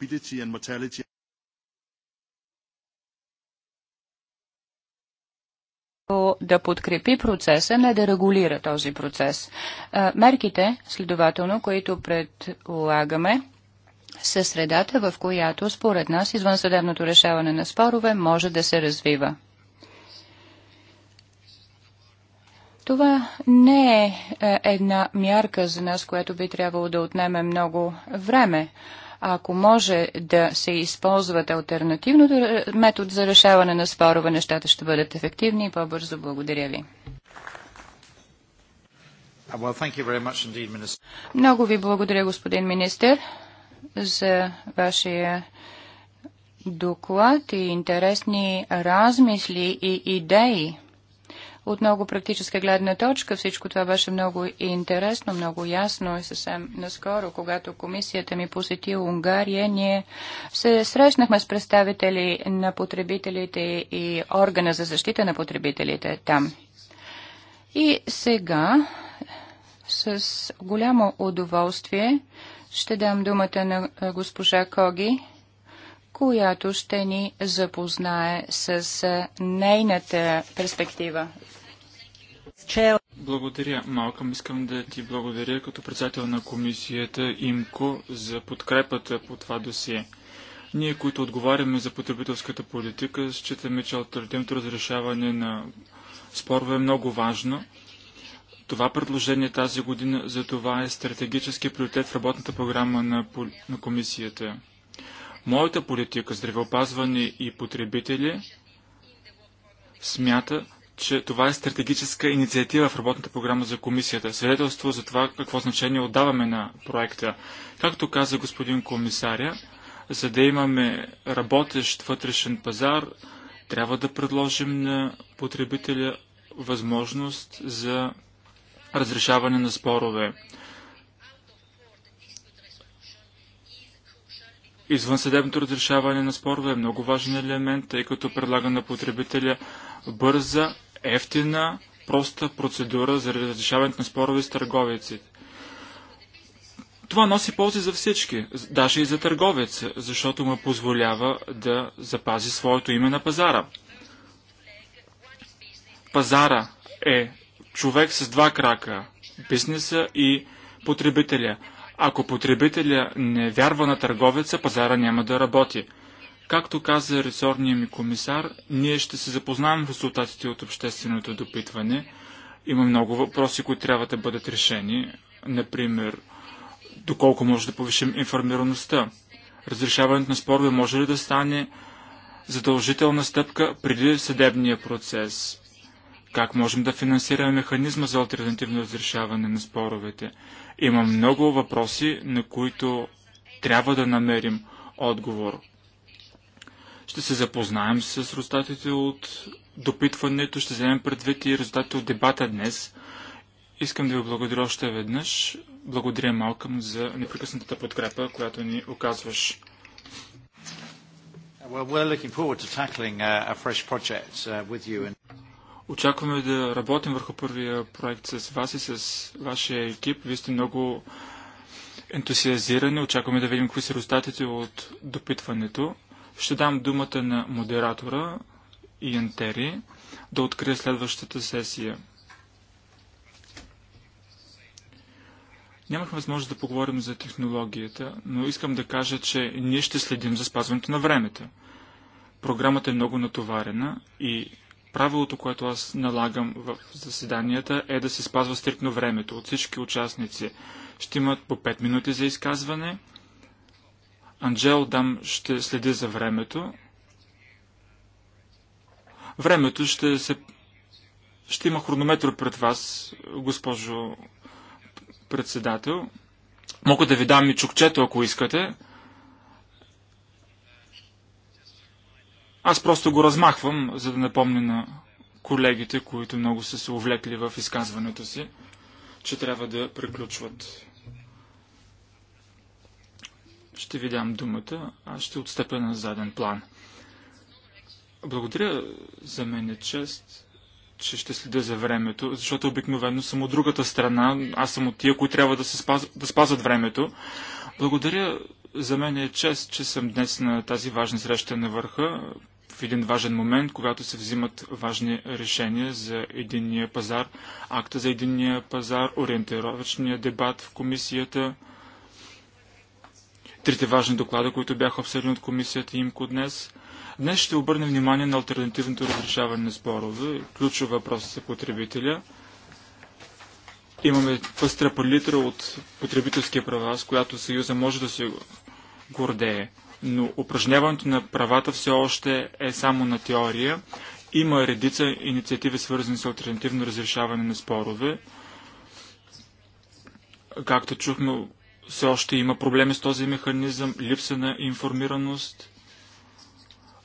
morbidity and mortality. да подкрепи процеса, не да регулира този процес. Мерките, следователно, които предлагаме, са средата, в която според нас извънсъдебното решаване на спорове може да се развива. Това не е, е една мярка за нас, която би трябвало да отнеме много време ако може да се използват альтернативно метод за решаване на спорове, нещата ще бъдат ефективни и по-бързо. Благодаря ви. Uh, Много ви благодаря, господин министр, за вашия доклад и интересни размисли и идеи от много практическа гледна точка всичко това беше много интересно, много ясно и съвсем наскоро, когато комисията ми посети Унгария, ние се срещнахме с представители на потребителите и органа за защита на потребителите там. И сега с голямо удоволствие ще дам думата на госпожа Коги която ще ни запознае с нейната перспектива. Благодаря, Малкам. Искам да ти благодаря като председател на комисията ИМКО за подкрепата по това досие. Ние, които отговаряме за потребителската политика, считаме, че альтернативното разрешаване на спорове е много важно. Това предложение тази година за това е стратегически приоритет в работната програма на, на комисията. Моята политика здравеопазване и потребители смята, че това е стратегическа инициатива в работната програма за комисията. Свидетелство за това какво значение отдаваме на проекта. Както каза господин комисаря, за да имаме работещ вътрешен пазар, трябва да предложим на потребителя възможност за разрешаване на спорове. Извънсъдебното разрешаване на спорове е много важен елемент, тъй като предлага на потребителя бърза, ефтина, проста процедура за разрешаването на спорове с търговеците. Това носи ползи за всички, даже и за търговец, защото му позволява да запази своето име на пазара. Пазара е човек с два крака – бизнеса и потребителя. Ако потребителя не вярва на търговеца, пазара няма да работи. Както каза ресорният ми комисар, ние ще се запознаем в резултатите от общественото допитване. Има много въпроси, които трябва да бъдат решени. Например, доколко може да повишим информираността. Разрешаването на спорове може ли да стане задължителна стъпка преди съдебния процес? Как можем да финансираме механизма за альтернативно разрешаване на споровете? Има много въпроси, на които трябва да намерим отговор. Ще се запознаем с резултатите от допитването, ще вземем предвид и резултатите от дебата днес. Искам да ви благодаря още веднъж. Благодаря, Малкам, за непрекъснатата подкрепа, която ни оказваш. Well, we're looking forward to tackling uh, a fresh project uh, with you. And... Очакваме да работим върху първия проект с вас и с вашия екип. Вие сте много ентусиазирани. Очакваме да видим какви са резултатите от допитването. Ще дам думата на модератора и Антери да открие следващата сесия. Нямахме възможност да поговорим за технологията, но искам да кажа, че ние ще следим за спазването на времето. Програмата е много натоварена и Правилото, което аз налагам в заседанията е да се спазва стриктно времето от всички участници. Ще имат по 5 минути за изказване. Анджел Дам ще следи за времето. Времето ще се... Ще има хронометър пред вас, госпожо председател. Мога да ви дам и чукчето, ако искате. Аз просто го размахвам, за да напомня на колегите, които много са се увлекли в изказването си, че трябва да приключват. Ще ви дам думата, аз ще отстъпя на заден план. Благодаря за мен е чест, че ще следя за времето, защото обикновено съм от другата страна, аз съм от тия, които трябва да, се спаз... да спазват времето. Благодаря за мен е чест, че съм днес на тази важна среща на върха, в един важен момент, когато се взимат важни решения за единния пазар, акта за единния пазар, ориентировъчния дебат в комисията, трите важни доклада, които бяха обсъдени от комисията имко днес. Днес ще обърнем внимание на альтернативното разрешаване на спорове, ключов въпрос за потребителя. Имаме пъстра палитра от потребителския права, с която Съюза може да се гордее но упражняването на правата все още е само на теория. Има редица инициативи, свързани с альтернативно разрешаване на спорове. Както чухме, все още има проблеми с този механизъм, липса на информираност.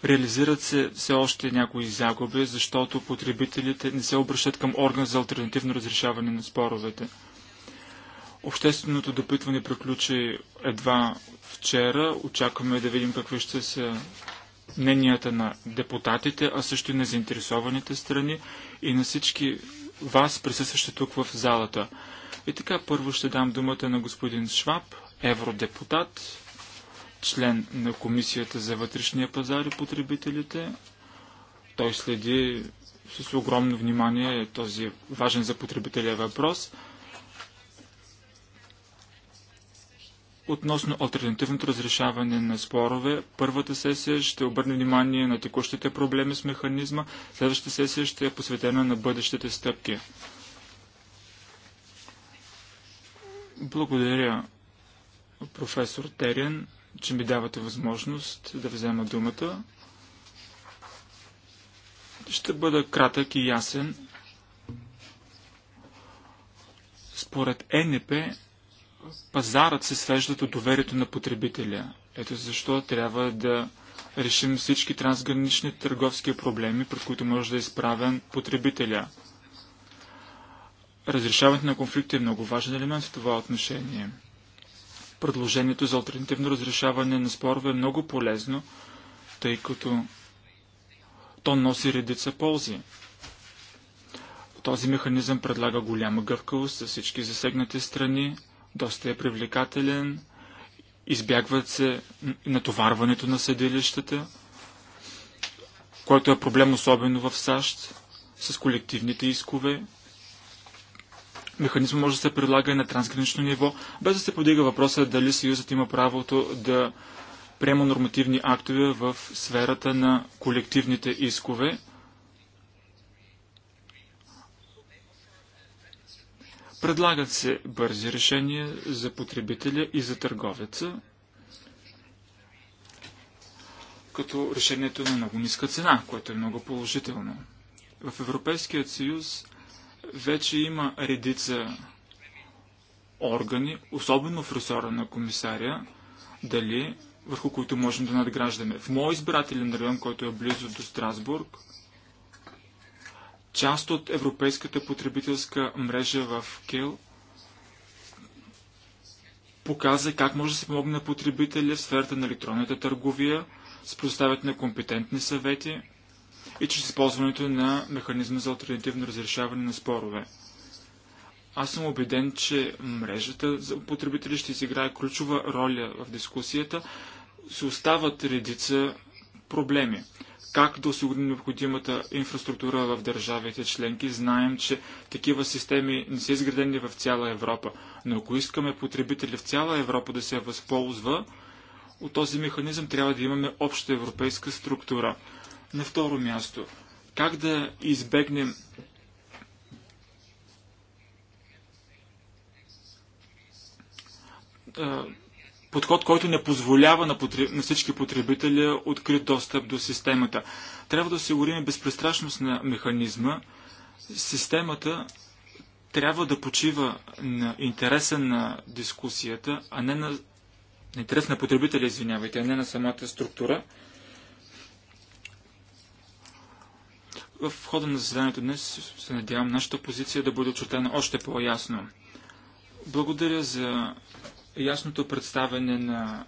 Реализират се все още някои загуби, защото потребителите не се обръщат към орган за альтернативно разрешаване на споровете. Общественото допитване приключи едва вчера. Очакваме да видим какви ще са мненията на депутатите, а също и на заинтересованите страни и на всички вас, присъстващи тук в залата. И така, първо ще дам думата на господин Шваб, евродепутат, член на Комисията за вътрешния пазар и потребителите. Той следи с огромно внимание този важен за потребителя въпрос – Относно альтернативното разрешаване на спорове, първата сесия ще обърне внимание на текущите проблеми с механизма, следващата сесия ще е посветена на бъдещите стъпки. Благодаря, професор Терен, че ми давате възможност да взема думата. Ще бъда кратък и ясен. Според НП, пазарът се свежда до доверието на потребителя. Ето защо трябва да решим всички трансгранични търговски проблеми, пред които може да е изправен потребителя. Разрешаването на конфликта е много важен елемент в това отношение. Предложението за альтернативно разрешаване на спорове е много полезно, тъй като то носи редица ползи. Този механизъм предлага голяма гъвкавост за всички засегнати страни, доста е привлекателен, избягват се натоварването на съдилищата, който е проблем особено в САЩ с колективните искове. Механизма може да се предлага и на трансгранично ниво, без да се подига въпроса дали Съюзът има правото да приема нормативни актове в сферата на колективните искове. Предлагат се бързи решения за потребителя и за търговеца, като решението е на много ниска цена, което е много положително. В Европейският съюз вече има редица органи, особено в ресора на комисаря, дали върху които можем да надграждаме. В мой избирателен район, който е близо до Страсбург, част от европейската потребителска мрежа в КЕЛ показа как може да се помогне на потребителя в сферата на електронната търговия с предоставят на компетентни съвети и чрез използването на механизма за альтернативно разрешаване на спорове. Аз съм убеден, че мрежата за потребители ще изиграе ключова роля в дискусията. Се остават редица проблеми как да осигурим необходимата инфраструктура в държавите членки. Знаем, че такива системи не са изградени в цяла Европа. Но ако искаме потребители в цяла Европа да се възползва, от този механизъм трябва да имаме обща европейска структура. На второ място, как да избегнем подход, който не позволява на, потреб... на всички потребители открит достъп до системата. Трябва да осигурим безпристрашност на механизма. Системата трябва да почива на интереса на дискусията, а не на, на интерес на потребителя, извинявайте, а не на самата структура. В хода на заседанието днес се надявам нашата позиция да бъде очертана още по-ясно. Благодаря за ясното представяне на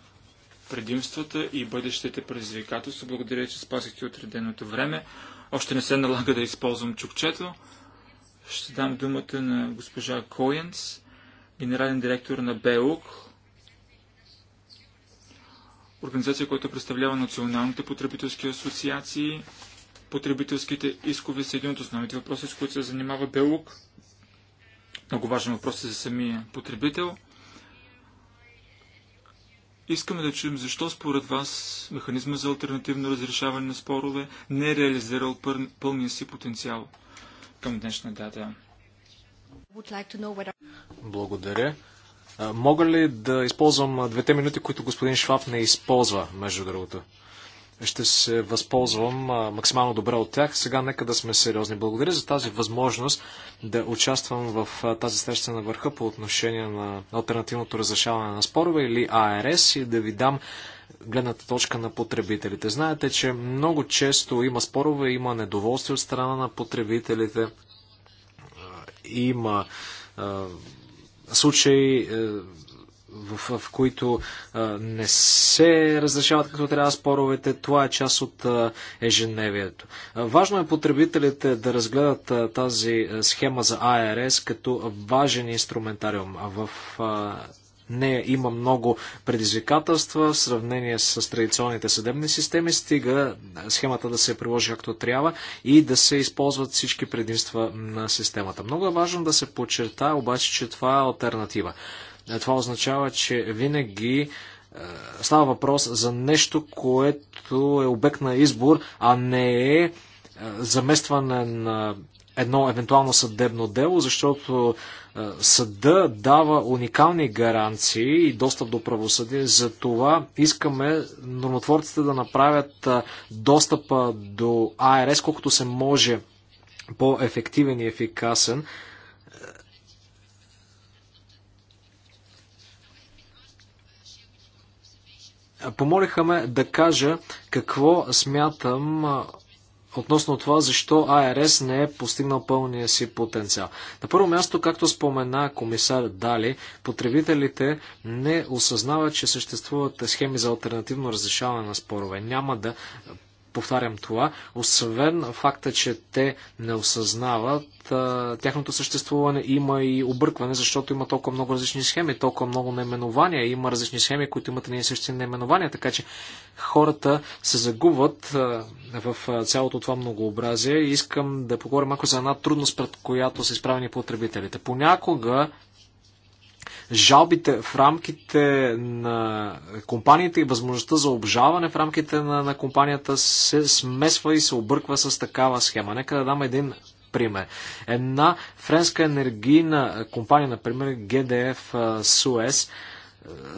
предимствата и бъдещите предизвикателства. Благодаря, че спасихте отреденото време. Още не се налага да използвам чукчето. Ще дам думата на госпожа Коенс, генерален директор на БЕУК, организация, която представлява националните потребителски асоциации. Потребителските искове са един от основните въпроси, с които се занимава БЕУК. Много важен въпрос е за самия потребител – Искаме да чуем защо според вас механизма за альтернативно разрешаване на спорове не е реализирал пълния си потенциал към днешна дата. Благодаря. Мога ли да използвам двете минути, които господин Шваб не използва, между другото? ще се възползвам максимално добре от тях. Сега нека да сме сериозни. Благодаря за тази възможност да участвам в тази среща на върха по отношение на альтернативното разрешаване на спорове или АРС и да ви дам гледната точка на потребителите. Знаете, че много често има спорове, има недоволствие от страна на потребителите, има случаи е, в, в които а, не се разрешават като трябва споровете, това е част от а, ежедневието. А, важно е потребителите да разгледат а, тази схема за АРС като важен инструментариум. А в а, нея има много предизвикателства в сравнение с традиционните съдебни системи, стига схемата да се приложи както трябва и да се използват всички предимства на системата. Много е важно да се подчертая обаче, че това е альтернатива. Е, това означава, че винаги е, става въпрос за нещо, което е обект на избор, а не е, е заместване на едно евентуално съдебно дело, защото съда дава уникални гаранции и достъп до правосъдие. За това искаме нормотворците да направят достъпа до АРС колкото се може по-ефективен и ефикасен. Помолиха ме да кажа какво смятам относно това, защо АРС не е постигнал пълния си потенциал. На първо място, както спомена комисар Дали, потребителите не осъзнават, че съществуват схеми за альтернативно разрешаване на спорове. Няма да повтарям това, освен факта, че те не осъзнават тяхното съществуване, има и объркване, защото има толкова много различни схеми, толкова много наименования, има различни схеми, които имат и същи наименования, така че хората се загубват в цялото това многообразие и искам да поговорим малко за една трудност, пред която са изправени потребителите. Понякога жалбите в рамките на компанията и възможността за обжаване в рамките на, на компанията се смесва и се обърква с такава схема. Нека да дам един пример. Една френска енергийна компания, например GDF Suez,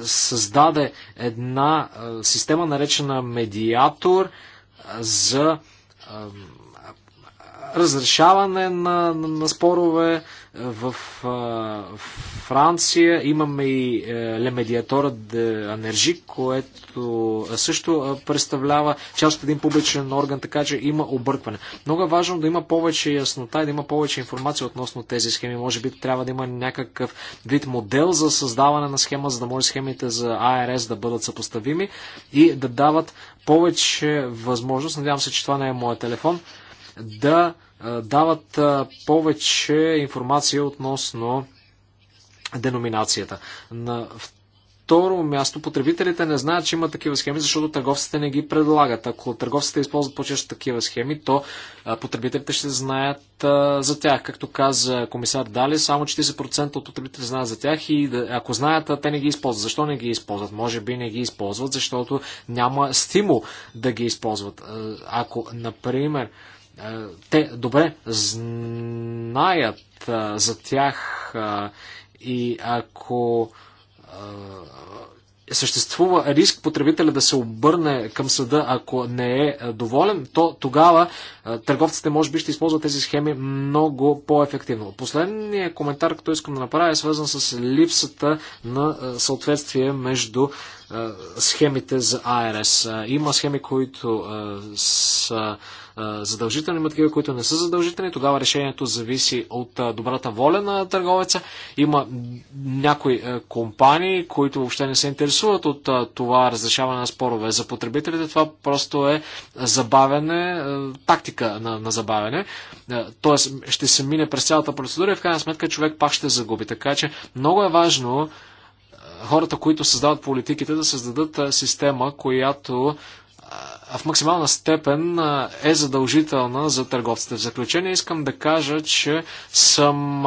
създаде една система наречена медиатор за разрешаване на, на, на спорове. Е, в в е, Франция имаме и Лемедиатора де Анержи, което е, също представлява част от един публичен орган, така че има объркване. Много е важно да има повече яснота и да има повече информация относно тези схеми. Може би трябва да има някакъв вид модел за създаване на схема, за да може схемите за АРС да бъдат съпоставими и да дават повече възможност. Надявам се, че това не е моят телефон да дават повече информация относно деноминацията. На второ място, потребителите не знаят, че има такива схеми, защото търговците не ги предлагат. Ако търговците използват по-често такива схеми, то потребителите ще знаят за тях. Както каза комисар Дали, само 40% от потребителите знаят за тях и ако знаят, те не ги използват. Защо не ги използват? Може би не ги използват, защото няма стимул да ги използват. Ако, например, е, те добре знаят а, е, за тях а, е, и ако а, съществува риск потребителя да се обърне към съда, ако не е доволен, то тогава търговците може би ще използват тези схеми много по-ефективно. Последният коментар, който искам да направя, е свързан с липсата на съответствие между схемите за АРС. Има схеми, които са задължителни, има такива, които не са задължителни. Тогава решението зависи от добрата воля на търговеца. Има някои компании, които въобще не се интересуват от това разрешаване на спорове. За потребителите това просто е забавене, тактика на, на забавене. Тоест ще се мине през цялата процедура и в крайна сметка човек пак ще загуби. Така че много е важно хората, които създават политиките, да създадат система, която в максимална степен е задължителна за търговците. В заключение искам да кажа, че съм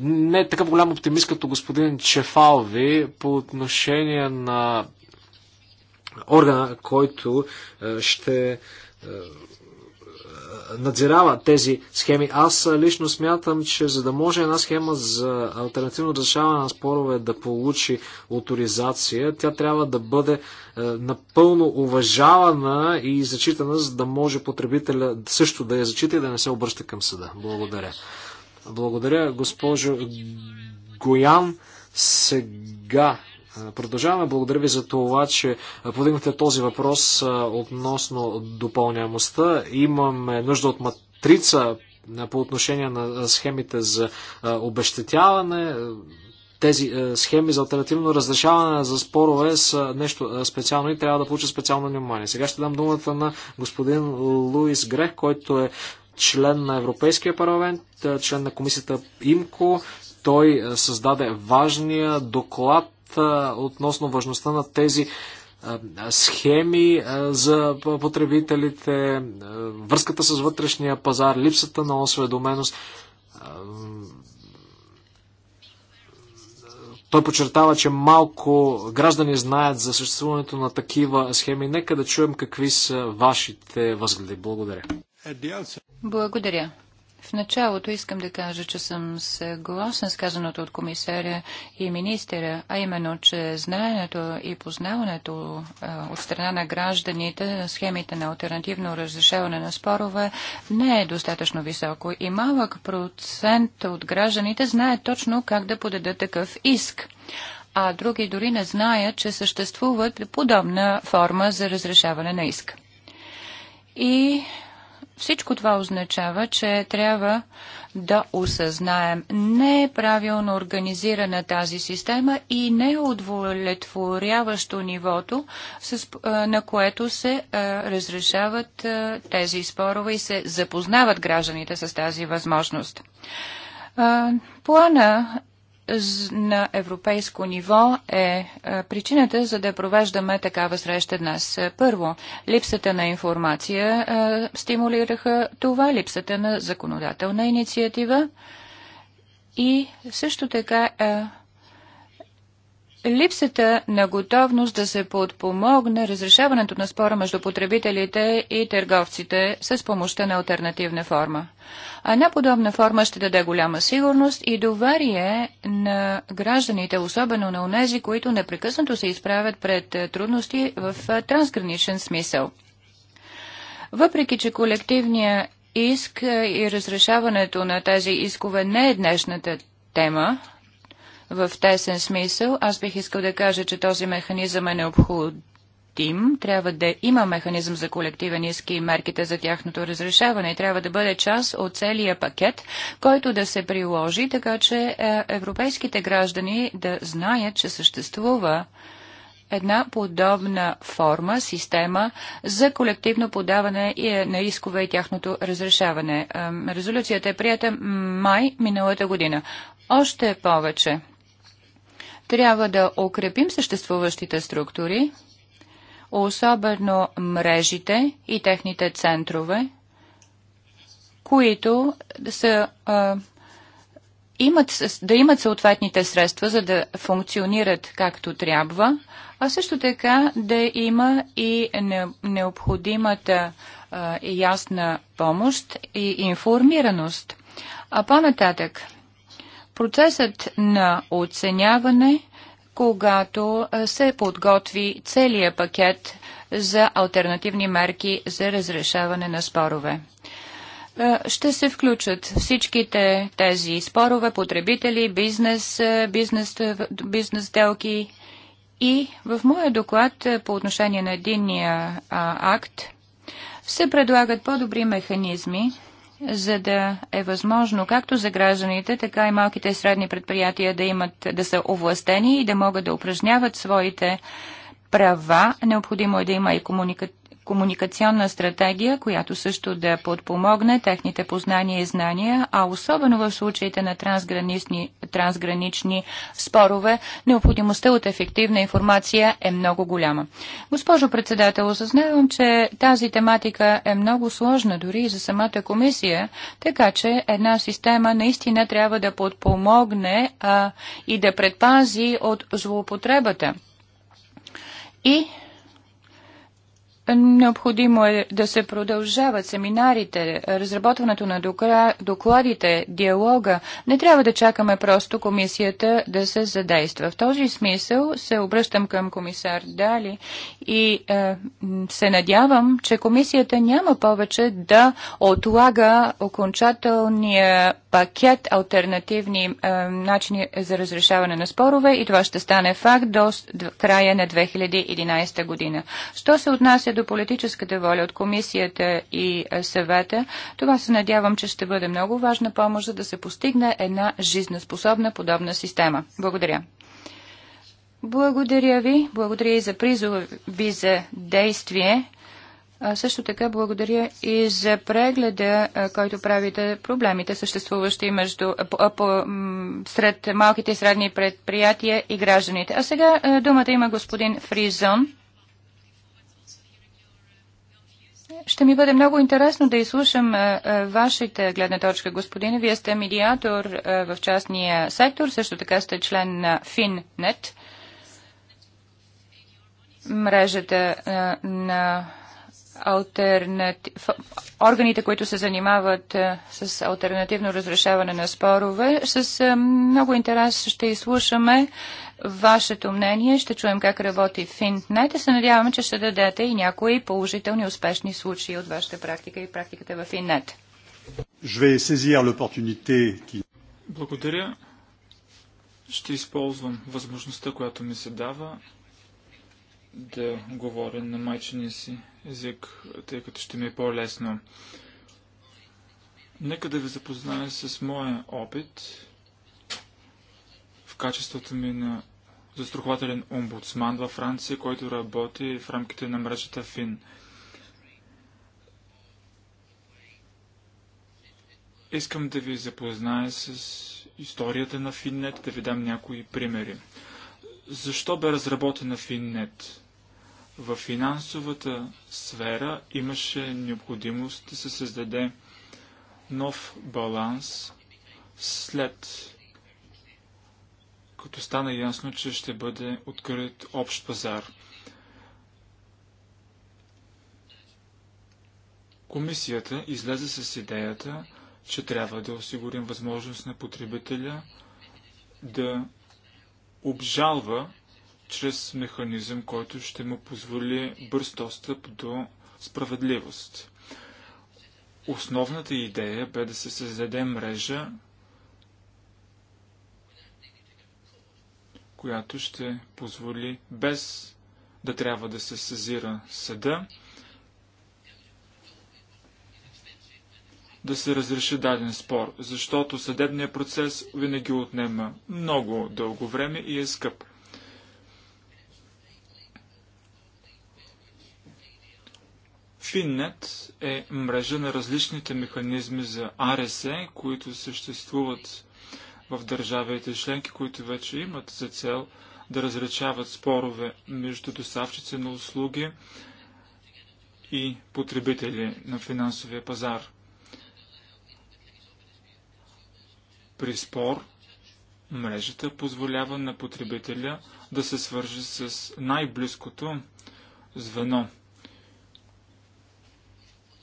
не такъв голям оптимист като господин Чефалви по отношение на органа, който ще надзирава тези схеми. Аз лично смятам, че за да може една схема за альтернативно разрешаване на спорове да получи авторизация, тя трябва да бъде е, напълно уважавана и зачитана, за да може потребителя също да я зачита и да не се обръща към съда. Благодаря. Благодаря, госпожо Гоян. Сега е, продължаваме. Благодаря ви за това, че подигнахте този въпрос е, относно допълняемостта. Имаме нужда от матрица е, по отношение на схемите за обещетяване. Тези схеми за альтернативно разрешаване за спорове са нещо специално и трябва да получа специално внимание. Сега ще дам думата на господин Луис Грех, който е член на Европейския парламент, член на комисията ИМКО. Той създаде важния доклад относно важността на тези схеми за потребителите, връзката с вътрешния пазар, липсата на осведоменост. Той подчертава, че малко граждани знаят за съществуването на такива схеми. Нека да чуем какви са вашите възгледи. Благодаря. Е, Благодаря. В началото искам да кажа, че съм съгласен с казаното от комисаря и министера, а именно, че знаенето и познаването а, от страна на гражданите на схемите на альтернативно разрешаване на спорове не е достатъчно високо и малък процент от гражданите знае точно как да подадат такъв иск а други дори не знаят, че съществуват подобна форма за разрешаване на иск. И всичко това означава, че трябва да осъзнаем не е правилно организирана тази система и не е удовлетворяващо нивото, на което се разрешават тези спорове и се запознават гражданите с тази възможност. Плана на европейско ниво е, е причината за да провеждаме такава среща днес. Първо, липсата на информация е, стимулираха това, липсата на законодателна инициатива и също така е, Липсата на готовност да се подпомогне разрешаването на спора между потребителите и търговците с помощта на альтернативна форма. А една подобна форма ще даде голяма сигурност и доверие на гражданите, особено на онези, които непрекъснато се изправят пред е, трудности в е, трансграничен смисъл. Въпреки, че колективния иск е, и разрешаването на тези искове не е днешната тема, в тесен смисъл. Аз бих искал да кажа, че този механизъм е необходим трябва да има механизъм за колективен иск и мерките за тяхното разрешаване. Трябва да бъде част от целия пакет, който да се приложи, така че е, европейските граждани да знаят, че съществува една подобна форма, система за колективно подаване е, на искове и тяхното разрешаване. Резолюцията е прията май миналата година. Още повече трябва да укрепим съществуващите структури, особено мрежите и техните центрове, които са, а, имат, да имат съответните средства, за да функционират както трябва, а също така да има и необходимата а, ясна помощ и информираност. А по-нататък – Процесът на оценяване, когато се подготви целият пакет за альтернативни мерки за разрешаване на спорове. Ще се включат всичките тези спорове, потребители, бизнес, бизнес, бизнес делки. и в моя доклад по отношение на единния акт се предлагат по-добри механизми за да е възможно както за гражданите, така и малките и средни предприятия да имат, да са овластени и да могат да упражняват своите права. Необходимо е да има и комуника комуникационна стратегия, която също да подпомогне техните познания и знания, а особено в случаите на трансгранични, трансгранични спорове, необходимостта от ефективна информация е много голяма. Госпожо председател, осъзнавам, че тази тематика е много сложна дори и за самата комисия, така че една система наистина трябва да подпомогне а, и да предпази от злоупотребата. И Необходимо е да се продължават семинарите, разработването на докладите, диалога. Не трябва да чакаме просто комисията да се задейства. В този смисъл се обръщам към комисар Дали и е, се надявам, че комисията няма повече да отлага окончателния пакет альтернативни е, начини за разрешаване на спорове и това ще стане факт до края на 2011 година. Що се отнася до до политическата воля от комисията и съвета, това се надявам, че ще бъде много важна помощ, за да се постигне една жизнеспособна подобна система. Благодаря. Благодаря ви. Благодаря и за призова ви за действие. А също така благодаря и за прегледа, който правите проблемите, съществуващи между, по, по, сред малките и средни предприятия и гражданите. А сега думата има господин Фризон. Ще ми бъде много интересно да изслушам е, е, вашите гледна точка, господине. Вие сте медиатор е, в частния сектор, също така сте член на FinNet, мрежата на альтернатив... органите, които се занимават с альтернативно разрешаване на спорове. С много интерес ще изслушаме вашето мнение. Ще чуем как работи Финтнет и се надяваме, че ще дадете и някои положителни успешни случаи от вашата практика и практиката в Финнет. Благодаря. Ще използвам възможността, която ми се дава да говоря на майчиния си език, тъй като ще ми е по-лесно. Нека да ви запозная с моя опит качеството ми на застрахователен омбудсман във Франция, който работи в рамките на мрежата ФИН. Искам да ви запозная с историята на Финнет, да ви дам някои примери. Защо бе разработена Финнет? В финансовата сфера имаше необходимост да се създаде нов баланс след като стана ясно, че ще бъде открит общ пазар. Комисията излезе с идеята, че трябва да осигурим възможност на потребителя да обжалва чрез механизъм, който ще му позволи бърз достъп до справедливост. Основната идея бе да се създаде мрежа, която ще позволи без да трябва да се сезира съда, да се разреши даден спор, защото съдебният процес винаги отнема много дълго време и е скъп. Финнет е мрежа на различните механизми за АРСЕ, които съществуват в държавите членки, които вече имат за цел да разрешават спорове между доставчици на услуги и потребители на финансовия пазар. При спор мрежата позволява на потребителя да се свържи с най-близкото звено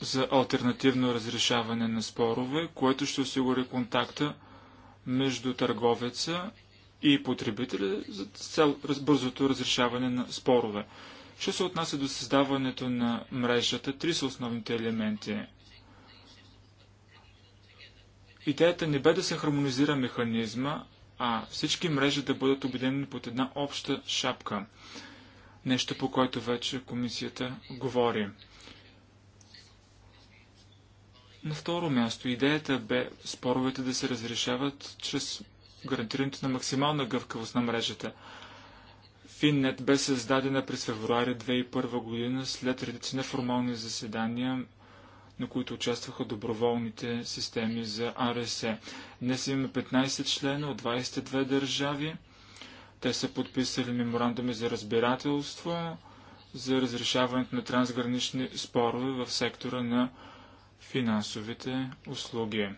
за альтернативно разрешаване на спорове, което ще осигури контакта между търговеца и потребителя за цел бързото разрешаване на спорове. Що се отнася до създаването на мрежата, три са основните елементи. Идеята не бе да се хармонизира механизма, а всички мрежи да бъдат обединени под една обща шапка. Нещо по което вече комисията говори. На второ място, идеята бе споровете да се разрешават чрез гарантирането на максимална гъвкавост на мрежата. Финнет бе създадена през февруари 2001 година след редици формални заседания, на които участваха доброволните системи за АРСЕ. Днес имаме 15 члена от 22 държави. Те са подписали меморандуми за разбирателство за разрешаването на трансгранични спорове в сектора на финансовите услуги.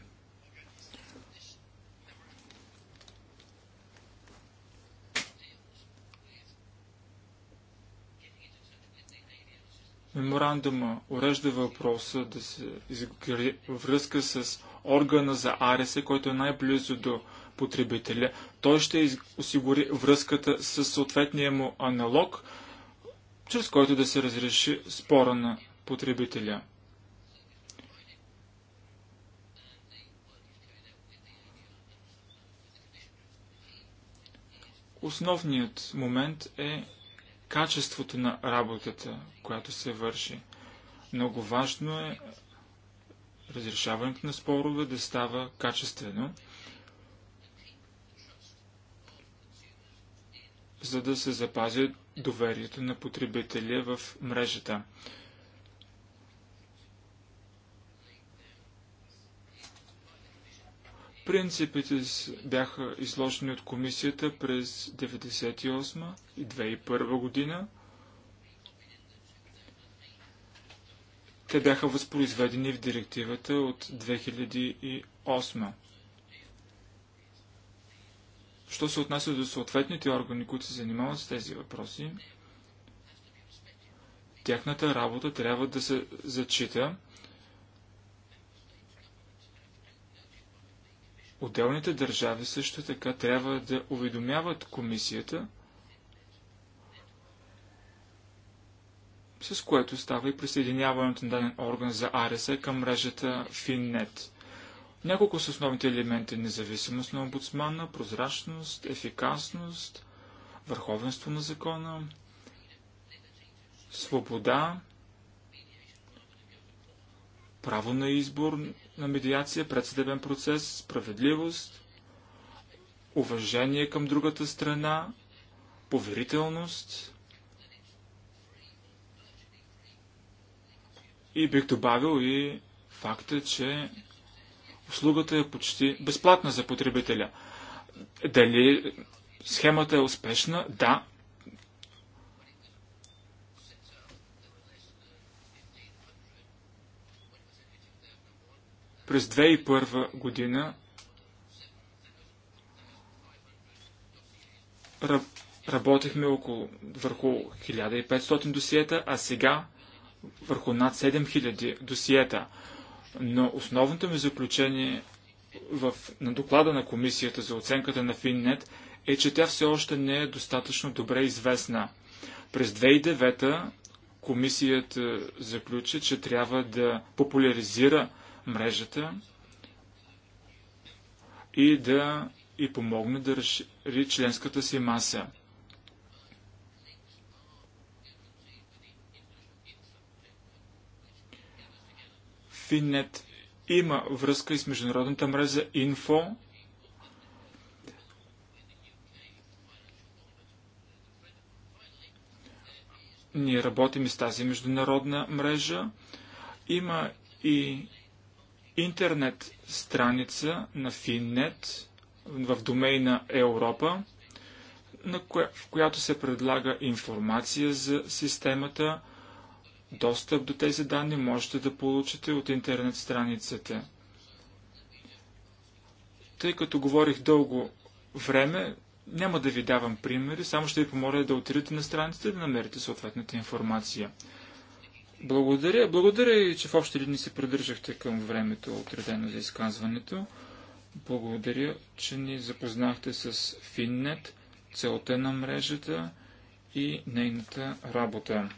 Меморандума урежда въпроса да се изгради връзка с органа за Аресе, който е най-близо до потребителя. Той ще осигури връзката с съответния му аналог, чрез който да се разреши спора на потребителя. Основният момент е качеството на работата, която се върши. Много важно е разрешаването на спорове да става качествено, за да се запази доверието на потребителя в мрежата. Принципите бяха изложени от комисията през 1998 и 2001 година. Те бяха възпроизведени в директивата от 2008. Що се отнася до съответните органи, които се занимават с тези въпроси, тяхната работа трябва да се зачита – Отделните държави също така трябва да уведомяват комисията, с което става и присъединяването на даден орган за АРС към мрежата FINNET. Няколко са основните елементи – независимост на омбудсмана, прозрачност, ефикасност, върховенство на закона, свобода, право на избор на медиация, предсъдебен процес, справедливост, уважение към другата страна, поверителност. И бих добавил и факта, че услугата е почти безплатна за потребителя. Дали схемата е успешна? Да, През 2001 година работехме около, върху 1500 досиета, а сега върху над 7000 досиета. Но основното ми заключение в, на доклада на комисията за оценката на Финнет е, че тя все още не е достатъчно добре известна. През 2009 комисията е, заключи, че трябва да популяризира мрежата и да и помогне да разшири членската си маса. Финнет има връзка и с международната мрежа Инфо. Ние работим и с тази международна мрежа. Има и интернет страница на Finnet в домейна Европа, на коя, в която се предлага информация за системата. Достъп до тези данни можете да получите от интернет страницата. Тъй като говорих дълго време, няма да ви давам примери, само ще ви помоля да отидете на страницата и да намерите съответната информация. Благодаря. Благодаря и, че в общи линии се придържахте към времето, отредено за изказването. Благодаря, че ни запознахте с Финнет, целта на мрежата и нейната работа.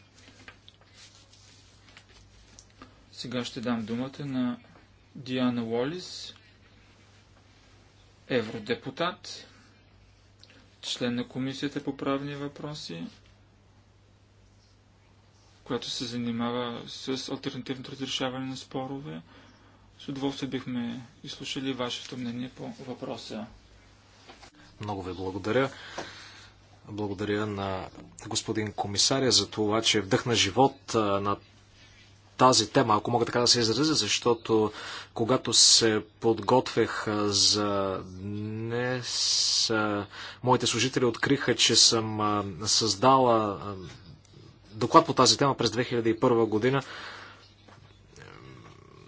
Сега ще дам думата на Диана Уолис, евродепутат, член на Комисията по правни въпроси която се занимава с альтернативното разрешаване на спорове. С удоволствие бихме изслушали вашето мнение по въпроса. Много ви благодаря. Благодаря на господин комисаря за това, че вдъхна живот на тази тема, ако мога така да се изразя, защото когато се подготвях за днес, моите служители откриха, че съм създала доклад по тази тема през 2001 година.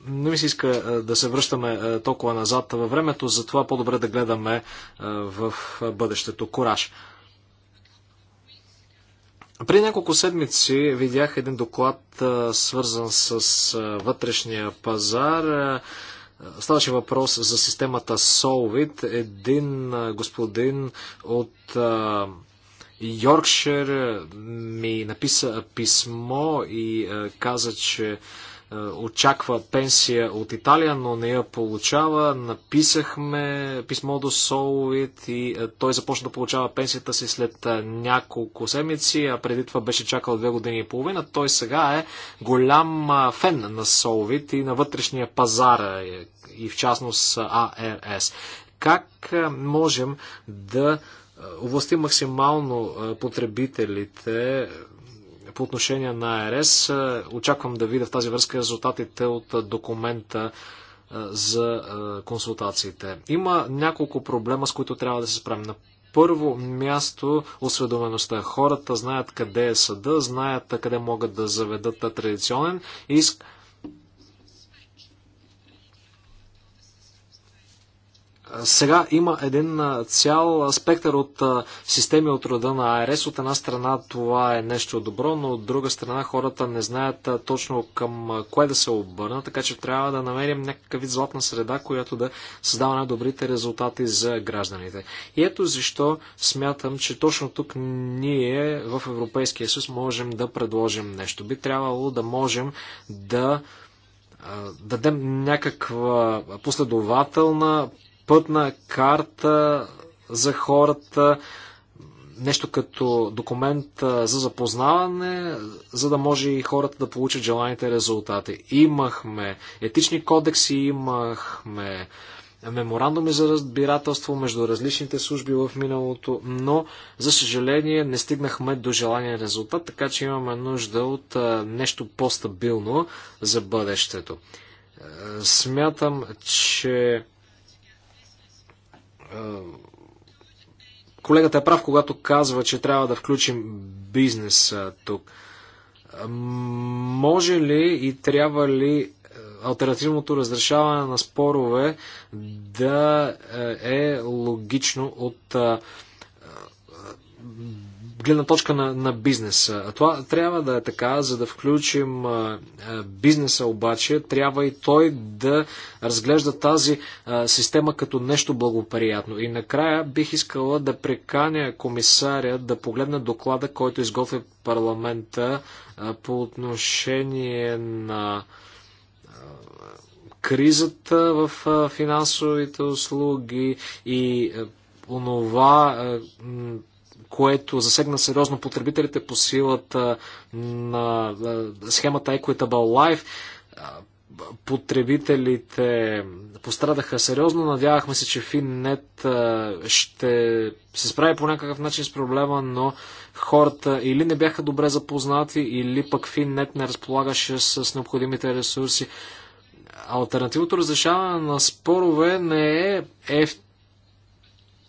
Не ми се иска да се връщаме толкова назад във времето, затова по-добре да гледаме в бъдещето. Кораж! При няколко седмици видях един доклад, свързан с вътрешния пазар. Ставаше въпрос за системата Solvit. Един господин от Йоркшир е, ми написа писмо и е, каза, че е, очаква пенсия от Италия, но не я получава. Написахме писмо до Соловит и той започна да получава пенсията си след няколко седмици, а преди това беше чакал две години и половина. Той сега е голям фен на Соловит и на вътрешния пазар и в частност АРС. Как можем да овласти максимално потребителите по отношение на АРС. Очаквам да видя в тази връзка резултатите от документа за консултациите. Има няколко проблема, с които трябва да се справим. На първо място осведомеността. Хората знаят къде е съда, знаят къде могат да заведат традиционен иск. Сега има един цял спектър от системи от рода на АРС. От една страна това е нещо добро, но от друга страна хората не знаят точно към кое да се обърна, така че трябва да намерим някакъв вид златна среда, която да създава най-добрите резултати за гражданите. И ето защо смятам, че точно тук ние в Европейския съюз можем да предложим нещо. Би трябвало да можем да дадем някаква последователна пътна карта за хората, нещо като документ за запознаване, за да може и хората да получат желаните резултати. Имахме етични кодекси, имахме меморандуми за разбирателство между различните служби в миналото, но за съжаление не стигнахме до желания резултат, така че имаме нужда от нещо по-стабилно за бъдещето. Е, смятам, че е, колегата е прав, когато казва, че трябва да включим бизнес тук. Може ли и трябва ли е, альтернативното разрешаване на спорове да е, е логично от гледна точка на, на бизнеса. Това трябва да е така, за да включим а, бизнеса обаче, трябва и той да разглежда тази а, система като нещо благоприятно. И накрая бих искала да преканя комисаря да погледне доклада, който изготвя парламента а, по отношение на кризата в финансовите услуги и онова което засегна сериозно потребителите по силата на схемата Equitable Life. Потребителите пострадаха сериозно. Надявахме се, че Финнет ще се справи по някакъв начин с проблема, но хората или не бяха добре запознати, или пък Финнет не разполагаше с необходимите ресурси. Альтернативното разрешаване на спорове не е ефт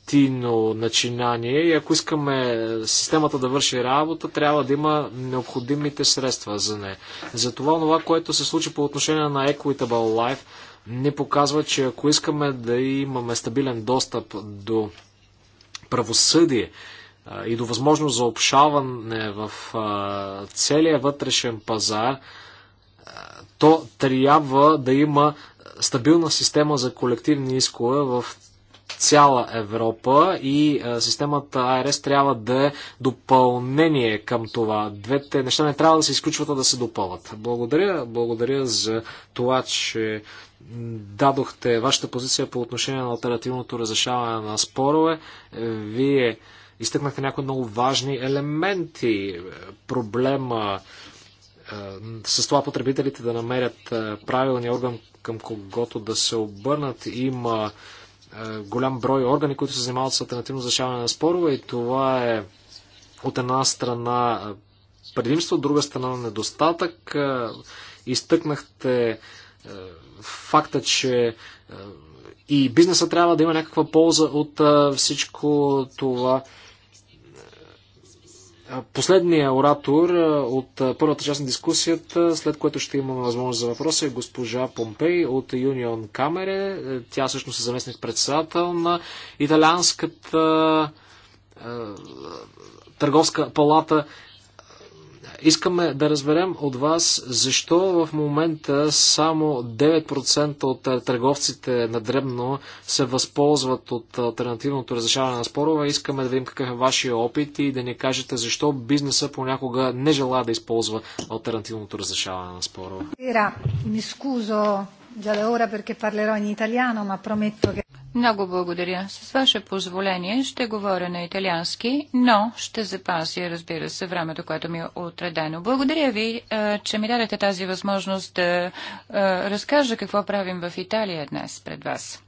партийно начинание и ако искаме системата да върши работа, трябва да има необходимите средства за нея. Затова това, което се случи по отношение на Equitable Life, ни показва, че ако искаме да имаме стабилен достъп до правосъдие и до възможност за общаване в целия вътрешен пазар, то трябва да има стабилна система за колективни искове в цяла Европа и системата АРС трябва да е допълнение към това. Двете неща не трябва да се изключват, а да се допълват. Благодаря, благодаря за това, че дадохте вашата позиция по отношение на альтернативното разрешаване на спорове. Вие изтъкнахте някои много важни елементи. Проблема с това потребителите да намерят правилния орган към когото да се обърнат. Има е, голям брой органи, които се занимават с альтернативно решаване на спорове и това е от една страна е, предимство, от друга страна недостатък. Е, изтъкнахте факта, че и бизнеса трябва да има някаква полза от всичко това. Последният оратор от първата част на дискусията, след което ще имаме възможност за въпроса, е госпожа Помпей от Юнион Камере. Е, тя всъщност е заместник председател на италианската търговска палата. Искаме да разберем от вас защо в момента само 9% от е, търговците на дребно се възползват от е, альтернативното разрешаване на спорове. Искаме да видим какъв е вашия опит и да ни кажете защо бизнеса понякога не желая да използва альтернативното разрешаване на спорове. Много благодаря. С ваше позволение ще говоря на италиански, но ще запазя, разбира се, времето, което ми е отредено. Благодаря ви, е, че ми дадете тази възможност да е, разкажа какво правим в Италия днес пред вас.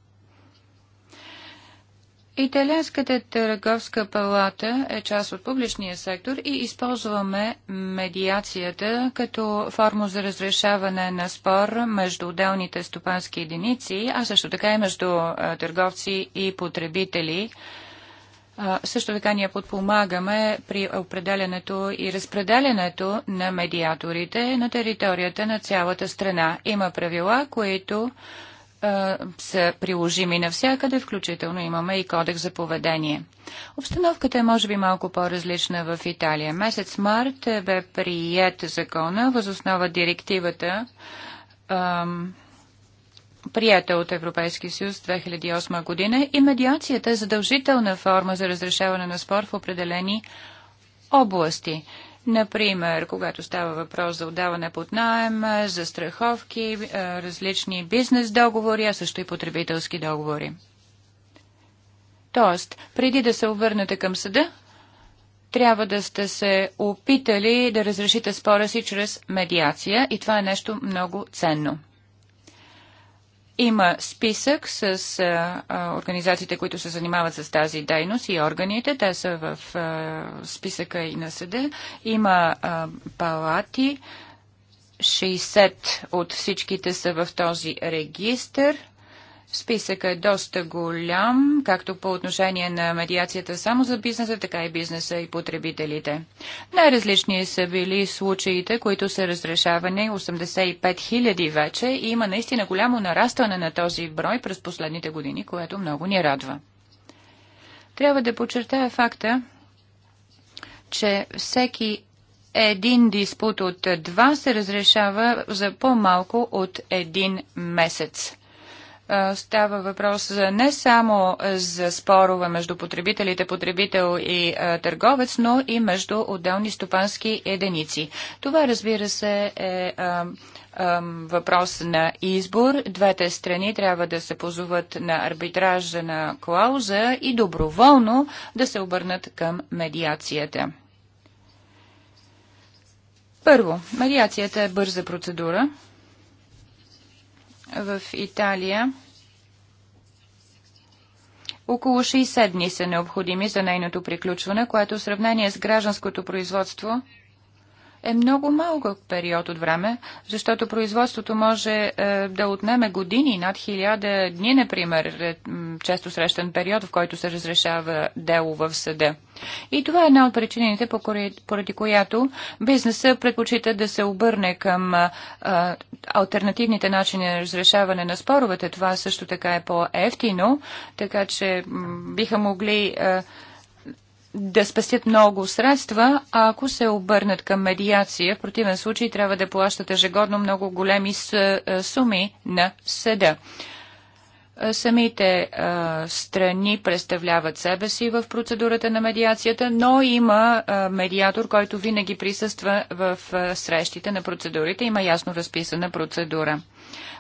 Италианската търговска палата е част от публичния сектор и използваме медиацията като форма за разрешаване на спор между отделните стопански единици, а също така и между търговци и потребители. Също така ние подпомагаме при определенето и разпределенето на медиаторите на територията на цялата страна. Има правила, които са приложими навсякъде, включително имаме и кодекс за поведение. Обстановката е може би малко по-различна в Италия. Месец март е, бе прият закона възоснова директивата ам, прията от Европейския съюз 2008 година и медиацията е задължителна форма за разрешаване на спор в определени области. Например, когато става въпрос за отдаване под найем, за страховки, е, различни бизнес договори, а също и потребителски договори. Тоест, преди да се обърнете към съда, трябва да сте се опитали да разрешите спора си чрез медиация и това е нещо много ценно. Има списък с а, а, организациите, които се занимават с тази дейност и органите. Те са в а, списъка и на съда. Има а, палати. 60 от всичките са в този регистр. Списъкът е доста голям, както по отношение на медиацията само за бизнеса, така и бизнеса и потребителите. Най-различни са били случаите, които са разрешавани 85 000 вече и има наистина голямо нарастване на този брой през последните години, което много ни радва. Трябва да подчертая факта, че всеки един диспут от два се разрешава за по-малко от един месец. Става въпрос не само за спорове между потребителите, потребител и търговец, но и между отделни стопански единици. Това, разбира се, е въпрос на избор. Двете страни трябва да се позоват на арбитража на клауза и доброволно да се обърнат към медиацията. Първо, медиацията е бърза процедура в Италия. Около 60 дни са необходими за нейното приключване, което е в сравнение с гражданското производство – е много малък период от време, защото производството може е, да отнеме години, над хиляда дни, например, е, често срещан период, в който се разрешава дело в съда. И това е една от причините, поради която бизнеса предпочита да се обърне към е, альтернативните начини на разрешаване на споровете. Това също така е по-ефтино, така че биха могли а, да спестят много средства, а ако се обърнат към медиация. В противен случай трябва да плащат ежегодно много големи е, суми на съда. Е, самите а, е, страни представляват себе си в процедурата на медиацията, но има а, медиатор, който винаги присъства в а, срещите на процедурите. Има ясно разписана процедура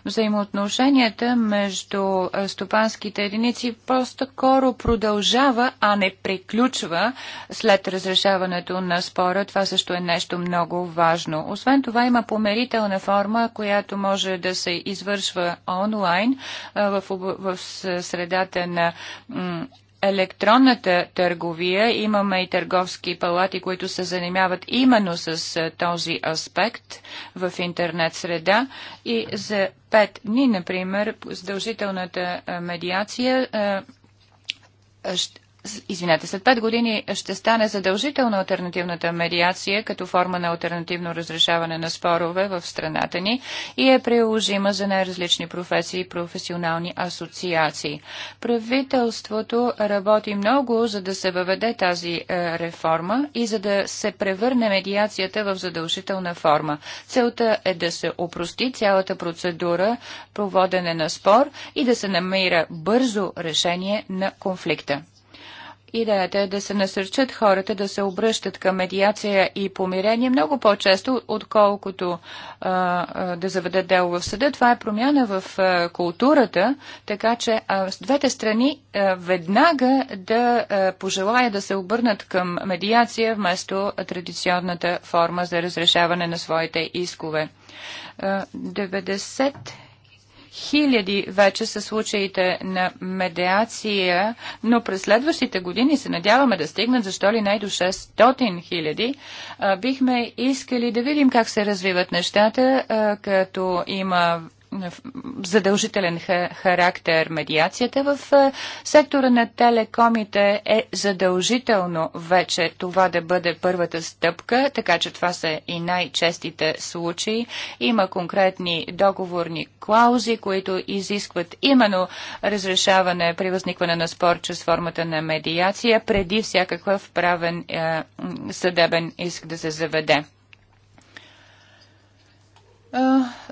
взаимоотношенията между е, стопанските единици просто коро продължава, а не приключва след разрешаването на спора. Това също е нещо много важно. Освен това има померителна форма, която може да се извършва онлайн е, в, в средата на електронната търговия имаме и търговски палати, които се занимават именно с този аспект в интернет среда и за пет дни, например, задължителната медиация извинете, след 5 години ще стане задължително альтернативната медиация като форма на альтернативно разрешаване на спорове в страната ни и е приложима за най-различни професии и професионални асоциации. Правителството работи много, за да се въведе тази е, реформа и за да се превърне медиацията в задължителна форма. Целта е да се опрости цялата процедура по водене на спор и да се намира бързо решение на конфликта. Идеята е да се насърчат хората да се обръщат към медиация и помирение много по-често, отколкото а, а, да заведат дело в съда. Това е промяна в а, културата, така че а, с двете страни а, веднага да а, пожелая да се обърнат към медиация вместо традиционната форма за разрешаване на своите искове. А, 90 хиляди вече са случаите на медиация, но през следващите години се надяваме да стигнат защо ли най до 600 хиляди. Бихме искали да видим как се развиват нещата, като има задължителен характер медиацията в е, сектора на телекомите е задължително вече това да бъде първата стъпка, така че това са и най-честите случаи. Има конкретни договорни клаузи, които изискват именно разрешаване при възникване на спор чрез формата на медиация преди всякакъв правен е, съдебен иск да се заведе.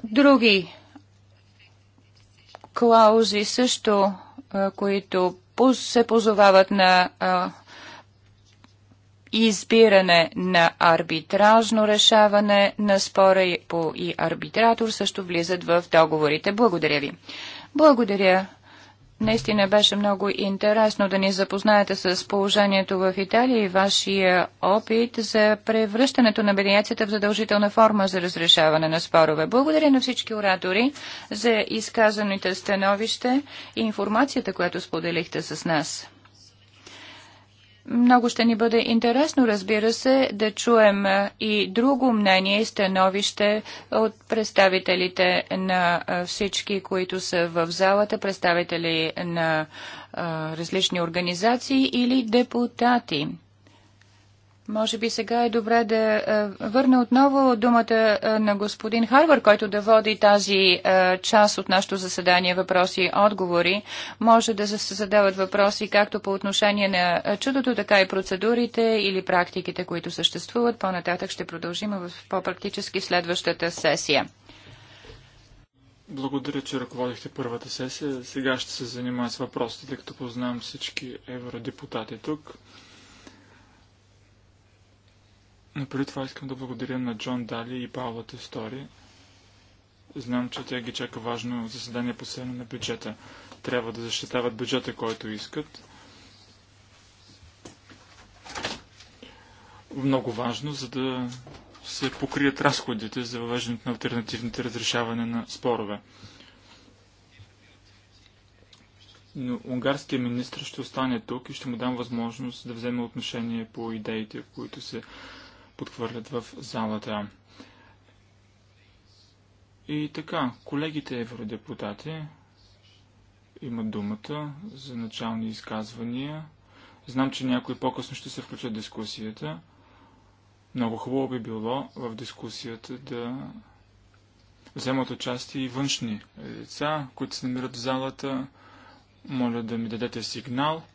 Други клаузи също, които се позовават на избиране на арбитражно решаване на спора и арбитратор също влизат в договорите. Благодаря ви. Благодаря Наистина беше много интересно да ни запознаете с положението в Италия и вашия опит за превръщането на медиацията в задължителна форма за разрешаване на спорове. Благодаря на всички оратори за изказаните становище и информацията, която споделихте с нас. Много ще ни бъде интересно, разбира се, да чуем и друго мнение и становище от представителите на всички, които са в залата, представители на различни организации или депутати. Може би сега е добре да е, върна отново думата е, на господин Харвар, който да води тази е, част от нашето заседание въпроси и отговори. Може да се задават въпроси както по отношение на чудото, така и процедурите или практиките, които съществуват. По-нататък ще продължим в по-практически следващата сесия. Благодаря, че ръководихте първата сесия. Сега ще се занимая с въпросите, тъй като познавам всички евродепутати тук. Но преди това искам да благодаря на Джон Дали и Паула Тестори. Знам, че тя ги чака важно заседание по седане на бюджета. Трябва да защитават бюджета, който искат. Много важно, за да се покрият разходите за въвеждането на альтернативните разрешаване на спорове. Но унгарският министр ще остане тук и ще му дам възможност да вземе отношение по идеите, които се подхвърлят в залата. И така, колегите евродепутати имат думата за начални изказвания. Знам, че някои по-късно ще се включат в дискусията. Много хубаво би било в дискусията да вземат участие и външни лица, които се намират в залата. Моля да ми дадете сигнал –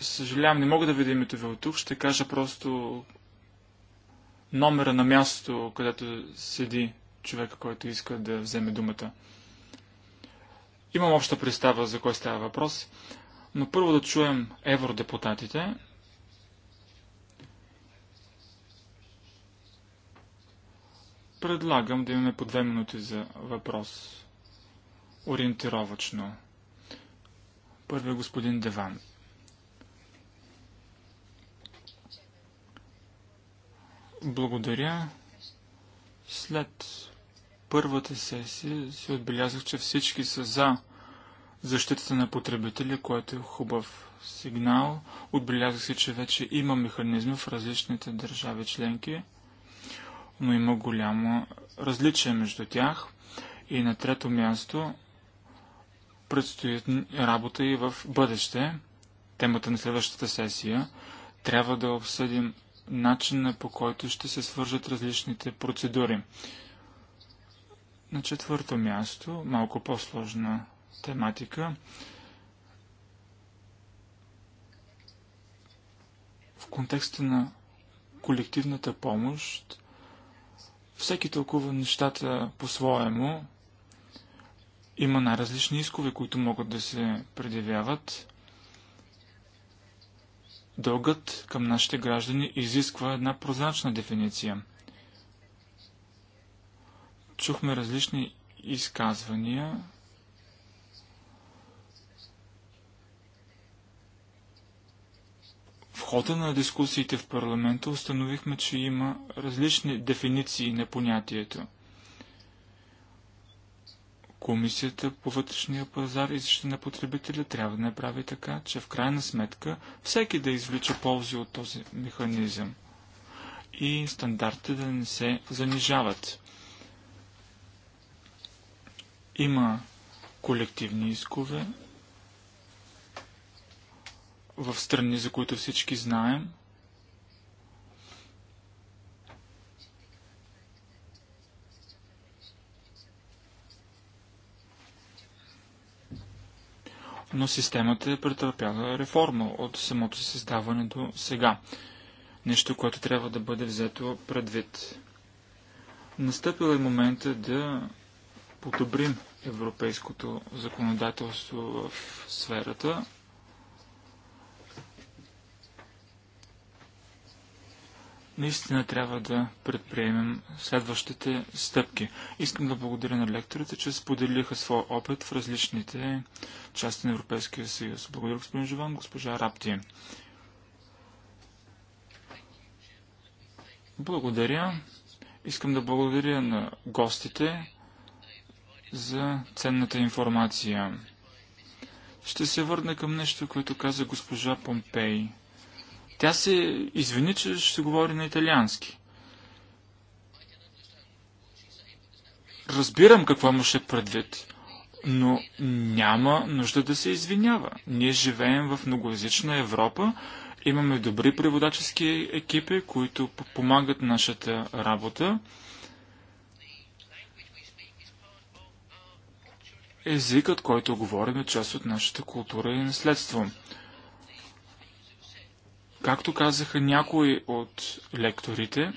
Съжалявам, не мога да видя името ви от тук. Ще кажа просто номера на мястото, където седи човека, който иска да вземе думата. Имам обща представа за кой става въпрос, но първо да чуем евродепутатите. Предлагам да имаме по две минути за въпрос. Ориентировачно. Първи е господин Деван. Благодаря. След първата сесия си отбелязах, че всички са за защитата на потребителя, което е хубав сигнал. Отбелязах се, че вече има механизми в различните държави членки, но има голямо различие между тях. И на трето място предстоят работа и в бъдеще. Темата на следващата сесия трябва да обсъдим начина по който ще се свържат различните процедури. На четвърто място, малко по-сложна тематика, в контекста на колективната помощ, всеки тълкува нещата по-своему. Има най-различни искове, които могат да се предявяват. Дългът към нашите граждани изисква една прозрачна дефиниция. Чухме различни изказвания. В хода на дискусиите в парламента установихме, че има различни дефиниции на понятието. Комисията по вътрешния пазар и защита на потребителя трябва да направи така, че в крайна сметка всеки да извлича ползи от този механизъм и стандартите да не се занижават. Има колективни искове в страни, за които всички знаем – но системата е претърпяла реформа от самото създаване до сега. Нещо, което трябва да бъде взето предвид. Настъпил е момента да подобрим европейското законодателство в сферата, наистина трябва да предприемем следващите стъпки. Искам да благодаря на лекторите, че споделиха своя опит в различните части на Европейския съюз. Благодаря, господин Живан, госпожа Рапти. Благодаря. Искам да благодаря на гостите за ценната информация. Ще се върна към нещо, което каза госпожа Помпей – тя се извини, че ще говори на италиански. Разбирам какво имаше предвид, но няма нужда да се извинява. Ние живеем в многоязична Европа, имаме добри преводачески екипи, които помагат нашата работа. Езикът, който говорим, е част от нашата култура и наследство. Както казаха някои от лекторите,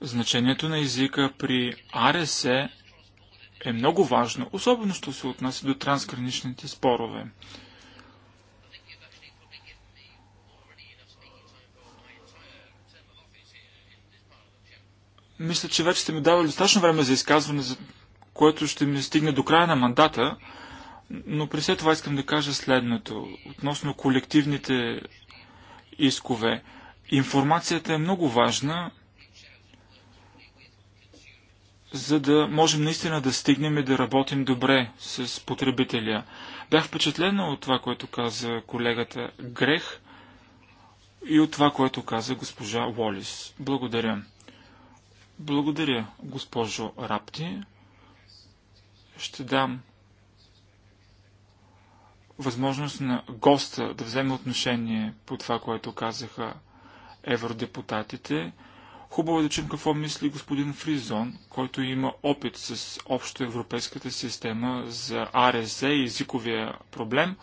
значението на езика при АРС е много важно, особено що се отнася до трансграничните спорове. Мисля, че вече сте ми давали достатъчно време за изказване, за което ще ми стигне до края на мандата, но при след това искам да кажа следното. Относно колективните искове. Информацията е много важна, за да можем наистина да стигнем и да работим добре с потребителя. Бях впечатлена от това, което каза колегата Грех и от това, което каза госпожа Уолис. Благодаря. Благодаря, госпожо Рапти. Ще дам възможност на госта да вземе отношение по това, което казаха евродепутатите. Хубаво е да чуем какво мисли господин Фризон, който има опит с общо европейската система за АРЗ и езиковия проблем.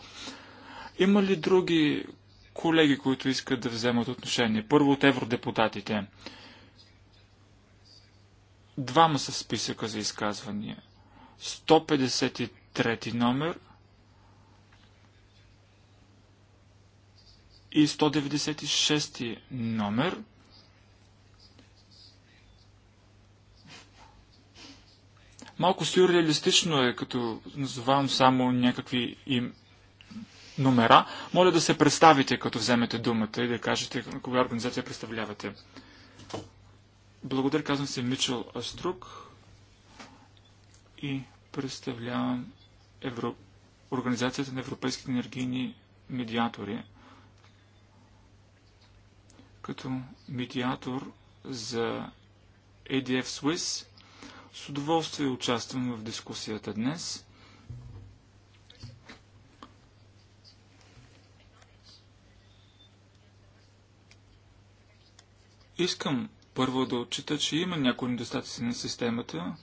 Има ли други колеги, които искат да вземат отношение? Първо от евродепутатите. Двама са в списъка за изказвания. 153 номер – и 196 номер. Малко сюрреалистично е, като назовавам само някакви им номера. Моля да се представите, като вземете думата и да кажете кога организация представлявате. Благодаря, казвам се Мичел Аструк и представлявам Евро... Организацията на европейските енергийни медиатори – като медиатор за ADF Swiss. С удоволствие участвам в дискусията днес. Искам първо да отчита, че има някои недостатъци на системата.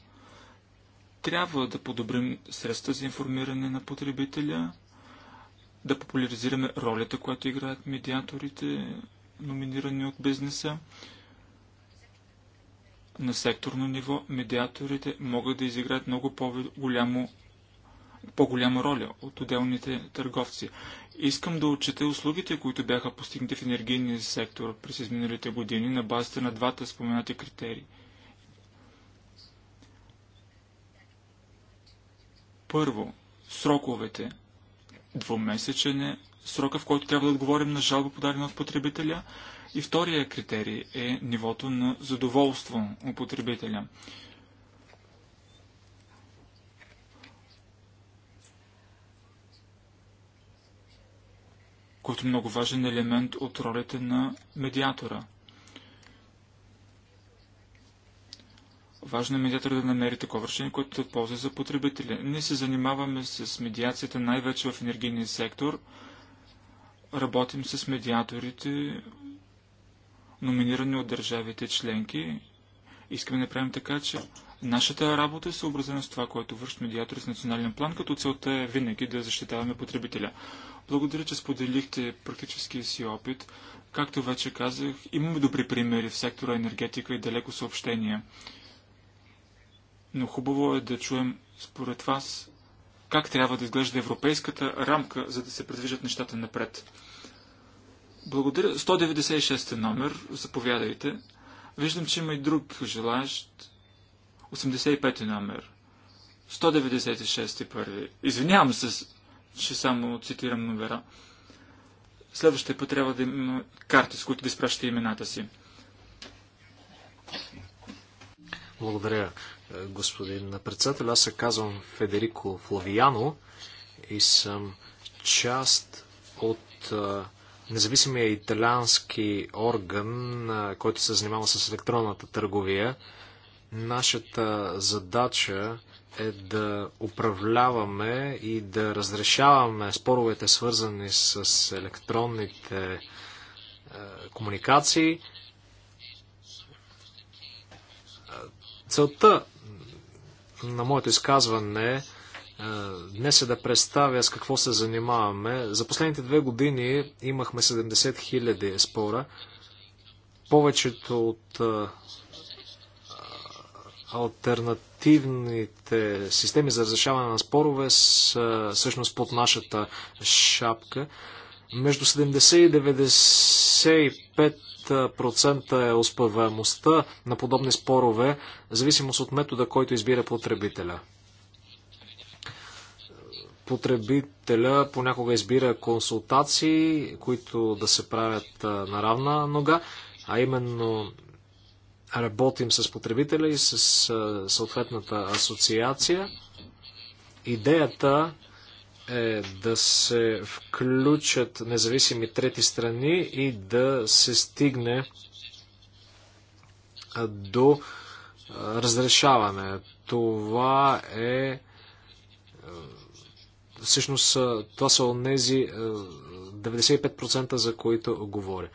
Трябва да подобрим средства за информиране на потребителя, да популяризираме ролята, която играят медиаторите номинирани от бизнеса. На секторно ниво медиаторите могат да изиграят много по-голямо по-голяма роля от отделните търговци. Искам да отчета услугите, които бяха постигнати в енергийния сектор през изминалите години на базата на двата споменати критерии. Първо, сроковете. Двумесечен е срока, в който трябва да отговорим на жалба подадена от потребителя. И втория критерий е нивото на задоволство у потребителя. който е много важен елемент от ролята на медиатора. Важно е медиатор да намери такова решение, което да ползва за потребителя. Ние се занимаваме с медиацията най-вече в енергийния сектор – Работим с медиаторите, номинирани от държавите членки. Искаме да направим така, че нашата работа е съобразена с това, което върши медиатори с национален план, като целта е винаги да защитаваме потребителя. Благодаря, че споделихте практическия си опит. Както вече казах, имаме добри примери в сектора енергетика и далеко съобщения. Но хубаво е да чуем според вас как трябва да изглежда европейската рамка, за да се предвижат нещата напред. Благодаря. 196 номер. Заповядайте. Виждам, че има и друг желаящ. 85 номер. 196 първи. Извинявам се, че само цитирам номера. Следващия път трябва да има карти, с които да изпращате имената си. Благодаря. Е, господин председател. Аз се казвам Федерико Флавияно и съм част от е, независимия италиански орган, е, който се занимава с електронната търговия. Нашата задача е да управляваме и да разрешаваме споровете, свързани с електронните е, комуникации. Целта на моето изказване е, днес е да представя с какво се занимаваме. За последните две години имахме 70 000 спора. Повечето от е, альтернативните системи за разрешаване на спорове са всъщност под нашата шапка. Между 70 и 95 10% е успеваемостта на подобни спорове, в зависимост от метода, който избира потребителя. Потребителя понякога избира консултации, които да се правят на равна нога, а именно работим с потребителя и с съответната асоциация. Идеята е да се включат независими трети страни и да се стигне до разрешаване. Това е всъщност това са онези 95% за които говоря.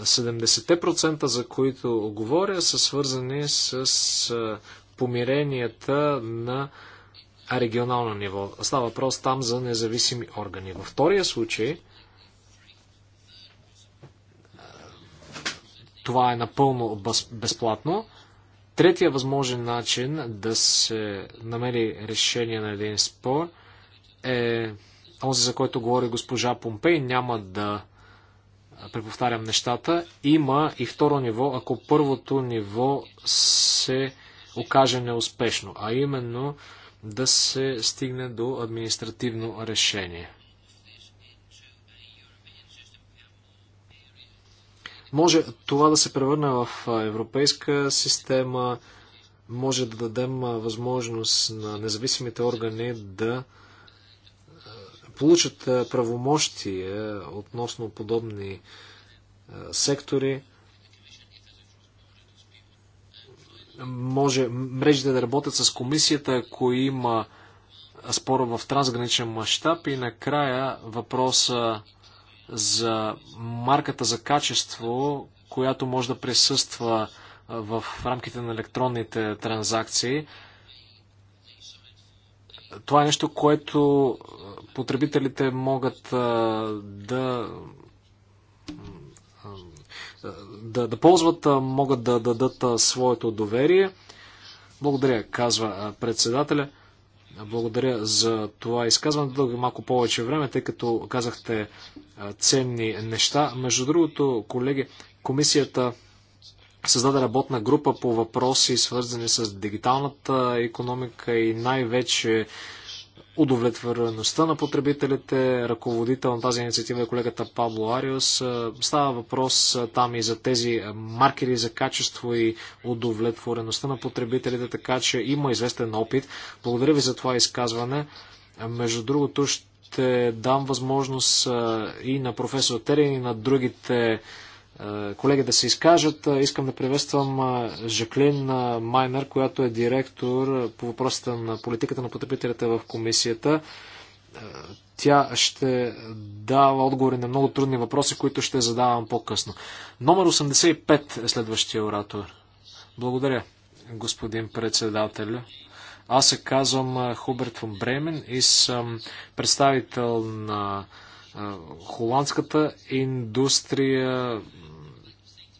70% за които говоря са свързани с помиренията на регионално ниво. Става въпрос там за независими органи. Във втория случай това е напълно безплатно. Третия възможен начин да се намери решение на един спор е този, за който говори госпожа Помпей. Няма да преповтарям нещата. Има и второ ниво, ако първото ниво се окаже неуспешно, а именно да се стигне до административно решение. Може това да се превърне в европейска система, може да дадем възможност на независимите органи да получат правомощи относно подобни сектори. може мрежите да работят с комисията, ако има спора в трансграничен мащаб и накрая въпроса за марката за качество, която може да присъства в рамките на електронните транзакции. Това е нещо, което потребителите могат да да, да ползват, могат да дадат своето доверие. Благодаря, казва председателя. Благодаря за това изказване. Дълго малко повече време, тъй като казахте ценни неща. Между другото, колеги, комисията създаде работна група по въпроси, свързани с дигиталната економика и най-вече удовлетвореността на потребителите. Ръководител на тази инициатива е колегата Пабло Ариос. Е, става въпрос е, там и за тези маркери за качество и удовлетвореността на потребителите, така че има известен опит. Благодаря ви за това изказване. Между другото, ще дам възможност е, и на професор Терен и на другите е, колеги да се изкажат. Е, искам да приветствам е, Жаклин Майнер, която е директор по въпросите на политиката на потребителите в комисията. Тя ще дава отговори на много трудни въпроси, които ще задавам по-късно. Номер 85 е следващия оратор. Благодаря, господин председател. Аз се казвам Хуберт фон Бремен и съм представител на холандската индустрия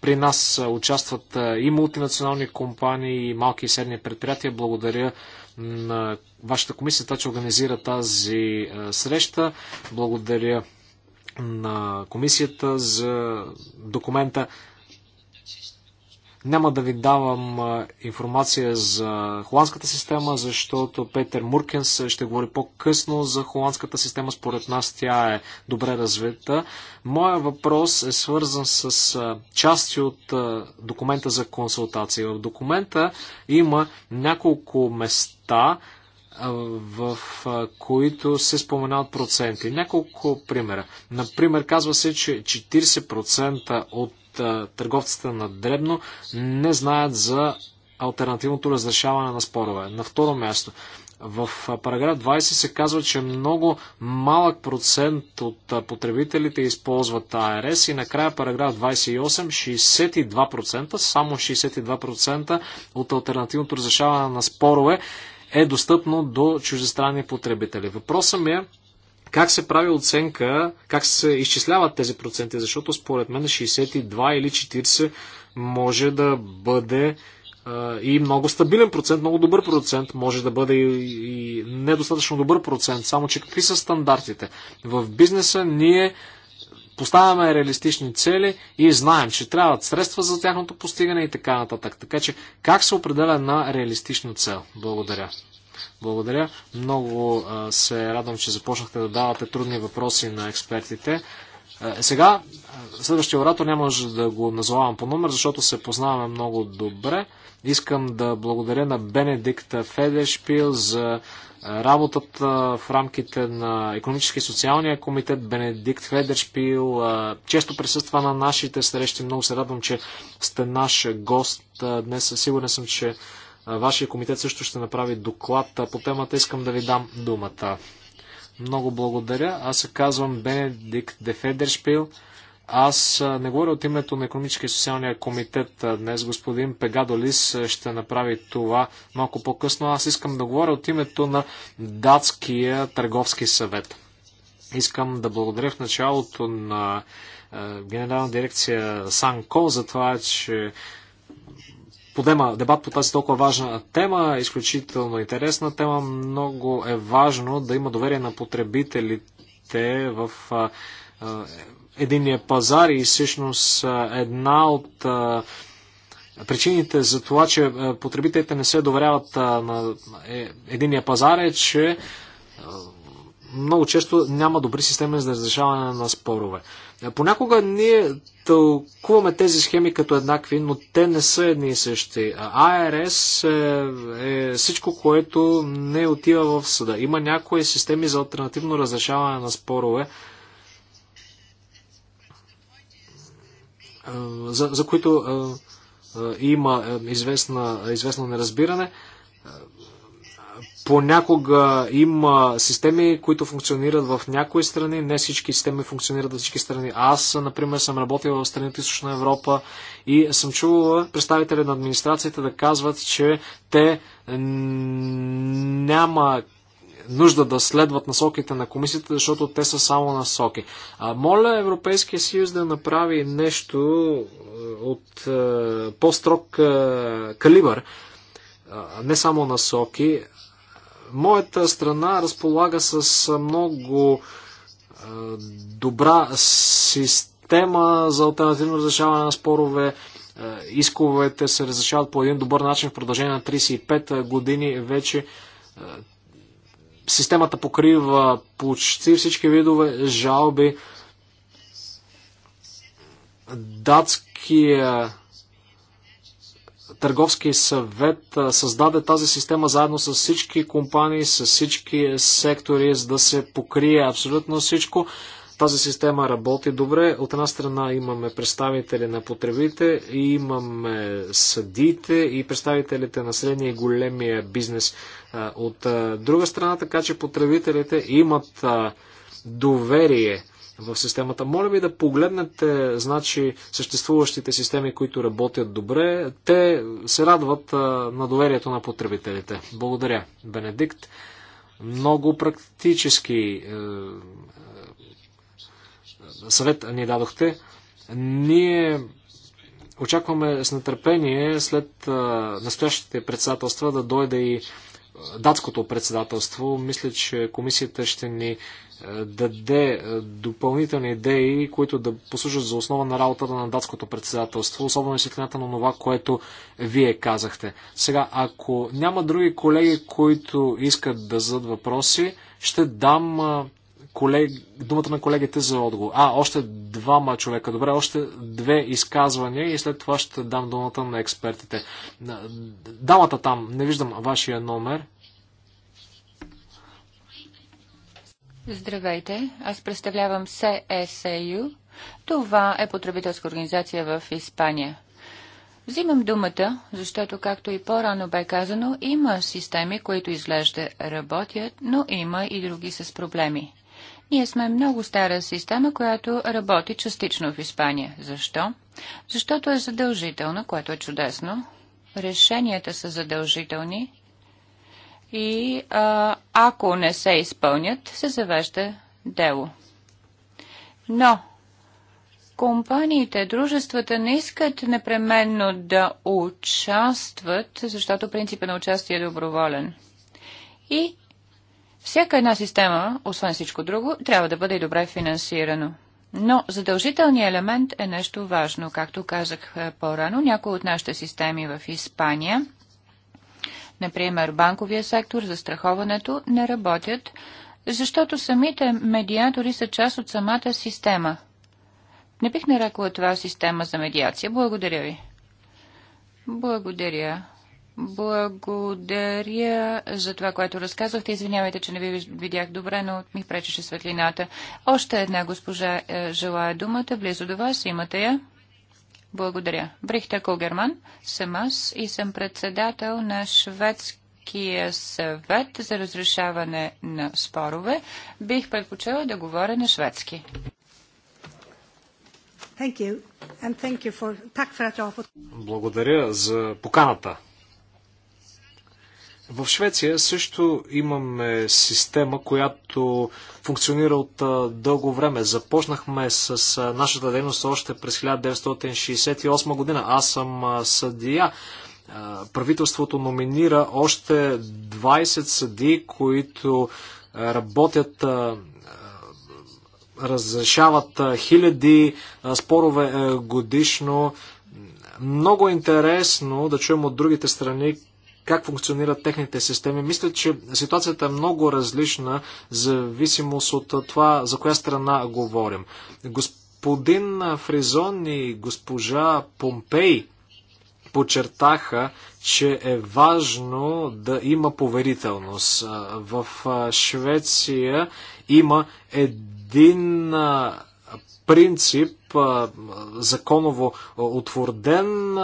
при нас участват и мултинационални компании, и малки и средни предприятия. Благодаря на вашата комисия, че организира тази среща. Благодаря на комисията за документа. Няма да ви давам информация за холандската система, защото Петър Муркенс ще говори по-късно за холандската система. Според нас тя е добре развита. Моя въпрос е свързан с части от документа за консултации. В документа има няколко места, в които се споменават проценти. Няколко примера. Например, казва се, че 40% от търговците на дребно не знаят за альтернативното разрешаване на спорове. На второ място, в параграф 20 се казва, че много малък процент от потребителите използват АРС и накрая параграф 28 62%, само 62% от альтернативното разрешаване на спорове е достъпно до чуждестранни потребители. Въпросът ми е как се прави оценка, как се изчисляват тези проценти, защото според мен 62 или 40 може да бъде и много стабилен процент, много добър процент, може да бъде и, недостатъчно добър процент, само че какви са стандартите? В бизнеса ние поставяме реалистични цели и знаем, че трябват средства за тяхното постигане и така нататък. Така че как се определя една реалистична цел? Благодаря. Благодаря. Много се радвам, че започнахте да давате трудни въпроси на експертите. Сега, следващия оратор няма да го назовавам по номер, защото се познаваме много добре. Искам да благодаря на Бенедикт Федешпил за работата в рамките на Економически и социалния комитет. Бенедикт Федешпил често присъства на нашите срещи. Много се радвам, че сте наш гост. Днес сигурен съм, че Вашия комитет също ще направи доклад по темата. Искам да ви дам думата. Много благодаря. Аз се казвам Бенедикт Дефедершпил. Аз не говоря от името на економическия и социалния комитет днес. Господин Пегадолис ще направи това малко по-късно. Аз искам да говоря от името на датския търговски съвет. Искам да благодаря в началото на Генерална дирекция Санко за това, че подема дебат по тази толкова важна тема, изключително интересна тема. Много е важно да има доверие на потребителите в единния пазар и всъщност една от причините за това, че потребителите не се доверяват на е, единия пазар е, че много често няма добри системи за разрешаване на спорове. Понякога ние тълкуваме тези схеми като еднакви, но те не са едни и същи. АРС е, е всичко, което не отива в съда. Има някои системи за альтернативно разрешаване на спорове, е, за, за които е, е, има е, известна, известно неразбиране. Понякога има системи, които функционират в някои страни, не всички системи функционират във всички страни. Аз, например, съм работил в страните Източна Европа и съм чувал представители на администрацията да казват, че те няма нужда да следват насоките на комисията, защото те са само насоки. А, моля Европейския съюз да направи нещо е, от е, по-строг е, калибър, а, е, не само насоки. Моята страна разполага с много добра система за альтернативно разрешаване на спорове. Исковете се разрешават по един добър начин в продължение на 35 години вече. Системата покрива почти всички видове жалби. Датския търговски съвет създаде тази система заедно с всички компании, с всички сектори, за да се покрие абсолютно всичко. Тази система работи добре. От една страна имаме представители на потребите, имаме съдиите и представителите на средния и големия бизнес. От друга страна, така че потребителите имат доверие в системата. Моля ви да погледнете, значи, съществуващите системи, които работят добре. Те се радват а, на доверието на потребителите. Благодаря, Бенедикт. Много практически е, е, съвет ни дадохте. Ние очакваме с нетърпение след е, настоящите председателства да дойде и датското председателство. Мисля, че комисията ще ни е, даде е, допълнителни идеи, които да послужат за основа на работата на датското председателство, особено светлината на това, което вие казахте. Сега, ако няма други колеги, които искат да зададат въпроси, ще дам е, колег... думата на колегите за отговор. А, още двама човека. Добре, още две изказвания и след това ще дам думата на експертите. Дамата там, не виждам вашия номер. Здравейте, аз представлявам CSAU. Това е потребителска организация в Испания. Взимам думата, защото, както и по-рано бе казано, има системи, които изглежда работят, но има и други с проблеми. Ние сме много стара система, която работи частично в Испания. Защо? Защото е задължително, което е чудесно. Решенията са задължителни, и а, ако не се изпълнят, се завежда дело. Но компаниите, дружествата не искат непременно да участват, защото принципът на участие е доброволен. И всяка една система, освен всичко друго, трябва да бъде добре финансирано. Но задължителният елемент е нещо важно. Както казах по-рано, някои от нашите системи в Испания например банковия сектор, застраховането, не работят, защото самите медиатори са част от самата система. Не бих нарекла това система за медиация. Благодаря ви. Благодаря. Благодаря за това, което разказахте. Извинявайте, че не ви видях добре, но ми пречеше светлината. Още една госпожа е, желая думата. Близо до вас имате я. Благодаря. Брихта Когерман съм аз и съм председател на Шведския съвет за разрешаване на спорове. Бих предпочела да говоря на шведски. Благодаря за поканата. В Швеция също имаме система, която функционира от дълго време. Започнахме с нашата дейност още през 1968 година. Аз съм съдия. Правителството номинира още 20 съдии, които работят разрешават хиляди спорове годишно. Много интересно да чуем от другите страни как функционират техните системи. Мисля, че ситуацията е много различна, зависимост от това, за коя страна говорим. Господин Фризон и госпожа Помпей подчертаха, че е важно да има поверителност. В Швеция има един принцип, законово утвърден,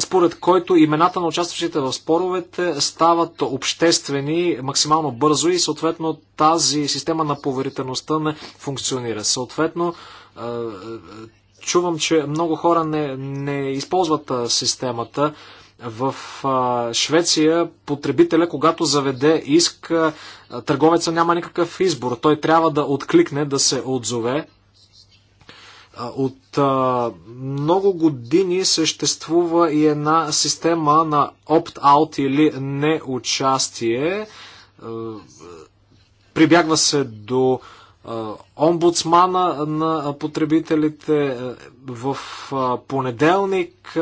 според който имената на участващите в споровете стават обществени максимално бързо и съответно тази система на поверителността не функционира. Съответно, чувам, че много хора не, не използват системата. В Швеция потребителя, когато заведе иск, търговеца няма никакъв избор. Той трябва да откликне, да се отзове. От много години съществува и една система на опт-аут или неучастие. Прибягва се до омбудсмана на потребителите. В понеделник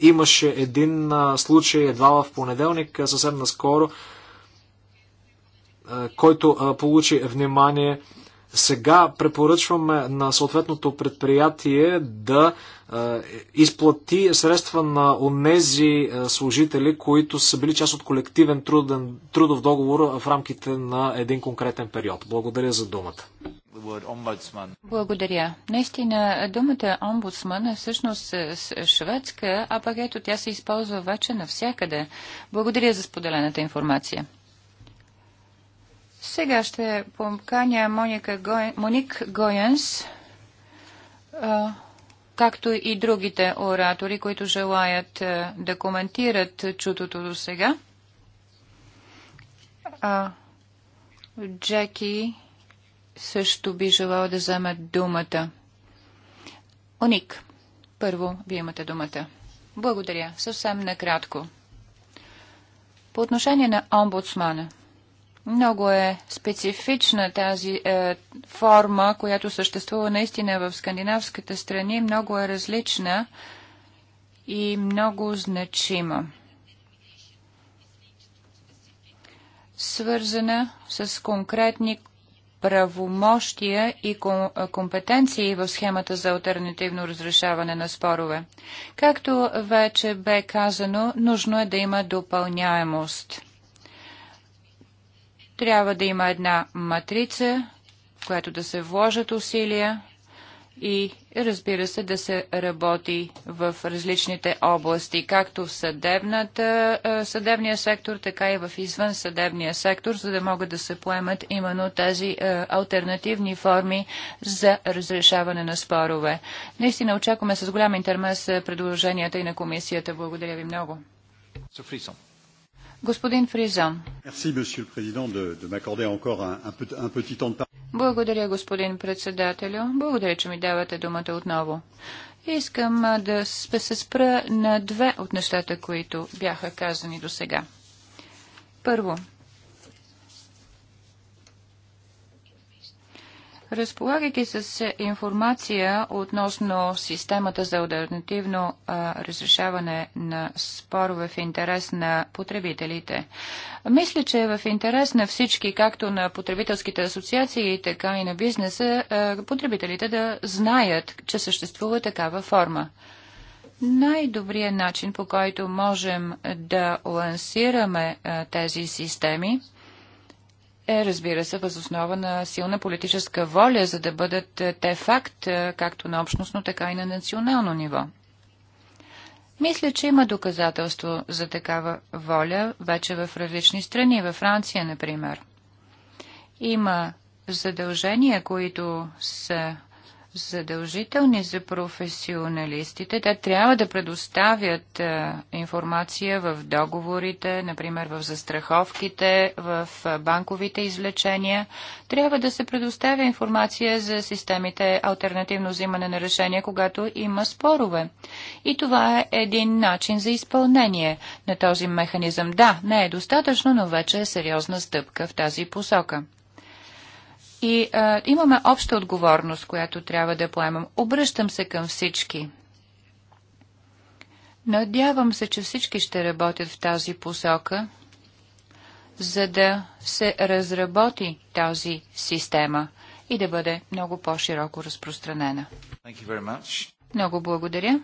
имаше един случай, едва в понеделник, съвсем наскоро, който получи внимание. Сега препоръчваме на съответното предприятие да изплати средства на онези служители, които са били част от колективен труден, трудов договор в рамките на един конкретен период. Благодаря за думата. Благодаря. Наистина, думата омбудсман е всъщност е, е, шведска, а пък ето тя се използва вече навсякъде. Благодаря за споделената информация. Сега ще помканя Моника Гоен, Моник Гоенс, както и другите оратори, които желаят да коментират чутото до сега. Джеки също би желал да вземе думата. Оник, първо, ви имате думата. Благодаря. Съвсем накратко. По отношение на омбудсмана – много е специфична тази е, форма, която съществува наистина в скандинавските страни. Много е различна и много значима. Свързана с конкретни правомощия и е, компетенции в схемата за альтернативно разрешаване на спорове. Както вече бе казано, нужно е да има допълняемост – трябва да има една матрица, в която да се вложат усилия и разбира се да се работи в различните области, както в съдебната, съдебния сектор, така и в извън съдебния сектор, за да могат да се поемат именно тези альтернативни форми за разрешаване на спорове. Наистина очакваме с голям интермес предложенията и на комисията. Благодаря ви много. Софрисон. Господин Фризон. Благодаря, господин председателю. Благодаря, че ми давате думата отново. Искам да се спра на две от нещата, които бяха казани до сега. Първо, Разполагайки с информация относно системата за альтернативно разрешаване на спор в интерес на потребителите, мисля, че е в интерес на всички, както на потребителските асоциации, така и на бизнеса, потребителите да знаят, че съществува такава форма. Най-добрият начин, по който можем да лансираме тези системи, е, разбира се, възоснова на силна политическа воля, за да бъдат е, те факт, е, както на общностно, така и на национално ниво. Мисля, че има доказателство за такава воля вече в различни страни, във Франция, например. Има задължения, които са задължителни за професионалистите. Те трябва да предоставят е, информация в договорите, например в застраховките, в е, банковите извлечения. Трябва да се предоставя информация за системите альтернативно взимане на решения, когато има спорове. И това е един начин за изпълнение на този механизъм. Да, не е достатъчно, но вече е сериозна стъпка в тази посока. И а, имаме обща отговорност, която трябва да поемам. Обръщам се към всички. Надявам се, че всички ще работят в тази посока, за да се разработи тази система и да бъде много по-широко разпространена. Много благодаря.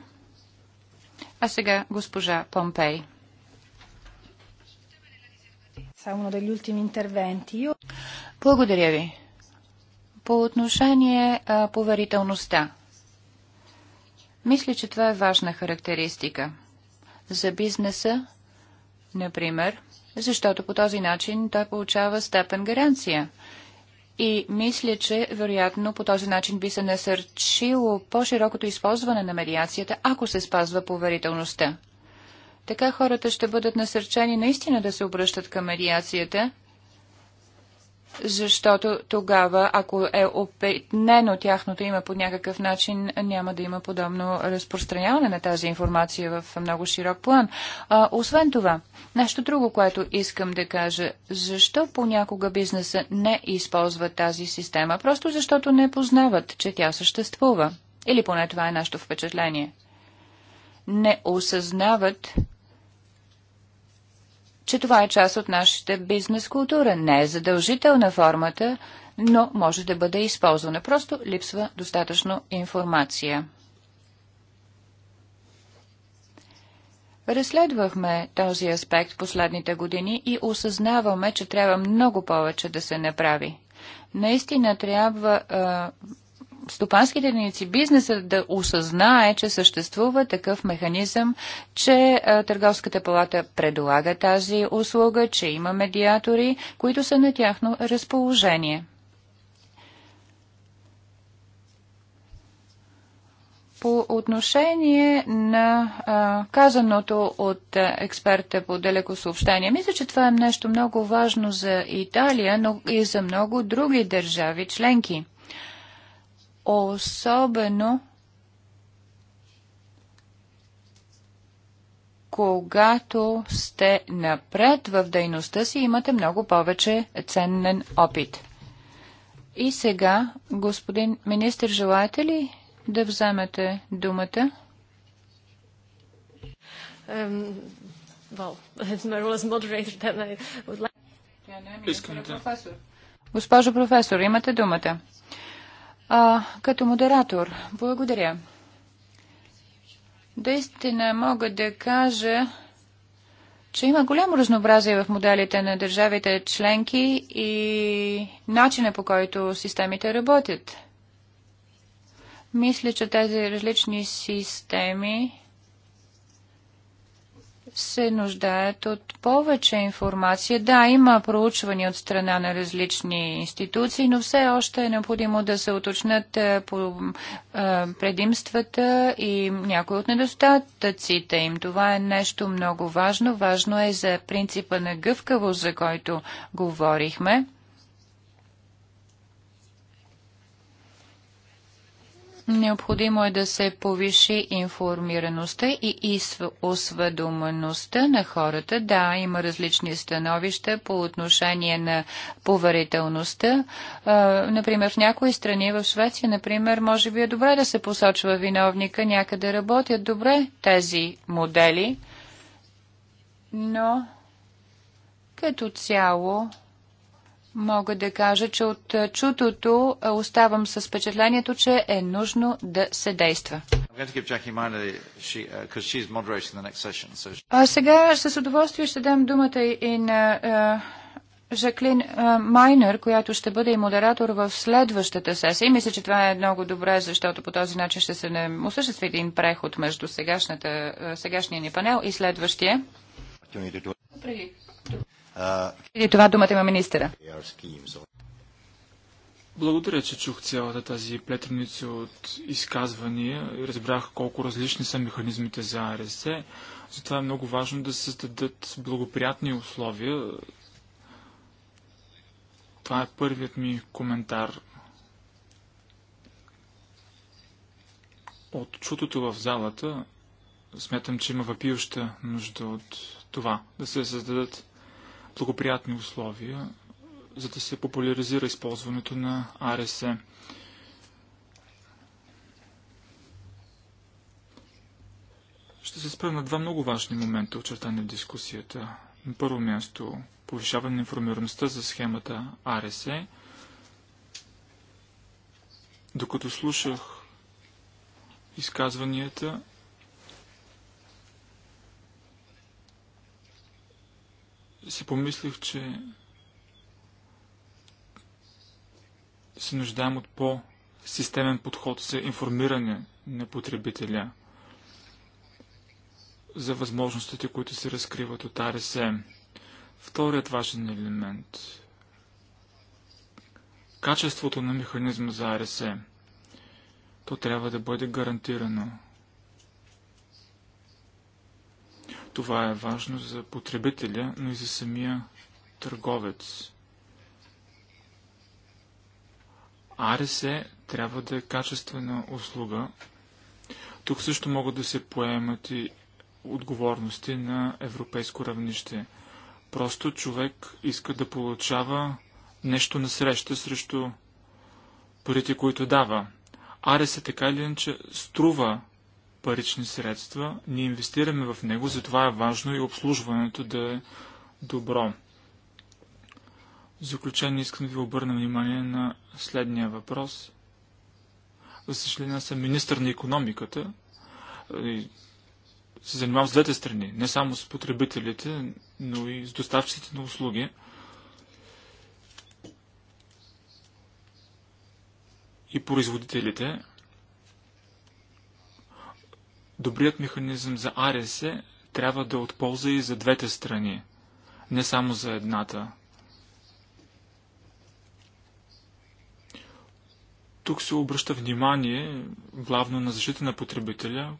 А сега госпожа Помпей. Благодаря ви. По отношение а, поверителността. Мисля, че това е важна характеристика. За бизнеса, например, защото по този начин той получава степен гаранция. И мисля, че вероятно по този начин би се насърчило по-широкото използване на медиацията, ако се спазва поверителността. Така хората ще бъдат насърчени наистина да се обръщат към медиацията защото тогава, ако е опетнено тяхното име по някакъв начин, няма да има подобно разпространяване на тази информация в много широк план. А, освен това, нещо друго, което искам да кажа, защо понякога бизнеса не използва тази система? Просто защото не познават, че тя съществува. Или поне това е нашето впечатление. Не осъзнават, че това е част от нашата бизнес култура. Не е задължителна формата, но може да бъде използвана. Просто липсва достатъчно информация. Разследвахме този аспект последните години и осъзнаваме, че трябва много повече да се направи. Наистина трябва а, стопанските единици, бизнеса да осъзнае, че съществува такъв механизъм, че Търговската палата предлага тази услуга, че има медиатори, които са на тяхно разположение. по отношение на а, казаното от а, експерта по далеко съобщение. Мисля, че това е нещо много важно за Италия, но и за много други държави членки. Особено когато сте напред в дейността си, имате много повече ценен опит. И сега, господин министр, желаете ли да вземете думата? Искам да. Госпожо професор, имате думата. А, като модератор, благодаря. Наистина мога да кажа, че има голямо разнообразие в моделите на държавите членки и начина по който системите работят. Мисля, че тези различни системи се нуждаят от повече информация. Да, има проучвания от страна на различни институции, но все още е необходимо да се уточнат е, по е, предимствата и някои от недостатъците им. Това е нещо много важно. Важно е за принципа на гъвкавост, за който говорихме. Необходимо е да се повиши информираността и осведомеността на хората. Да, има различни становища по отношение на поверителността. Например, в някои страни, в Швеция, например, може би е добре да се посочва виновника, някъде работят добре тези модели, но като цяло мога да кажа, че от чутото е, оставам с впечатлението, че е нужно да се действа. Uh, а сега с удоволствие ще дам думата и на е, Жаклин е, Майнер, която ще бъде и модератор в следващата сесия. И мисля, че това е много добре, защото по този начин ще се осъществи един преход между сегашния ни панел и следващия. Добре. Преди това думата има министера. Благодаря, че чух цялата тази плетеница от изказвания и разбрах колко различни са механизмите за АРС. Затова е много важно да се създадат благоприятни условия. Това е първият ми коментар от чутото в залата. Смятам, че има въпиваща нужда от това да се създадат благоприятни условия, за да се популяризира използването на АРС. Ще се спра на два много важни момента, очертани в дискусията. На първо място, повишаване на информираността за схемата АРС. Докато слушах изказванията, си помислих, че се нуждаем от по-системен подход за информиране на потребителя за възможностите, които се разкриват от АРСМ. Вторият важен елемент – качеството на механизма за АРСМ. То трябва да бъде гарантирано – Това е важно за потребителя, но и за самия търговец. АРС трябва да е качествена услуга. Тук също могат да се поемат и отговорности на европейско равнище. Просто човек иска да получава нещо на среща срещу парите, които дава. Арес е така или иначе струва парични средства. Ние инвестираме в него, затова е важно и обслужването да е добро. В заключение искам да ви обърна внимание на следния въпрос. За съжаление, съм министър на економиката и се занимавам с двете страни, не само с потребителите, но и с доставчиците на услуги. и производителите добрият механизъм за АРС е, трябва да е отполза и за двете страни, не само за едната. Тук се обръща внимание главно на защита на потребителя,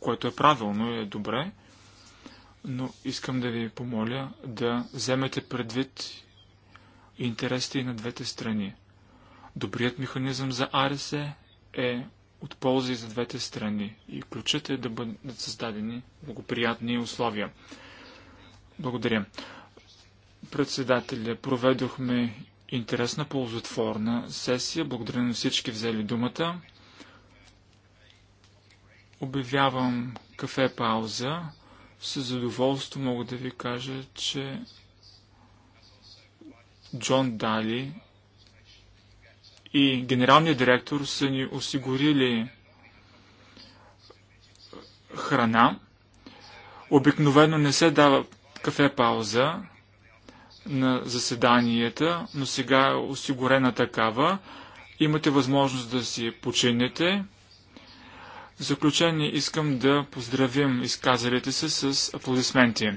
което е правилно и е добре, но искам да ви помоля да вземете предвид интересите и на двете страни. Добрият механизъм за АРС е от ползи за двете страни и ключът е да бъдат създадени благоприятни условия. Благодаря. Председателя, проведохме интересна, ползотворна сесия. Благодаря на всички взели думата. Обявявам кафе пауза. С задоволство мога да ви кажа, че Джон Дали и генералният директор са ни осигурили храна. Обикновено не се дава кафе пауза на заседанията, но сега е осигурена такава. Имате възможност да си починете. В заключение искам да поздравим изказалите се с аплодисменти.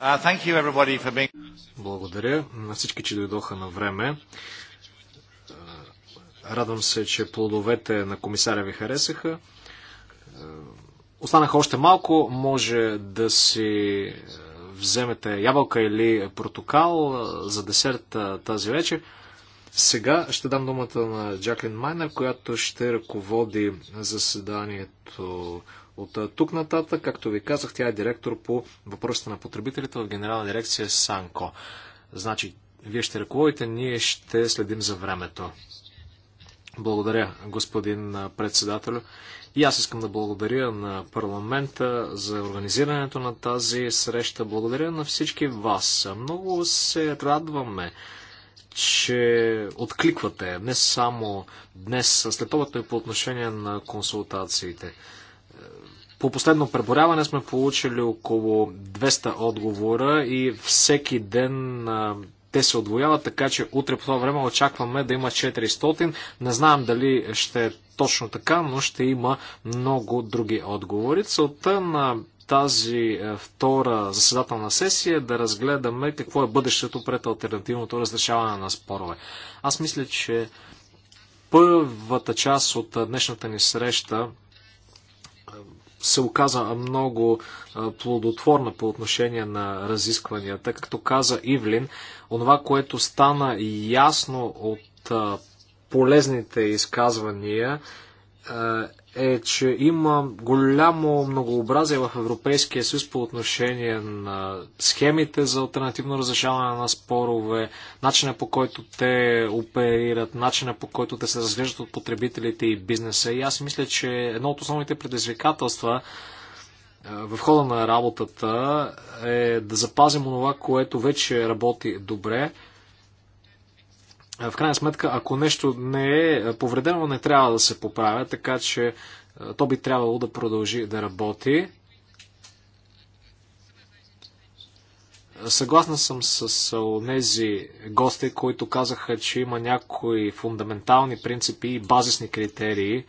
Uh, being... Благодаря на всички, че дойдоха на време. Uh, радвам се, че плодовете на комисаря ви харесаха. Uh, останаха още малко. Може да си вземете ябълка или протокал за десерт тази вечер. Сега ще дам думата на Джаклин Майнер, която ще ръководи заседанието от тук нататък, както ви казах, тя е директор по въпросите на потребителите в Генерална дирекция Санко. Значи, вие ще ръководите, ние ще следим за времето. Благодаря, господин председател. И аз искам да благодаря на парламента за организирането на тази среща. Благодаря на всички вас. Много се радваме, че откликвате не само днес, а след това и по отношение на консултациите. По последно преборяване сме получили около 200 отговора и всеки ден те се отвояват, така че утре по това време очакваме да има 400. Не знам дали ще е точно така, но ще има много други отговори. Целта на тази е, втора заседателна сесия е да разгледаме какво е бъдещето пред альтернативното разрешаване на спорове. Аз мисля, че първата част от днешната ни среща се оказа много плодотворна по отношение на разискванията. Както каза Ивлин, онова, което стана ясно от полезните изказвания е, че има голямо многообразие в Европейския съюз по отношение на схемите за альтернативно разрешаване на спорове, начина по който те оперират, начина по който те се разглеждат от потребителите и бизнеса. И аз мисля, че едно от основните предизвикателства е, в хода на работата е да запазим онова, което вече работи добре – в крайна сметка, ако нещо не е повредено, не трябва да се поправя, така че е, то би трябвало да продължи да работи. Съгласна съм с тези гости, които казаха, че има някои фундаментални принципи и базисни критерии, е,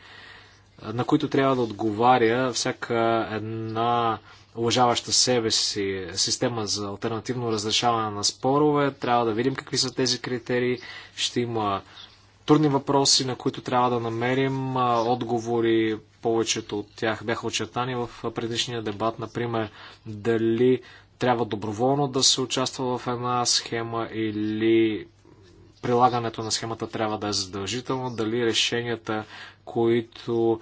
на които трябва да отговаря всяка една уважаваща себе си система за альтернативно разрешаване на спорове. Трябва да видим какви са тези критерии. Ще има трудни въпроси, на които трябва да намерим отговори. Повечето от тях бяха очертани в предишния дебат. Например, дали трябва доброволно да се участва в една схема или прилагането на схемата трябва да е задължително, дали решенията които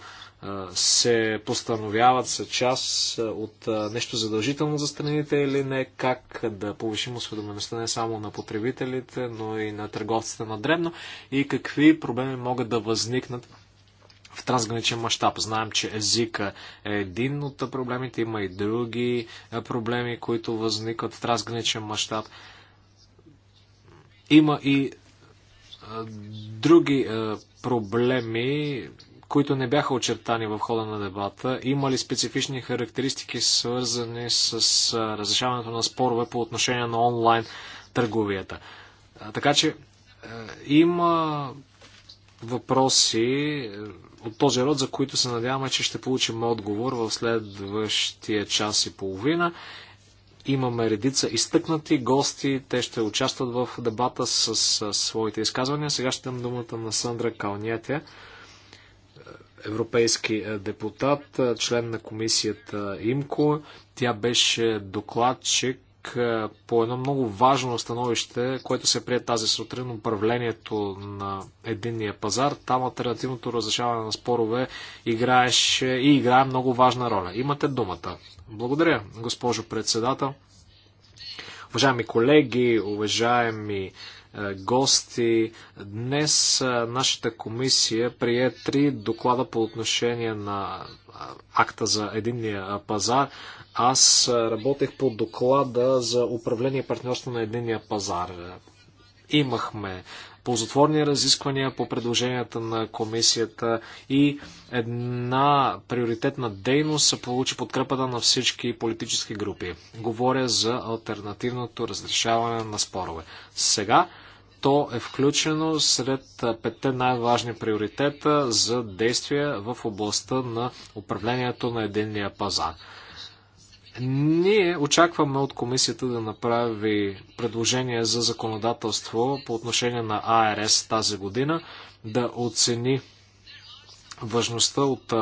се постановяват са част от нещо задължително за страните или не, как да повишим осведомеността не само на потребителите, но и на търговците на дребно и какви проблеми могат да възникнат в трансграничен мащаб. Знаем, че езика е един от проблемите, има и други проблеми, които възникват в трансграничен мащаб. Има и други проблеми, които не бяха очертани в хода на дебата, има ли специфични характеристики свързани с разрешаването на спорове по отношение на онлайн търговията? Така че има въпроси от този род, за които се надяваме, че ще получим отговор в следващия час и половина. Имаме редица изтъкнати гости. Те ще участват в дебата с, с своите изказвания. Сега ще дам думата на Сандра Калнятя, е, европейски е, депутат, е, член на комисията ИМКО. Тя беше докладчик по едно много важно становище, което се прие тази сутрин, управлението на единния пазар. Там альтернативното разрешаване на спорове играеше и играе много важна роля. Имате думата. Благодаря, госпожо председател. Уважаеми колеги, уважаеми е, гости. Днес е, нашата комисия прие три доклада по отношение на е, акта за единния пазар. Аз работех по доклада за управление и партньорство на единния пазар. Имахме ползотворни разисквания по предложенията на комисията и една приоритетна дейност получи подкрепата на всички политически групи. Говоря за альтернативното разрешаване на спорове. Сега то е включено сред петте най-важни приоритета за действия в областта на управлението на единния пазар. Ние очакваме от комисията да направи предложение за законодателство по отношение на АРС тази година, да оцени важността от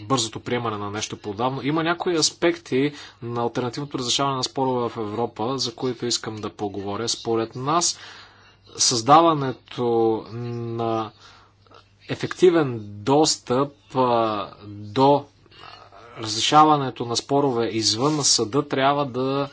бързото приемане на нещо подобно. Има някои аспекти на альтернативното разрешаване на спорове в Европа, за които искам да поговоря. Според нас, създаването на ефективен достъп до разрешаването на спорове извън съда трябва да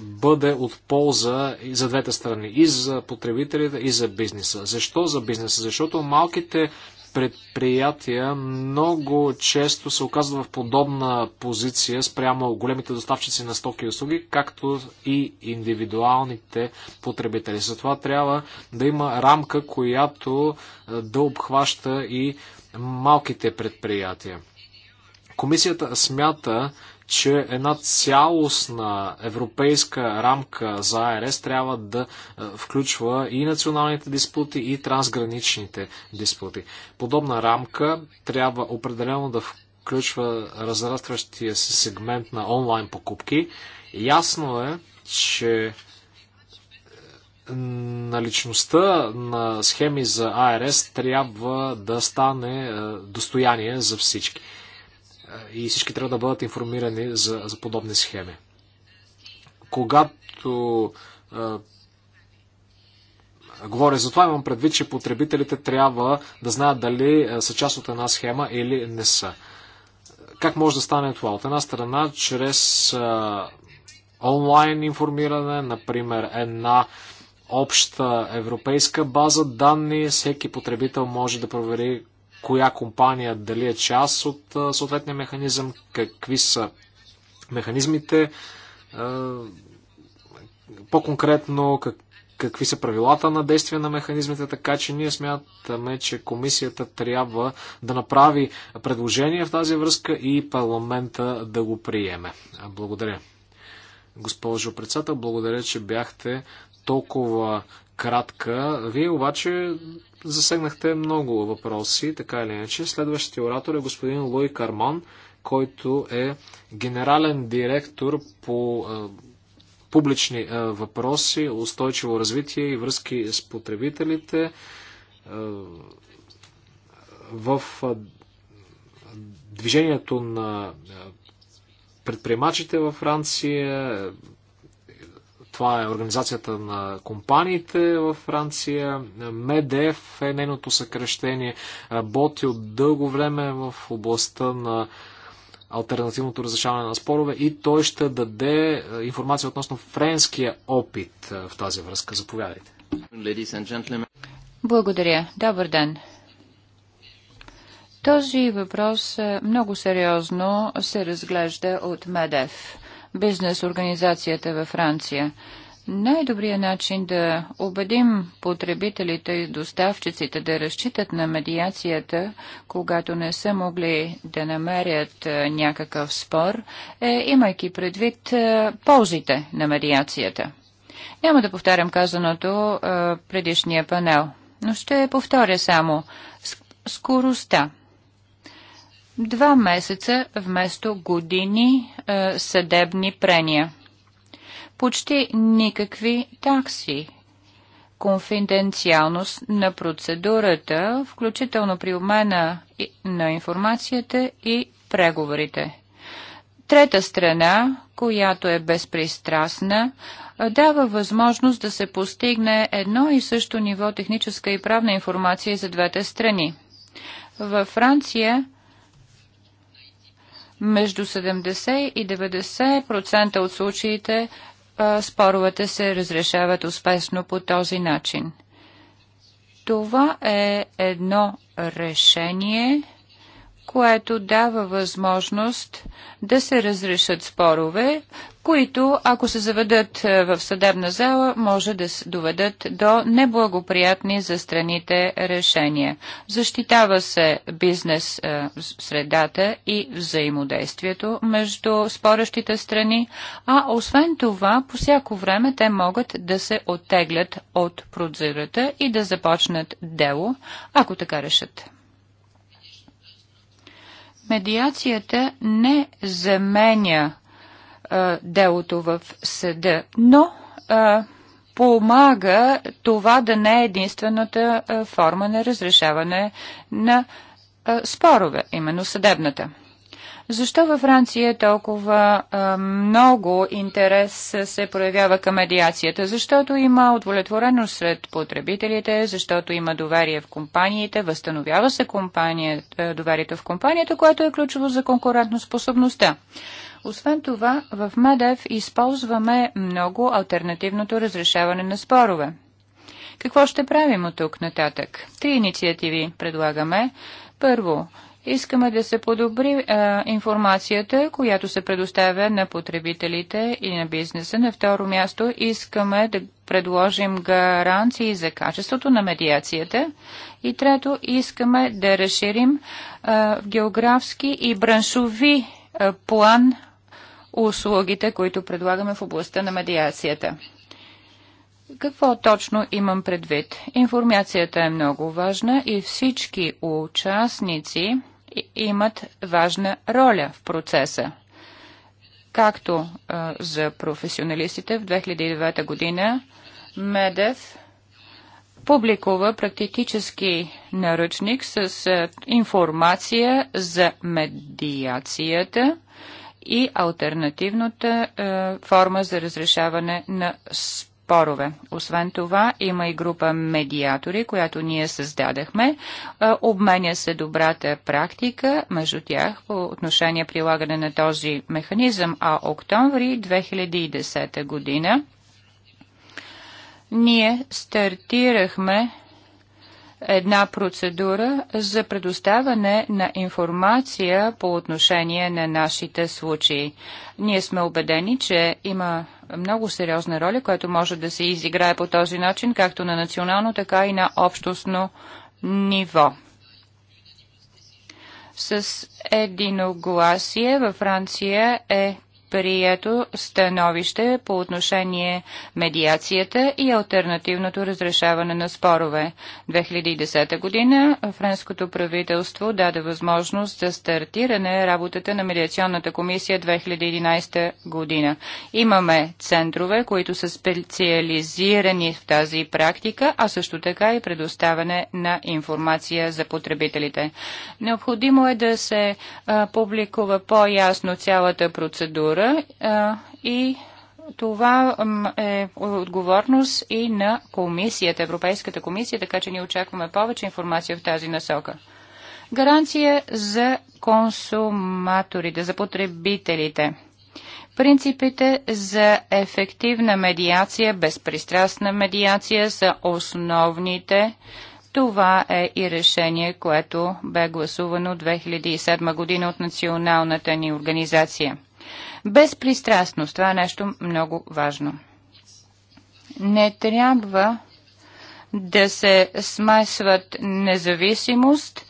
бъде от полза и за двете страни, и за потребителите, и за бизнеса. Защо за бизнеса? Защото малките предприятия много често се оказват в подобна позиция спрямо големите доставчици на стоки и услуги, както и индивидуалните потребители. Затова трябва да има рамка, която да обхваща и малките предприятия. Комисията смята, че една цялостна европейска рамка за АРС трябва да е, включва и националните диспути, и трансграничните диспути. Подобна рамка трябва определено да включва разрастващия се сегмент на онлайн покупки. Ясно е, че е, наличността на схеми за АРС трябва да стане е, достояние за всички и всички трябва да бъдат информирани за, за подобни схеми. Когато а, говоря за това, имам предвид, че потребителите трябва да знаят дали са част от една схема или не са. Как може да стане това? От една страна, чрез а, онлайн информиране, например, една обща европейска база данни, всеки потребител може да провери коя компания, дали е част от съответния механизъм, какви са механизмите, по-конкретно как, какви са правилата на действие на механизмите, така че ние смятаме, че комисията трябва да направи предложение в тази връзка и парламента да го приеме. Благодаря. Госпожо председател, благодаря, че бяхте толкова кратка. Вие обаче засегнахте много въпроси, така или иначе. Следващия оратор е господин Луи Карман, който е генерален директор по публични въпроси, устойчиво развитие и връзки с потребителите в движението на предприемачите във Франция, това е Организацията на компаниите в Франция. МЕДЕФ е нейното съкрещение. Работи от дълго време в областта на альтернативното разрешаване на спорове и той ще даде е, информация относно френския опит е, в тази връзка. Заповядайте. Благодаря. Добър ден. Този въпрос е, много сериозно се разглежда от МЕДЕФ бизнес организацията във Франция. Най-добрият начин да убедим потребителите и доставчиците да разчитат на медиацията, когато не са могли да намерят е, някакъв спор, е имайки предвид е, ползите на медиацията. Няма да повтарям казаното е, предишния панел, но ще повторя само скоростта Два месеца вместо години е, съдебни прения. Почти никакви такси. Конфиденциалност на процедурата, включително при обмена на информацията и преговорите. Трета страна, която е безпристрастна, е, дава възможност да се постигне едно и също ниво техническа и правна информация за двете страни. Във Франция между 70 и 90% от случаите споровете се разрешават успешно по този начин. Това е едно решение, което дава възможност да се разрешат спорове, които, ако се заведат е, в съдебна зала, може да се доведат до неблагоприятни за страните решения. Защитава се бизнес е, средата и взаимодействието между спорещите страни, а освен това, по всяко време те могат да се оттеглят от процедурата и да започнат дело, ако така решат медиацията не заменя а, делото в съда, но а, помага това да не е единствената а, форма на разрешаване на а, спорове, именно съдебната. Защо във Франция толкова а, много интерес се проявява към медиацията? Защото има удовлетвореност сред потребителите, защото има доверие в компаниите, възстановява се компания, доверието в компанията, което е ключово за конкурентоспособността. Освен това, в МЕДЕВ използваме много альтернативното разрешаване на спорове. Какво ще правим от тук нататък? Три инициативи предлагаме. Първо, Искаме да се подобри а, информацията, която се предоставя на потребителите и на бизнеса. На второ място искаме да предложим гаранции за качеството на медиацията. И трето, искаме да разширим а, географски и браншови а, план услугите, които предлагаме в областта на медиацията. Какво точно имам предвид? Информацията е много важна и всички участници имат важна роля в процеса. Както а, за професионалистите в 2009 година Медев публикува практически наръчник с а, информация за медиацията и альтернативната а, форма за разрешаване на спорта спорове. Освен това, има и група медиатори, която ние създадахме. Обменя се добрата практика между тях по отношение прилагане на този механизъм, а октомври 2010 година ние стартирахме една процедура за предоставяне на информация по отношение на нашите случаи. Ние сме убедени, че има много сериозна роля, която може да се изиграе по този начин, както на национално, така и на общностно ниво. С единогласие във Франция е прието становище по отношение медиацията и альтернативното разрешаване на спорове. 2010 година френското правителство даде възможност за стартиране работата на медиационната комисия 2011 година. Имаме центрове, които са специализирани в тази практика, а също така и предоставяне на информация за потребителите. Необходимо е да се а, публикува по-ясно цялата процедура процедура и това е отговорност и на комисията, Европейската комисия, така че ние очакваме повече информация в тази насока. Гаранция за консуматорите, за потребителите. Принципите за ефективна медиация, безпристрастна медиация са основните. Това е и решение, което бе гласувано 2007 година от националната ни организация. Безпристрастност. Това е нещо много важно. Не трябва да се смесват независимост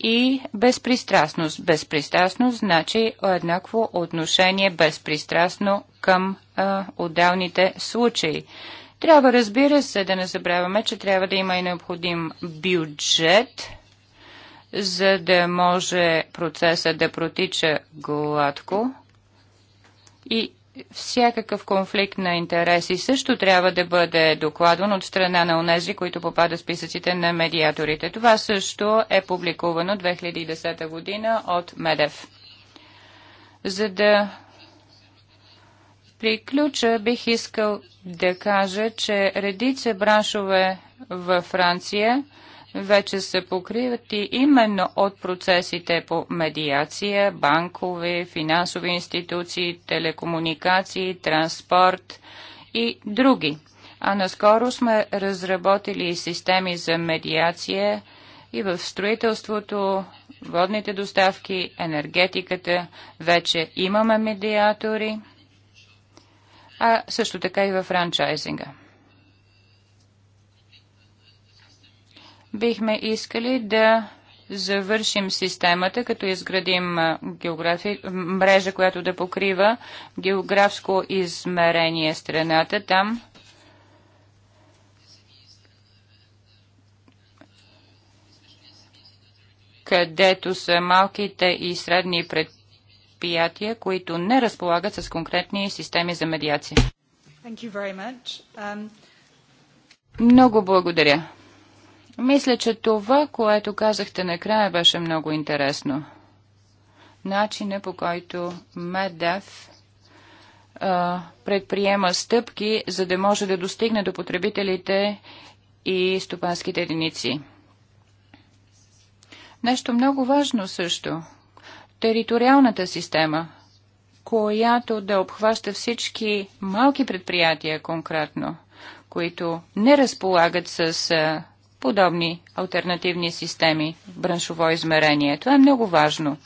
и безпристрастност. Безпристрастност значи еднакво отношение безпристрастно към а, отделните случаи. Трябва, разбира се, да не забравяме, че трябва да има и необходим бюджет, за да може процеса да протича гладко и всякакъв конфликт на интереси също трябва да бъде докладван от страна на онези, които попадат в списъците на медиаторите. Това също е публикувано 2010 година от МЕДЕВ. За да приключа, бих искал да кажа, че редица браншове във Франция – вече се покриват и именно от процесите по медиация, банкови, финансови институции, телекомуникации, транспорт и други. А наскоро сме разработили системи за медиация и в строителството, водните доставки, енергетиката. Вече имаме медиатори, а също така и в франчайзинга. бихме искали да завършим системата, като изградим географи... мрежа, която да покрива географско измерение страната. Там където са малките и средни предприятия, които не разполагат с конкретни системи за медиация. Um... Много благодаря. Мисля, че това, което казахте накрая, беше много интересно. Начина по който а, предприема стъпки, за да може да достигне до потребителите и стопанските единици. Нещо много важно също. Териториалната система, която да обхваща всички малки предприятия конкретно, които не разполагат с подобни альтернативни системи в браншово измерение. Това е много важно.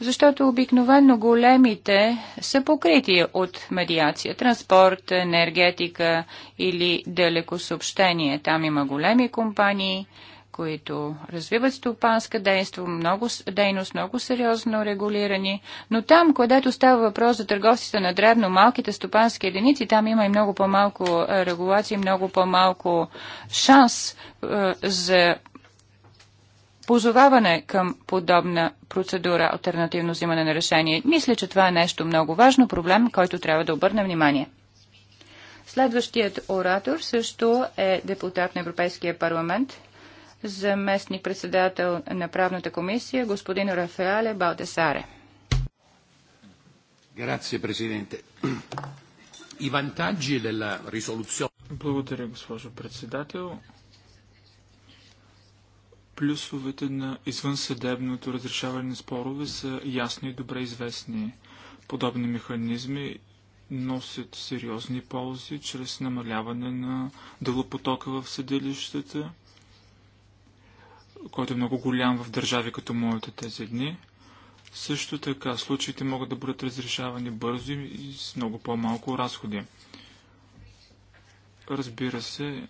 Защото обикновено големите са покрити от медиация. Транспорт, енергетика или далекосъобщение. Там има големи компании, които развиват стопанска действо, много, дейност, много сериозно регулирани, но там, където става въпрос за търговците на дребно, малките стопански единици, там има и много по-малко е, регулации, много по-малко шанс е, за позоваване към подобна процедура, альтернативно взимане на решение. Мисля, че това е нещо много важно, проблем, който трябва да обърне внимание. Следващият оратор също е депутат на Европейския парламент заместник председател на правната комисия, господин Рафаеле Балтесаре. Благодаря, госпожо председател. Плюсовете на извънсъдебното разрешаване на спорове са ясни и добре известни. Подобни механизми носят сериозни ползи чрез намаляване на дълъпотока в съдилищата, който е много голям в държави като моята тези дни. Също така, случаите могат да бъдат разрешавани бързо и с много по-малко разходи. Разбира се,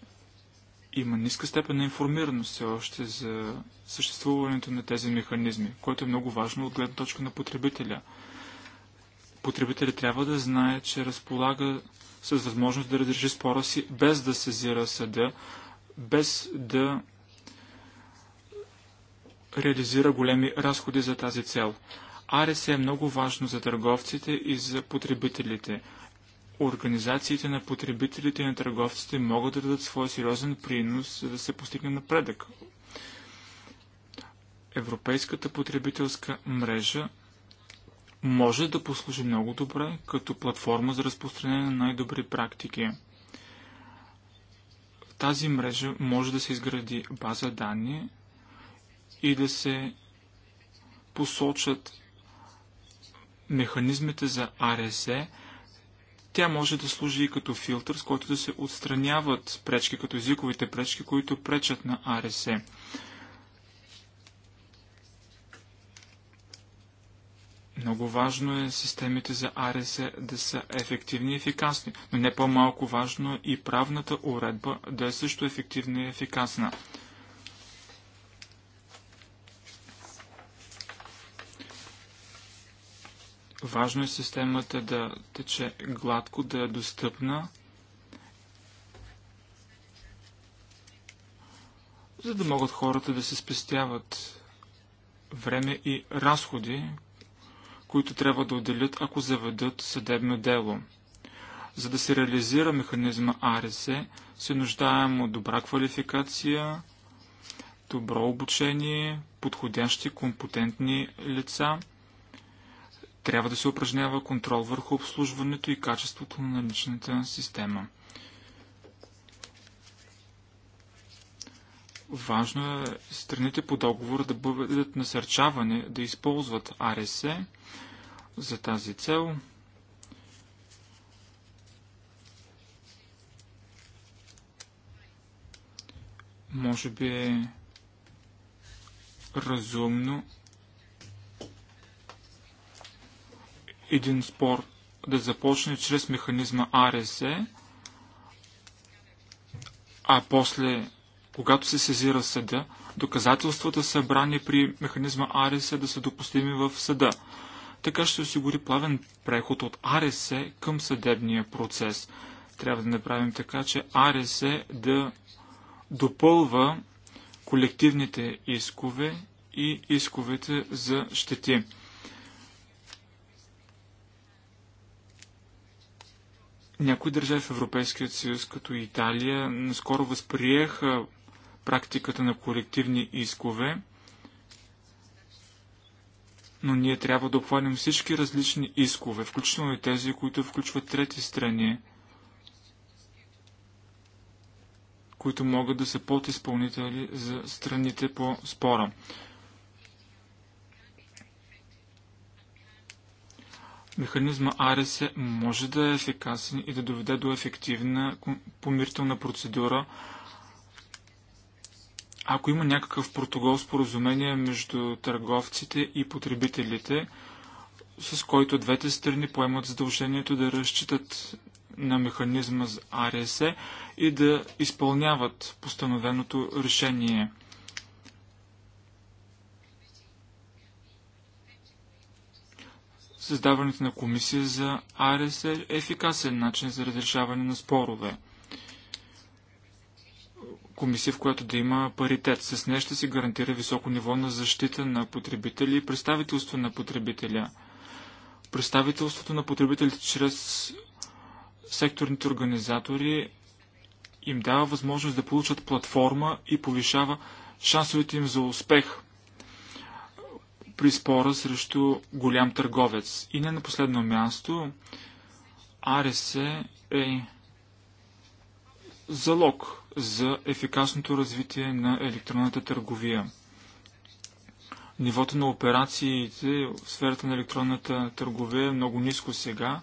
има ниска степен на информираност все още за съществуването на тези механизми, което е много важно от гледна точка на потребителя. Потребителя трябва да знае, че разполага с възможност да разреши спора си без да сезира съда, без да реализира големи разходи за тази цел. АРС е много важно за търговците и за потребителите. Организациите на потребителите и на търговците могат да дадат своя сериозен принос, за да се постигне напредък. Европейската потребителска мрежа може да послужи много добре като платформа за разпространение на най-добри практики. тази мрежа може да се изгради база данни, и да се посочат механизмите за АРСЕ, тя може да служи и като филтър, с който да се отстраняват пречки, като езиковите пречки, които пречат на АРСЕ. Много важно е системите за АРС да са ефективни и ефикасни, но не по-малко важно е и правната уредба да е също ефективна и ефикасна. Важно е системата да тече гладко, да е достъпна, за да могат хората да се спестяват време и разходи, които трябва да отделят, ако заведат съдебно дело. За да се реализира механизма АРС, се нуждаем от добра квалификация, добро обучение, подходящи компетентни лица – трябва да се упражнява контрол върху обслужването и качеството на наличната система. Важно е страните по договор да бъдат насърчавани да използват АРС за тази цел. Може би е разумно един спор да започне чрез механизма АРС, а после, когато се сезира съда, доказателствата събрани при механизма АРС да са допустими в съда. Така ще осигури плавен преход от АРС към съдебния процес. Трябва да направим така, че АРС да допълва колективните искове и исковете за щети. Някои държави в Европейския съюз, като Италия, наскоро възприеха практиката на колективни искове, но ние трябва да обхванем всички различни искове, включително и тези, които включват трети страни, които могат да са подизпълнители за страните по спора. Механизма АРС може да е ефикасен и да доведе до ефективна помирителна процедура, ако има някакъв протокол споразумение между търговците и потребителите, с който двете страни поемат задължението да разчитат на механизма за АРС и да изпълняват постановеното решение – създаването на комисия за АРС е ефикасен начин за разрешаване на спорове. Комисия, в която да има паритет. С нея ще се гарантира високо ниво на защита на потребители и представителство на потребителя. Представителството на потребителите чрез секторните организатори им дава възможност да получат платформа и повишава шансовете им за успех – при спора срещу голям търговец. И не на последно място, АРС е залог за ефикасното развитие на електронната търговия. Нивото на операциите в сферата на електронната търговия е много ниско сега,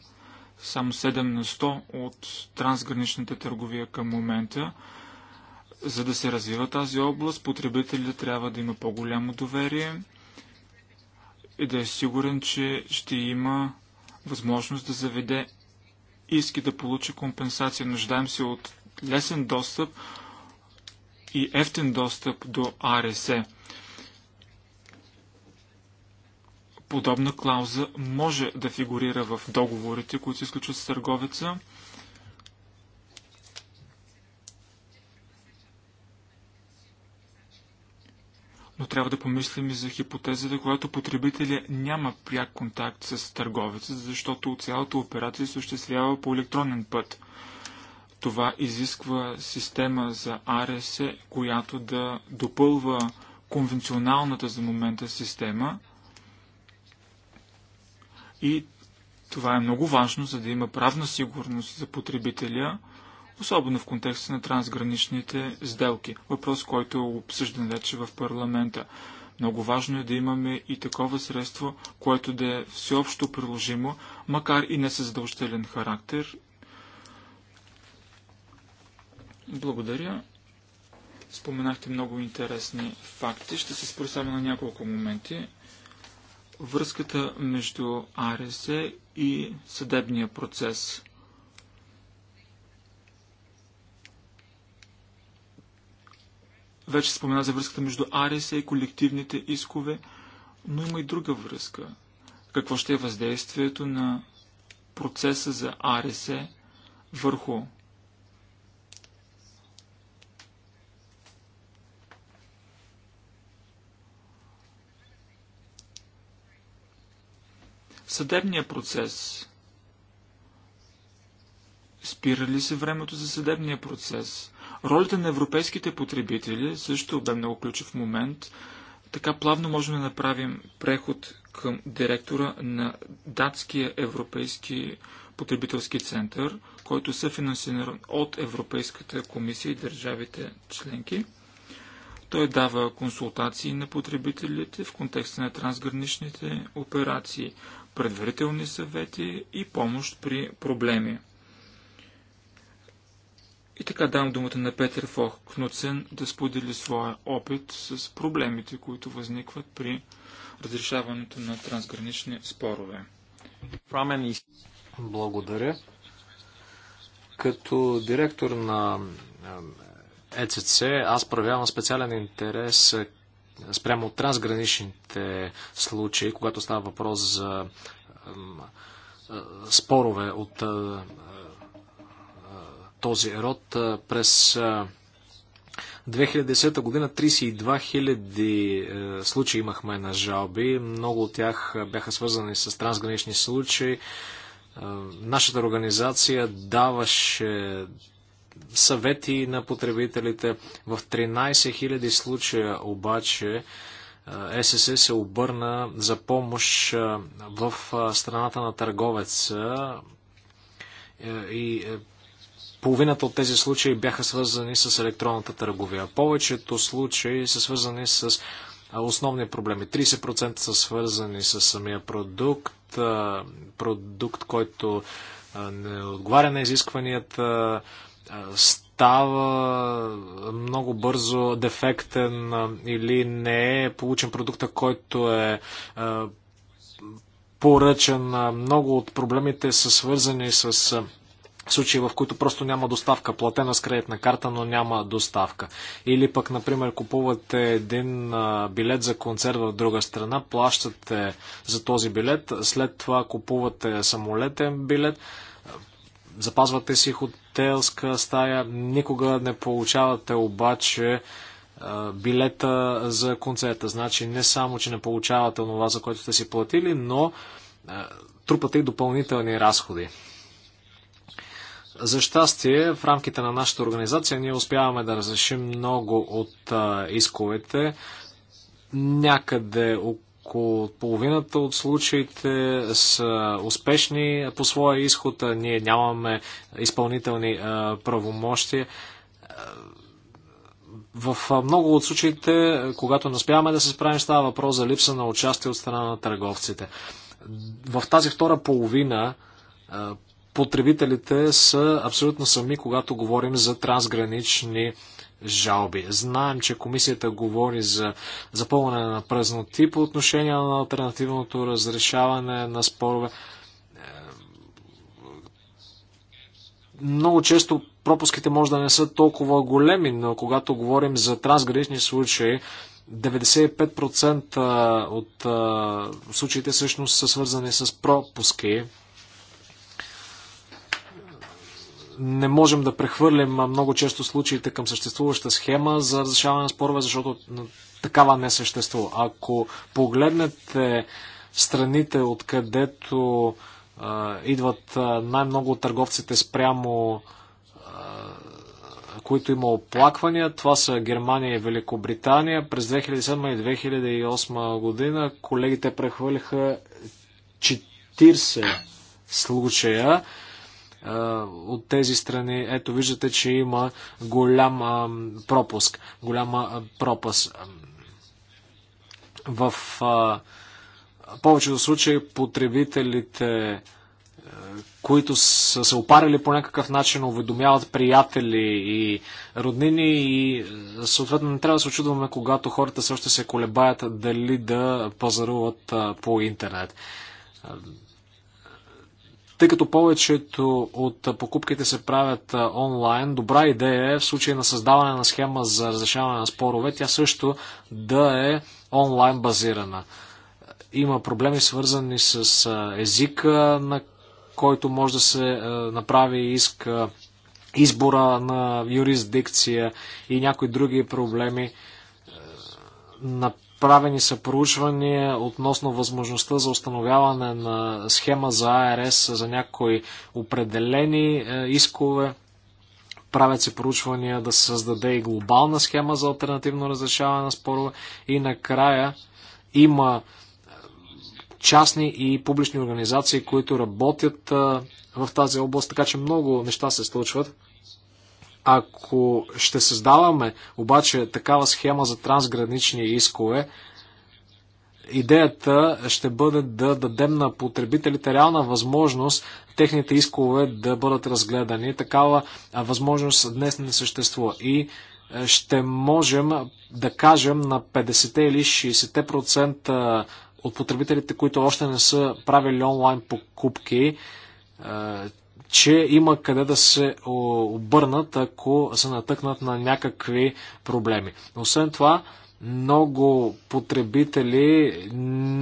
само 7 на 100 от трансграничната търговия към момента. За да се развива тази област, потребителите трябва да има по-голямо доверие и да е сигурен, че ще има възможност да заведе иски да получи компенсация. Нуждаем се от лесен достъп и ефтен достъп до АРС. Подобна клауза може да фигурира в договорите, които се изключват с търговеца но трябва да помислим и за хипотезата, когато потребителя няма пряк контакт с търговеца, защото цялата операция се осъществява по електронен път. Това изисква система за АРС, която да допълва конвенционалната за момента система. И това е много важно, за да има правна сигурност за потребителя – особено в контекста на трансграничните сделки. Въпрос, който е обсъждан вече в парламента. Много важно е да имаме и такова средство, което да е всеобщо приложимо, макар и не със задължителен характер. Благодаря. Споменахте много интересни факти. Ще се спра само на няколко моменти. Връзката между АРС и съдебния процес. Вече спомена за връзката между Ареса и колективните искове, но има и друга връзка. Какво ще е въздействието на процеса за Аресе върху съдебния процес. Спира ли се времето за съдебния процес? Ролята на европейските потребители също бе много ключов момент. Така плавно можем да направим преход към директора на датския европейски потребителски център, който се финансиран от Европейската комисия и държавите членки. Той дава консултации на потребителите в контекста на трансграничните операции, предварителни съвети и помощ при проблеми. И така дам думата на Петър Фох Кнуцен да сподели своя опит с проблемите, които възникват при разрешаването на трансгранични спорове. Благодаря. Като директор на ЕЦЦ, аз проявявам специален интерес спрямо от трансграничните случаи, когато става въпрос за спорове от този род. През 2010 година 32 000 е, случаи имахме на жалби. Много от тях бяха свързани с трансгранични случаи. Е, нашата организация даваше съвети на потребителите. В 13 000 случая обаче е, ССС се обърна за помощ в страната на търговеца и Половината от тези случаи бяха свързани с електронната търговия. Повечето случаи са свързани с основни проблеми. 30% са свързани с самия продукт, продукт, който не отговаря на изискванията, става много бързо дефектен или не е получен продукта, който е поръчен. Много от проблемите са свързани с случаи, в които просто няма доставка. Платена с кредитна карта, но няма доставка. Или пък, например, купувате един билет за концерт в друга страна, плащате за този билет, след това купувате самолетен билет, запазвате си хотелска стая, никога не получавате обаче билета за концерта. Значи не само, че не получавате това, за което сте си платили, но трупате и допълнителни разходи за щастие, в рамките на нашата организация ние успяваме да разрешим много от а, исковете. Някъде около половината от случаите са успешни по своя изход. Ние нямаме изпълнителни а, правомощия. В много от случаите, когато не успяваме да се справим, става въпрос за липса на участие от страна на търговците. В тази втора половина потребителите са абсолютно сами, когато говорим за трансгранични жалби. Знаем, че комисията говори за запълване на празноти по отношение на альтернативното разрешаване на спорове. Много често пропуските може да не са толкова големи, но когато говорим за трансгранични случаи, 95% от случаите всъщност са свързани с пропуски не можем да прехвърлим много често случаите към съществуваща схема за разрешаване на спорове, защото такава не съществува. Ако погледнете страните, откъдето а, идват най-много търговците спрямо които има оплаквания. Това са Германия и Великобритания. През 2007 и 2008 година колегите прехвърлиха 40 случая от тези страни. Ето виждате, че има голям пропуск, голяма пропаст. В повечето случаи потребителите които са се опарили по някакъв начин, уведомяват приятели и роднини и съответно не трябва да се очудваме, когато хората също се колебаят дали да пазаруват по интернет. Тъй като повечето от покупките се правят онлайн, добра идея е в случай на създаване на схема за разрешаване на спорове, тя също да е онлайн базирана. Има проблеми свързани с езика, на който може да се направи иск, избора на юрисдикция и някои други проблеми. Е, на Правени са проучвания относно възможността за установяване на схема за АРС за някои определени е, искове. Правят се проучвания да се създаде и глобална схема за альтернативно разрешаване на спорове. И накрая има частни и публични организации, които работят е, в тази област, така че много неща се случват. Ако ще създаваме обаче такава схема за трансгранични искове, идеята ще бъде да дадем на потребителите реална възможност техните искове да бъдат разгледани. Такава възможност днес не съществува. И е, ще можем да кажем на 50 или 60% от потребителите, които още не са правили онлайн покупки, е, че има къде да се обърнат, ако се натъкнат на някакви проблеми. Освен това, много потребители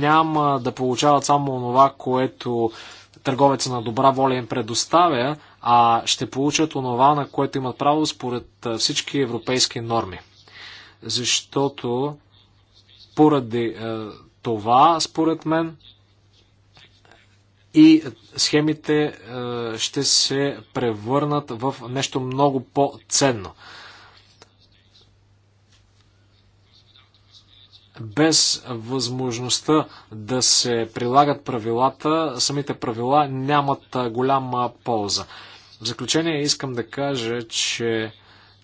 няма да получават само това, което търговеца на добра воля им предоставя, а ще получат онова, на което имат право според всички европейски норми. Защото поради е, това, според мен, и схемите е, ще се превърнат в нещо много по-ценно. без възможността да се прилагат правилата, самите правила нямат е, голяма полза. В заключение искам да кажа, че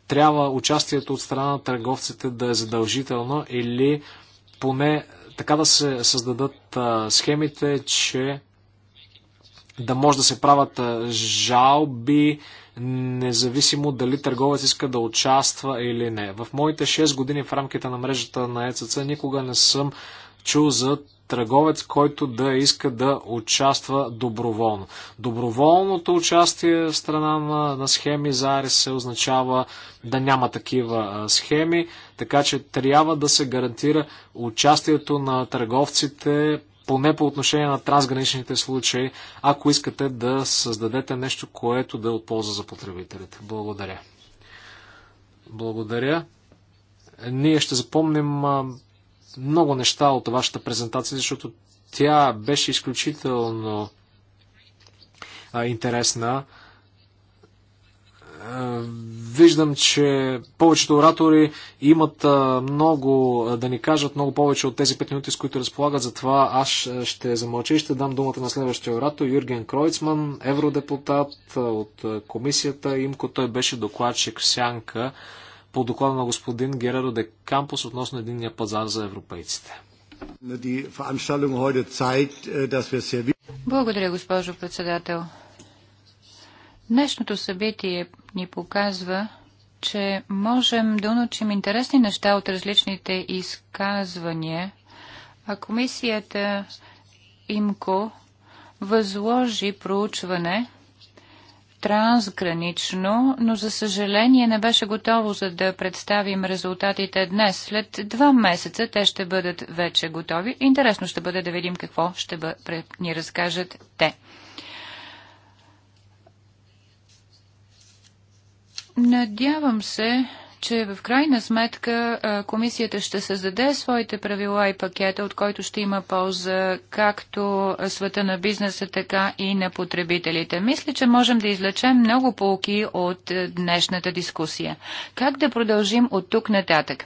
трябва участието от страна на търговците да е задължително или поне така да се създадат е, схемите, че да може да се правят жалби, независимо дали търговец иска да участва или не. В моите 6 години в рамките на мрежата на ЕЦЦ никога не съм чул за търговец, който да иска да участва доброволно. Доброволното участие в страна на, на схеми за АРС означава да няма такива а, схеми, така че трябва да се гарантира участието на търговците поне по отношение на трансграничните случаи, ако искате да създадете нещо, което да е от полза за потребителите. Благодаря. Благодаря. Ние ще запомним много неща от вашата презентация, защото тя беше изключително интересна. Е, виждам, че повечето оратори имат е, много е, да ни кажат, много повече от тези 5 минути, с които разполагат. Затова аз ще замълча и ще дам думата на следващия оратор Юрген Кройцман, евродепутат от комисията ИМКО. Той беше докладчик в Сянка по доклада на господин Гераро де Кампус относно единния пазар за европейците. Благодаря, госпожо председател. Днешното събитие ни показва, че можем да научим интересни неща от различните изказвания, а комисията ИМКО възложи проучване трансгранично, но за съжаление не беше готово за да представим резултатите днес. След два месеца те ще бъдат вече готови. Интересно ще бъде да видим какво ще ни разкажат те. Надявам се, че в крайна сметка комисията ще създаде своите правила и пакета, от който ще има полза както света на бизнеса, така и на потребителите. Мисля, че можем да излечем много полки от днешната дискусия. Как да продължим от тук нататък?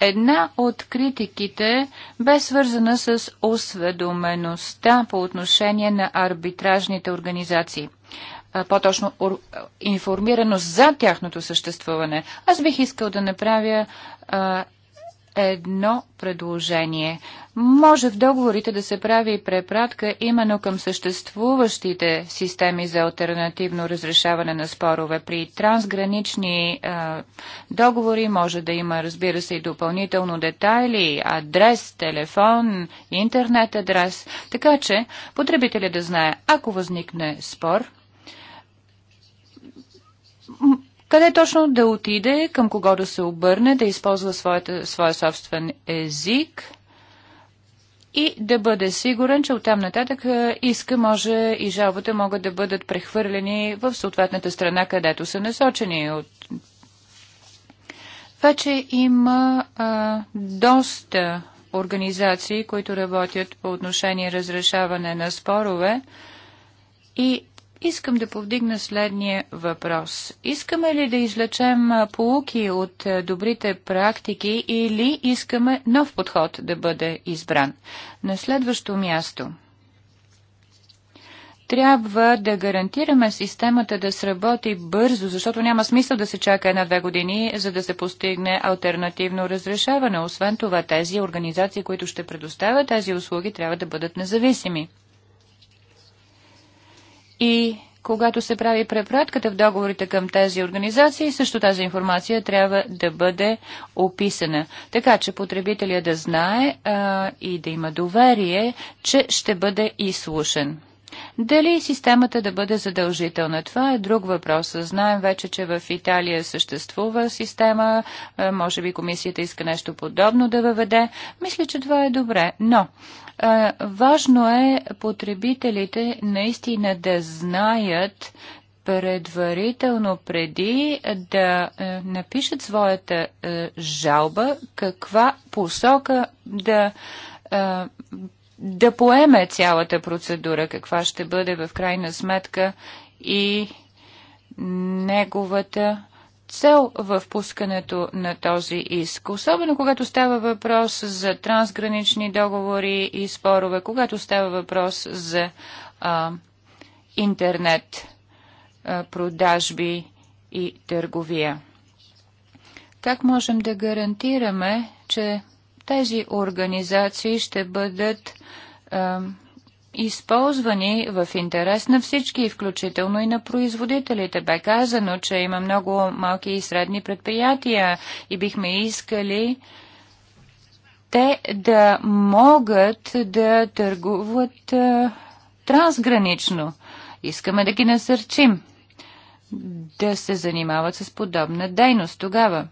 Една от критиките бе свързана с осведомеността по отношение на арбитражните организации – по-точно информираност за тяхното съществуване. Аз бих искал да направя а, едно предложение. Може в договорите да се прави препратка именно към съществуващите системи за альтернативно разрешаване на спорове. При трансгранични а, договори може да има, разбира се, и допълнително детайли, адрес, телефон, интернет адрес, така че потребителя да знае, ако възникне спор, къде точно да отиде, към кого да се обърне, да използва своята, своя собствен език и да бъде сигурен, че оттам нататък иска, може и жалбата могат да бъдат прехвърлени в съответната страна, където са насочени от вече има а, доста организации, които работят по отношение разрешаване на спорове и искам да повдигна следния въпрос. Искаме ли да излечем полуки от добрите практики или искаме нов подход да бъде избран? На следващо място – трябва да гарантираме системата да сработи бързо, защото няма смисъл да се чака една-две години, за да се постигне альтернативно разрешаване. Освен това, тези организации, които ще предоставят тези услуги, трябва да бъдат независими. И когато се прави препратката в договорите към тези организации, също тази информация трябва да бъде описана. Така че потребителя да знае а, и да има доверие, че ще бъде изслушен. Дали системата да бъде задължителна? Това е друг въпрос. Знаем вече, че в Италия съществува система. Може би комисията иска нещо подобно да въведе. Мисля, че това е добре. Но е, важно е потребителите наистина да знаят предварително преди да е, напишат своята е, жалба, каква посока да, да поеме цялата процедура, каква ще бъде в крайна сметка и неговата цел в пускането на този иск. Особено когато става въпрос за трансгранични договори и спорове, когато става въпрос за а, интернет а, продажби и търговия. Как можем да гарантираме, че тези организации ще бъдат а, използвани в интерес на всички, включително и на производителите. Бе казано, че има много малки и средни предприятия и бихме искали те да могат да търгуват трансгранично. Искаме да ги насърчим да се занимават с подобна дейност тогава.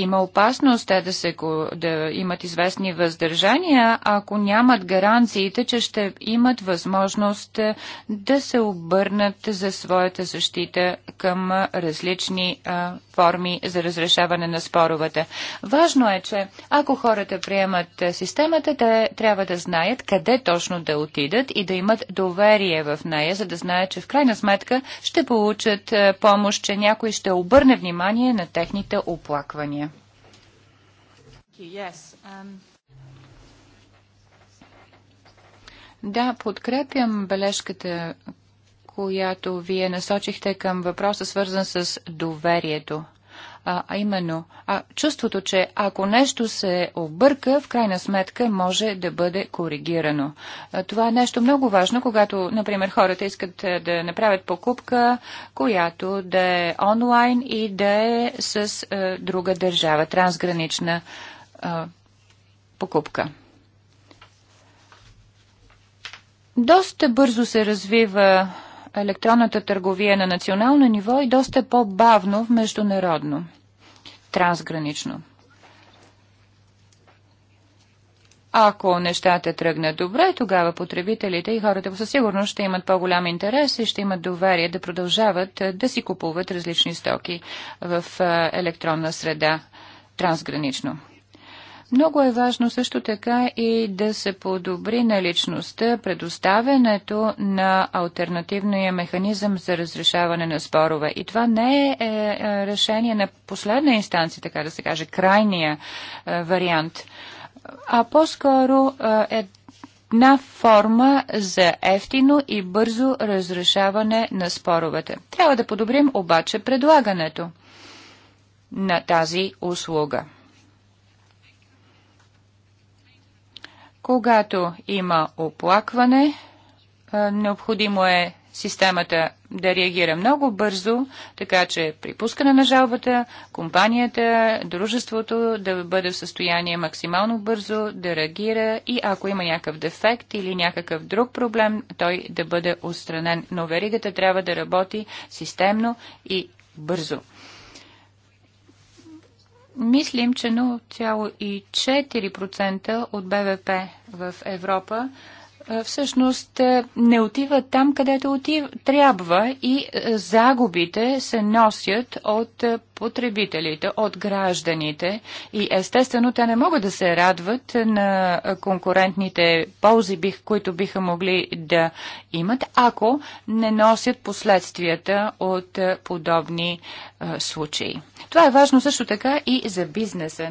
има опасност те да, се, да имат известни въздържания, ако нямат гаранциите, че ще имат възможност е, да се обърнат за своята защита към е, различни а, е, форми за разрешаване на споровете. Важно е, че ако хората приемат системата, те трябва да знаят къде точно да отидат и да имат доверие в нея, за да знаят, че в крайна сметка ще получат помощ, че някой ще обърне внимание на техните оплаквания. Um, да, подкрепям бележката, която вие насочихте към въпроса, свързан с доверието. А, а именно, а, чувството, че ако нещо се обърка, в крайна сметка може да бъде коригирано. А, това е нещо много важно, когато, например, хората искат да направят покупка, която да е онлайн и да е с а, друга държава, трансгранична а, покупка. Доста бързо се развива електронната търговия на национално ниво и доста по-бавно в международно, трансгранично. Ако нещата тръгнат добре, тогава потребителите и хората със сигурност ще имат по-голям интерес и ще имат доверие да продължават да си купуват различни стоки в електронна среда трансгранично. Много е важно също така и да се подобри наличността, предоставянето на альтернативния механизъм за разрешаване на спорове. И това не е, е, е решение на последна инстанция, така да се каже, крайния е, вариант, а по-скоро е една форма за ефтино и бързо разрешаване на споровете. Трябва да подобрим обаче предлагането на тази услуга. Когато има оплакване, необходимо е системата да реагира много бързо, така че при пускане на жалбата компанията, дружеството да бъде в състояние максимално бързо да реагира и ако има някакъв дефект или някакъв друг проблем, той да бъде отстранен. Но веригата трябва да работи системно и бързо. Мислим, че 0,4% от БВП в Европа всъщност не отиват там, където отива, трябва и загубите се носят от потребителите, от гражданите и естествено те не могат да се радват на конкурентните ползи, бих, които биха могли да имат, ако не носят последствията от подобни случаи. Това е важно също така и за бизнеса.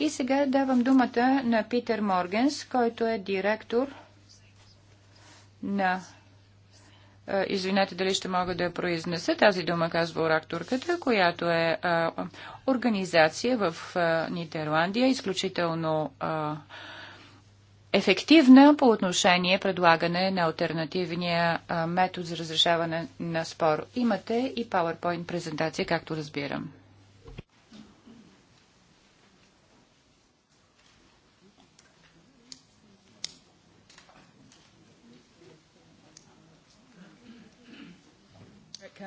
И сега давам думата на Питер Моргенс, който е директор на Извинете дали ще мога да произнеса тази дума, казва оракторката, която е а, организация в а, Нидерландия, изключително а, ефективна по отношение предлагане на альтернативния метод за разрешаване на спор. Имате и PowerPoint презентация, както разбирам.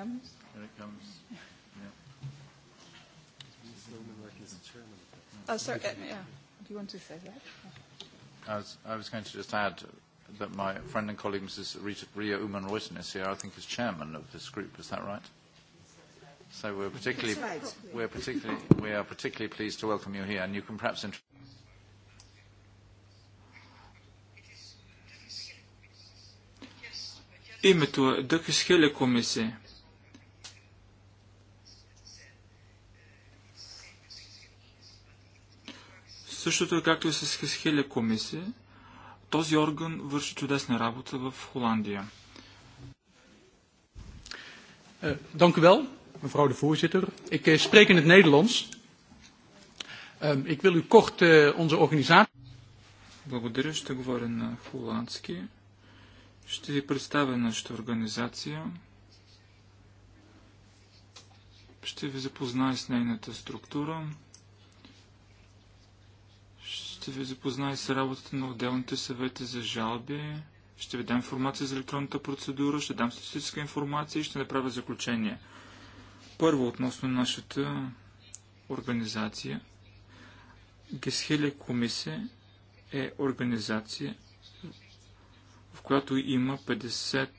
comes. Here it comes. Yeah. Oh, sorry. yeah. Do you want to say that? I was, I was going to just add that my friend and colleague, Mrs. Rita, Ria Uman Reuten, is here, I think, is chairman of this group. Is that right? So we're particularly, we're particularly, we are particularly pleased to welcome you here, and you can perhaps. introduce Името е Дъхис Хеле Същото е както и с Хесхелия комисия. Този орган върши чудесна работа в Холандия. Е, Dank u wel, mevrouw de voorzitter. Ik eh, spreek in het Nederlands. Ehm, ik wil u kort eh, onze organisatie. Благодаря, ще говоря на холандски. Ще ви представя нашата организация. Ще ви запозная с нейната структура ще ви запозная с работата на отделните съвети за жалби, ще ви дам информация за електронната процедура, ще дам статистическа информация и ще направя заключение. Първо, относно нашата организация. Гесхеле комисия е организация, в която има 50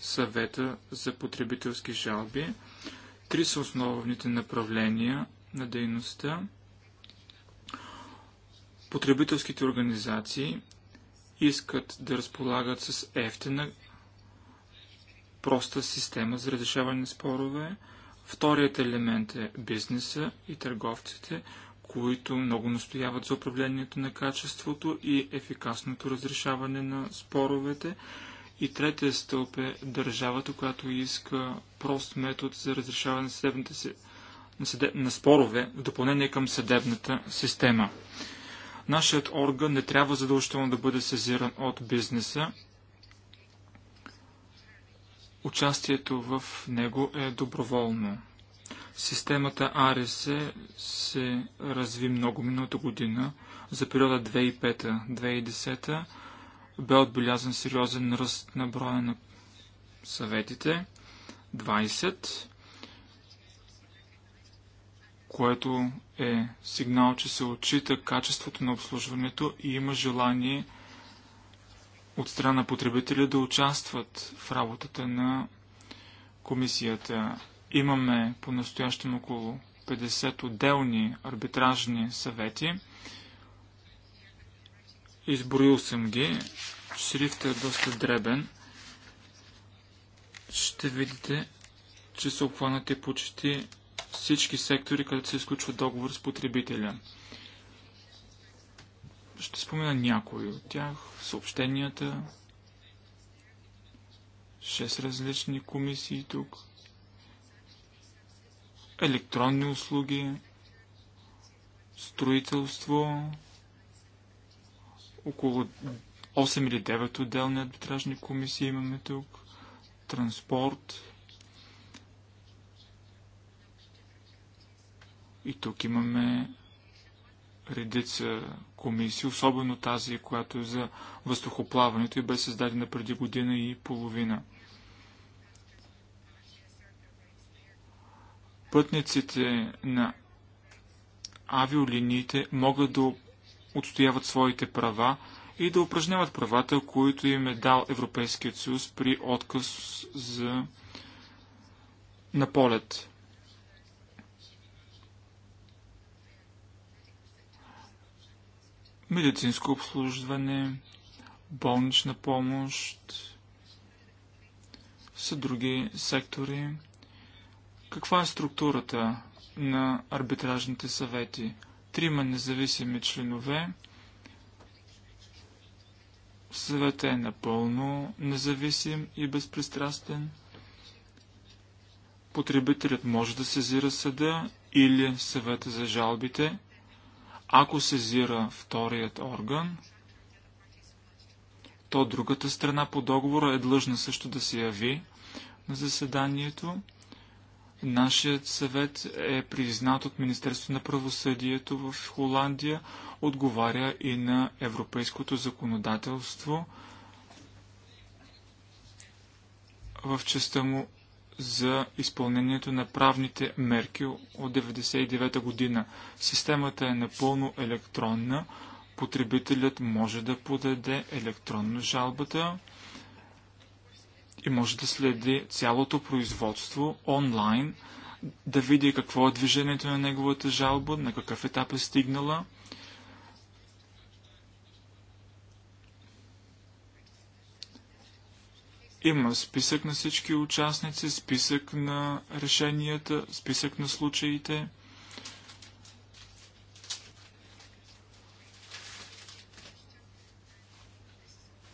съвета за потребителски жалби. Три са основните направления на дейността. Потребителските организации искат да разполагат с ефтена проста система за разрешаване на спорове. Вторият елемент е бизнеса и търговците, които много настояват за управлението на качеството и ефикасното разрешаване на споровете. И третия стълб е държавата, която иска прост метод за разрешаване на, съдебната си, на, съдеб, на спорове в допълнение към съдебната система. Нашият орган не трябва задължително да бъде сезиран от бизнеса. Участието в него е доброволно. Системата АРС се разви много миналата година. За периода 2005-2010 бе отбелязан сериозен ръст на броя на съветите. 20 което е сигнал, че се отчита качеството на обслужването и има желание от страна на потребители да участват в работата на комисията. Имаме по-настоящем около 50 отделни арбитражни съвети. Изброил съм ги. Шрифтът е доста дребен. Ще видите, че са обхванати почти всички сектори, където се изключва договор с потребителя. Ще спомена някои от тях. Съобщенията, 6 различни комисии тук, електронни услуги, строителство, около 8 или 9 отделни арбитражни комисии имаме тук, транспорт, И тук имаме редица комисии, особено тази, която е за въздухоплаването и бе създадена преди година и половина. Пътниците на авиолиниите могат да отстояват своите права и да упражняват правата, които им е дал Европейският съюз при отказ за на полет. медицинско обслужване, болнична помощ, са други сектори. Каква е структурата на арбитражните съвети? Трима независими членове. Съветът е напълно независим и безпристрастен. Потребителят може да сезира съда или съвета за жалбите. Ако сезира вторият орган, то другата страна по договора е длъжна също да се яви на заседанието. Нашият съвет е признат от Министерство на правосъдието в Холандия, отговаря и на европейското законодателство в частта му за изпълнението на правните мерки от 1999 година. Системата е напълно електронна. Потребителят може да подаде електронно жалбата и може да следи цялото производство онлайн, да види какво е движението на неговата жалба, на какъв етап е стигнала – Има списък на всички участници, списък на решенията, списък на случаите.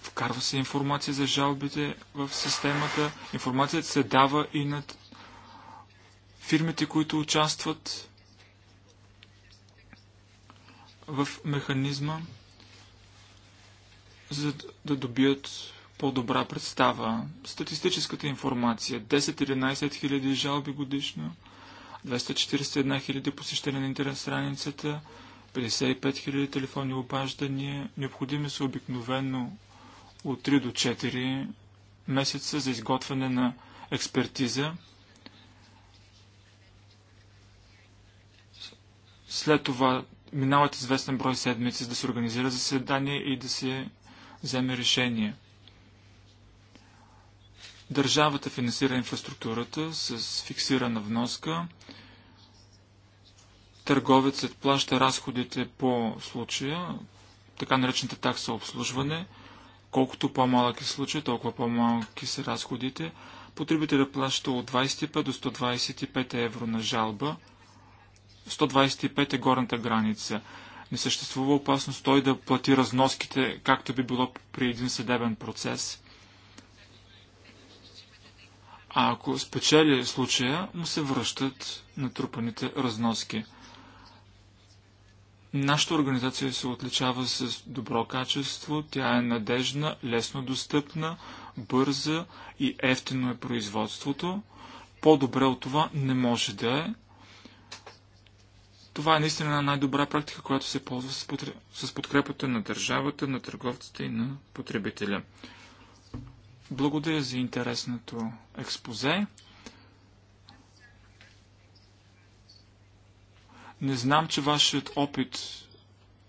Вкарва се информация за жалбите в системата. Информацията се дава и на фирмите, които участват в механизма, за да добият по-добра представа. Статистическата информация 10-11 хиляди жалби годишно, 241 хиляди посещения на интернет страницата, 55 хиляди телефонни обаждания. Необходими са обикновено от 3 до 4 месеца за изготвяне на експертиза. След това минават известен брой седмици да се организира заседание и да се вземе решение. Държавата финансира инфраструктурата с фиксирана вноска. Търговецът плаща разходите по случая, така наречената такса обслужване. Колкото по-малък е случай, толкова по-малки са разходите. Потребителя плаща от 25 до 125 евро на жалба. 125 е горната граница. Не съществува опасност той да плати разноските, както би било при един съдебен процес. А ако спечели случая, му се връщат натрупаните разноски. Нашата организация се отличава с добро качество, тя е надежна, лесно достъпна, бърза и ефтино е производството. По-добре от това не може да е. Това е наистина една най-добра практика, която се ползва с подкрепата на държавата, на търговците и на потребителя. Благодаря за интересното експозе. Не знам, че вашият опит...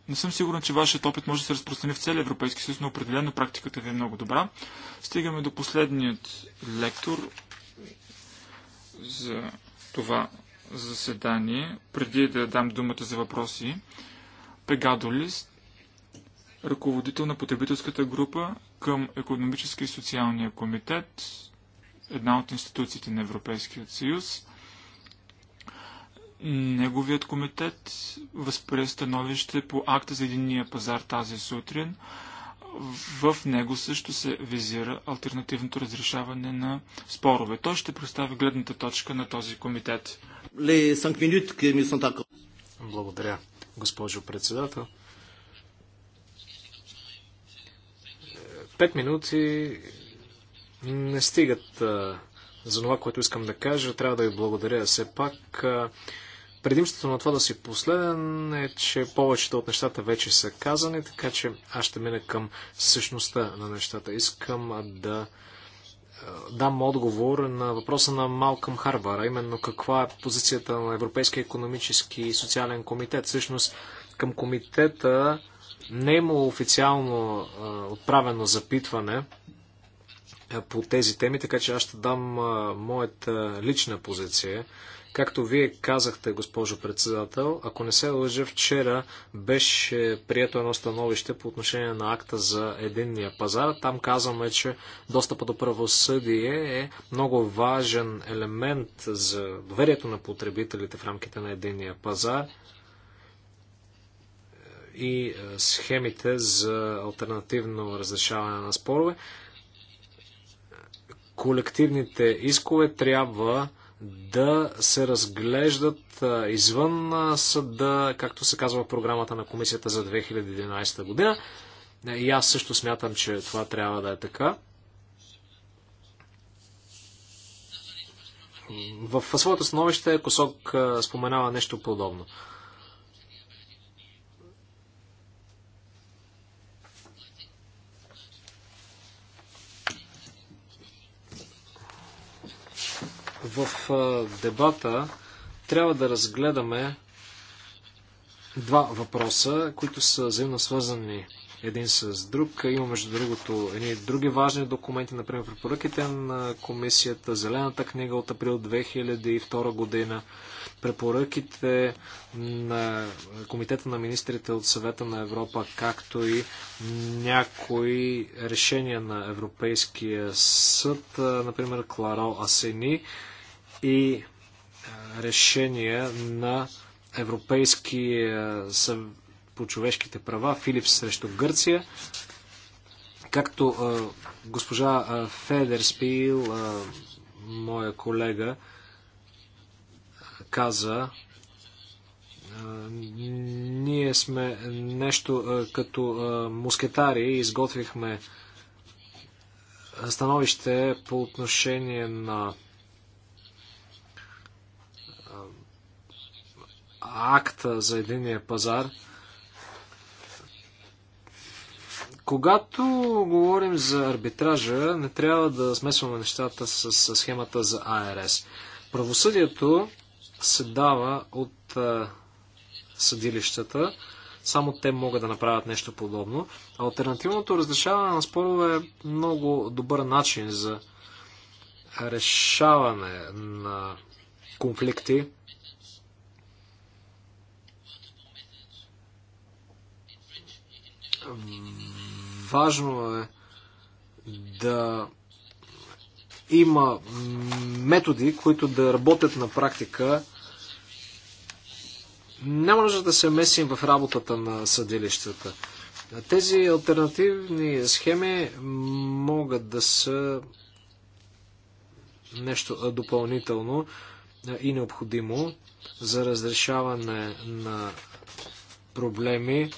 Не съм сигурен, че вашият опит може да се разпространи в целия Европейски съюз, но определено практиката ви е много добра. Стигаме до последният лектор за това заседание, преди да дам думата за въпроси. Пегадолист ръководител на потребителската група към Економически и социалния комитет, една от институциите на Европейския съюз. Неговият комитет възпре становище по акта за единния пазар тази сутрин. В него също се визира альтернативното разрешаване на спорове. Той ще представи гледната точка на този комитет. Благодаря, госпожо председател. Пет минути не стигат за това, което искам да кажа. Трябва да ви благодаря все пак. Предимството на това да си последен е, че повечето от нещата вече са казани, така че аз ще мина към същността на нещата. Искам да дам отговор на въпроса на Малкъм Харбар, а именно каква е позицията на Европейския економически и социален комитет. Всъщност към комитета не е имало официално отправено запитване по тези теми, така че аз ще дам моята лична позиция. Както вие казахте, госпожо председател, ако не се лъжа, вчера беше прието едно становище по отношение на акта за единния пазар. Там казваме, че достъпа до правосъдие е много важен елемент за доверието на потребителите в рамките на единния пазар и е, схемите за альтернативно разрешаване на спорове. Колективните искове трябва да се разглеждат е, извън е, съда, както се казва в програмата на комисията за 2011 година. И аз също смятам, че това трябва да е така. В своето становище Косок споменава нещо подобно. В дебата трябва да разгледаме два въпроса, които са взаимно свързани един с друг. Има, между другото, едни други важни документи, например, препоръките на комисията, Зелената книга от април 2002 година, препоръките на Комитета на министрите от Съвета на Европа, както и някои решения на Европейския съд, например, Кларо Асени и решения на Европейски съв... по човешките права Филип срещу Гърция. Както госпожа Федерспил, моя колега, каза, ние сме нещо като мускетари, изготвихме становище по отношение на акта за единия пазар, когато говорим за арбитража, не трябва да смесваме нещата с, схемата за АРС. Правосъдието се дава от съдилищата, само те могат да направят нещо подобно. Альтернативното разрешаване на спорове е много добър начин за решаване на конфликти. Важно е да има методи, които да работят на практика. Не може да се месим в работата на съдилищата. Тези альтернативни схеми могат да са нещо допълнително и необходимо за разрешаване на проблеми.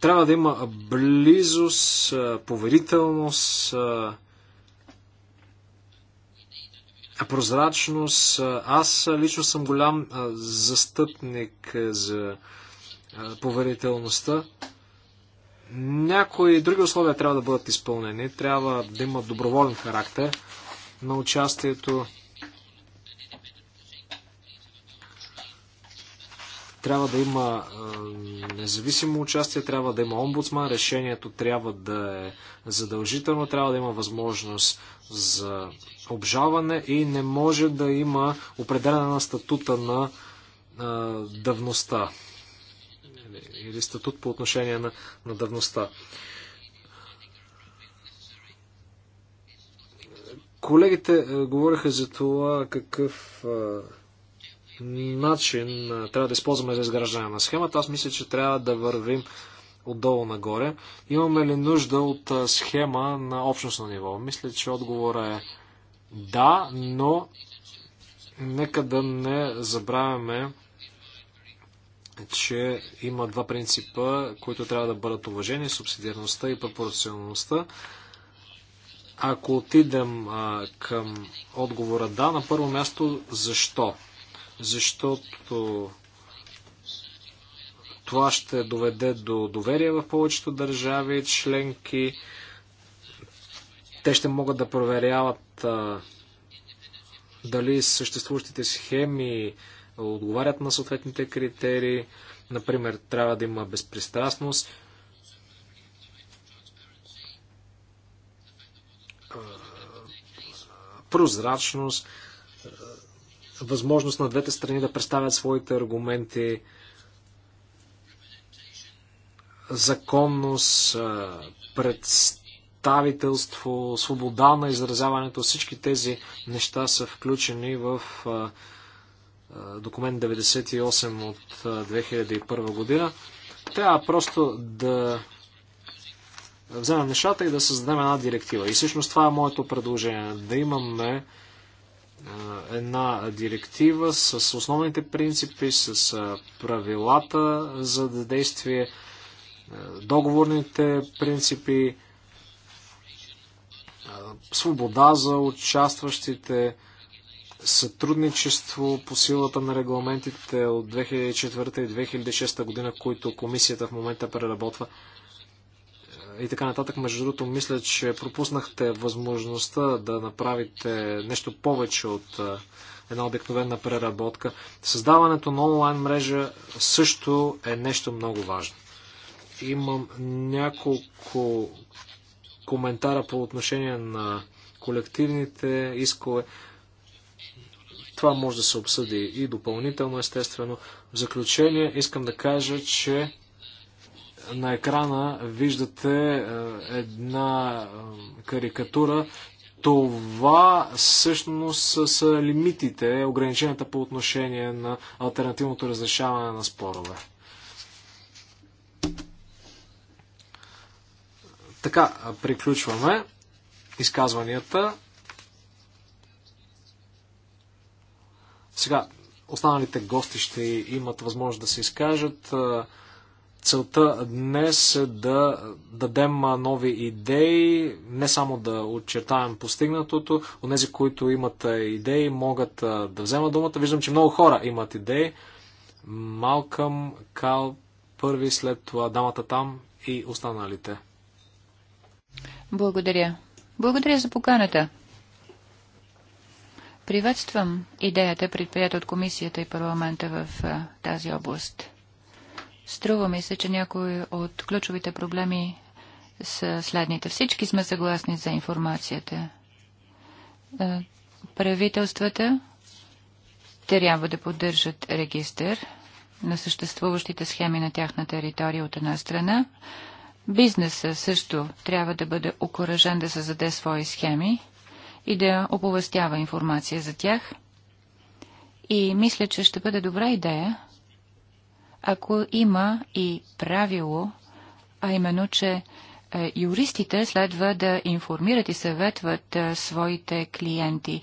Трябва да има близост, поверителност, прозрачност. Аз лично съм голям застъпник за поверителността. Някои други условия трябва да бъдат изпълнени. Трябва да има доброволен характер на участието Трябва да има независимо участие, трябва да има омбудсман, решението трябва да е задължително, трябва да има възможност за обжалване и не може да има определена на статута на давността или статут по отношение на, на давността. Колегите говориха за това какъв начин трябва да използваме за изграждане на схемата, аз мисля, че трябва да вървим отдолу нагоре. Имаме ли нужда от схема на общностно ниво? Мисля, че отговорът е да, но нека да не забравяме, че има два принципа, които трябва да бъдат уважени субсидиарността и пропорционалността. Ако отидем а, към отговора да, на първо място защо? защото това ще доведе до доверие в повечето държави, членки. Те ще могат да проверяват а, дали съществуващите схеми отговарят на съответните критерии. Например, трябва да има безпристрастност. прозрачност възможност на двете страни да представят своите аргументи, законност, представителство, свобода на изразяването, всички тези неща са включени в документ 98 от 2001 година. Трябва просто да вземем нещата и да създадем една директива. И всъщност това е моето предложение. Да имаме една директива с основните принципи, с правилата за действие, договорните принципи, свобода за участващите, сътрудничество по силата на регламентите от 2004 и 2006 година, които комисията в момента преработва и така нататък. Между другото, мисля, че пропуснахте възможността да направите нещо повече от една обикновена преработка. Създаването на онлайн мрежа също е нещо много важно. Имам няколко коментара по отношение на колективните искове. Това може да се обсъди и допълнително, естествено. В заключение искам да кажа, че на екрана виждате е, една е, карикатура. Това всъщност са лимитите, ограниченията по отношение на альтернативното разрешаване на спорове. Така, приключваме изказванията. Сега, останалите гости ще имат възможност да се изкажат. Е, Целта днес е да дадем нови идеи, не само да очертаем постигнатото. Онези, които имат идеи, могат да вземат думата. Виждам, че много хора имат идеи. Малкам, Кал, първи, след това дамата там и останалите. Благодаря. Благодаря за поканата. Приветствам идеята, предприята от комисията и парламента в тази област. Струва ми се, че някои от ключовите проблеми са следните. Всички сме съгласни за информацията. Е, правителствата трябва да поддържат регистър на съществуващите схеми на тяхна територия от една страна. Бизнеса също трябва да бъде окоръжен да създаде свои схеми и да оповестява информация за тях. И мисля, че ще бъде добра идея ако има и правило, а именно, че е, юристите следва да информират и съветват е, своите клиенти е,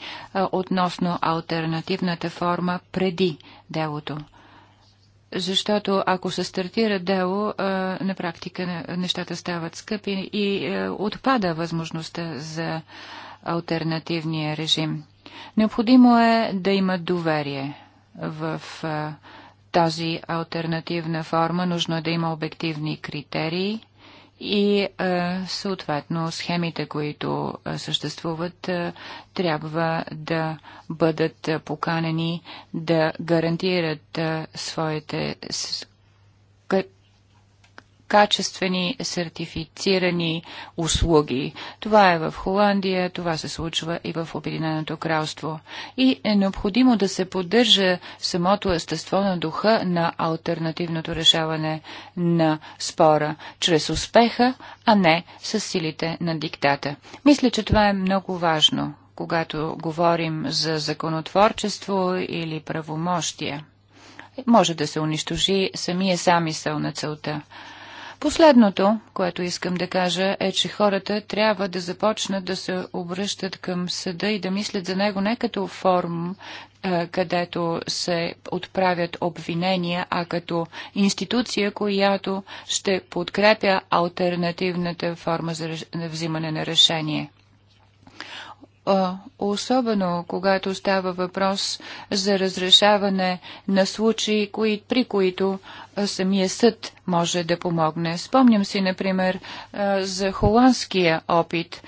относно альтернативната форма преди делото. Защото ако се стартира дело, на практика нещата стават скъпи и отпада възможността за альтернативния режим. Необходимо е да има доверие в тази альтернативна форма. Нужно е да има обективни критерии и е, съответно схемите, които е, съществуват, е, трябва да бъдат поканени да гарантират своите качествени, сертифицирани услуги. Това е в Холандия, това се случва и в Обединеното кралство. И е необходимо да се поддържа самото естество на духа на альтернативното решаване на спора, чрез успеха, а не с силите на диктата. Мисля, че това е много важно, когато говорим за законотворчество или правомощие. Може да се унищожи самия самисъл на целта. Последното, което искам да кажа, е, че хората трябва да започнат да се обръщат към съда и да мислят за него не като форм, е, където се отправят обвинения, а като институция, която ще подкрепя альтернативната форма за взимане на решение особено когато става въпрос за разрешаване на случаи, кои, при които самия съд може да помогне. Спомням си, например, за холандския опит.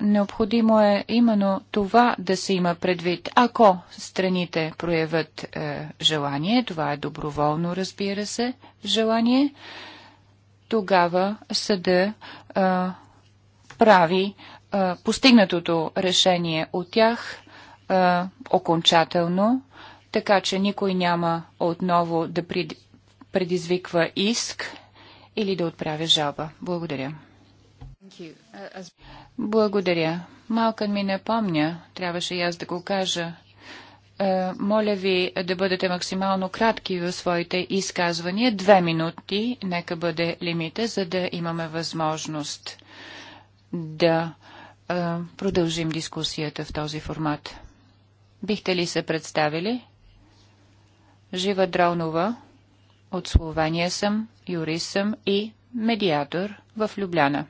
Необходимо е именно това да се има предвид. Ако страните проявят е, желание, това е доброволно, разбира се, желание, тогава съда прави постигнатото решение от тях а, окончателно, така че никой няма отново да предизвиква иск или да отправя жалба. Благодаря. Благодаря. Малка ми не помня, трябваше и аз да го кажа. Моля ви да бъдете максимално кратки в своите изказвания. Две минути, нека бъде лимита, за да имаме възможност да продължим дискусията в този формат. Бихте ли се представили? Жива Дронова от Словения съм, юрист съм и медиатор в Любляна.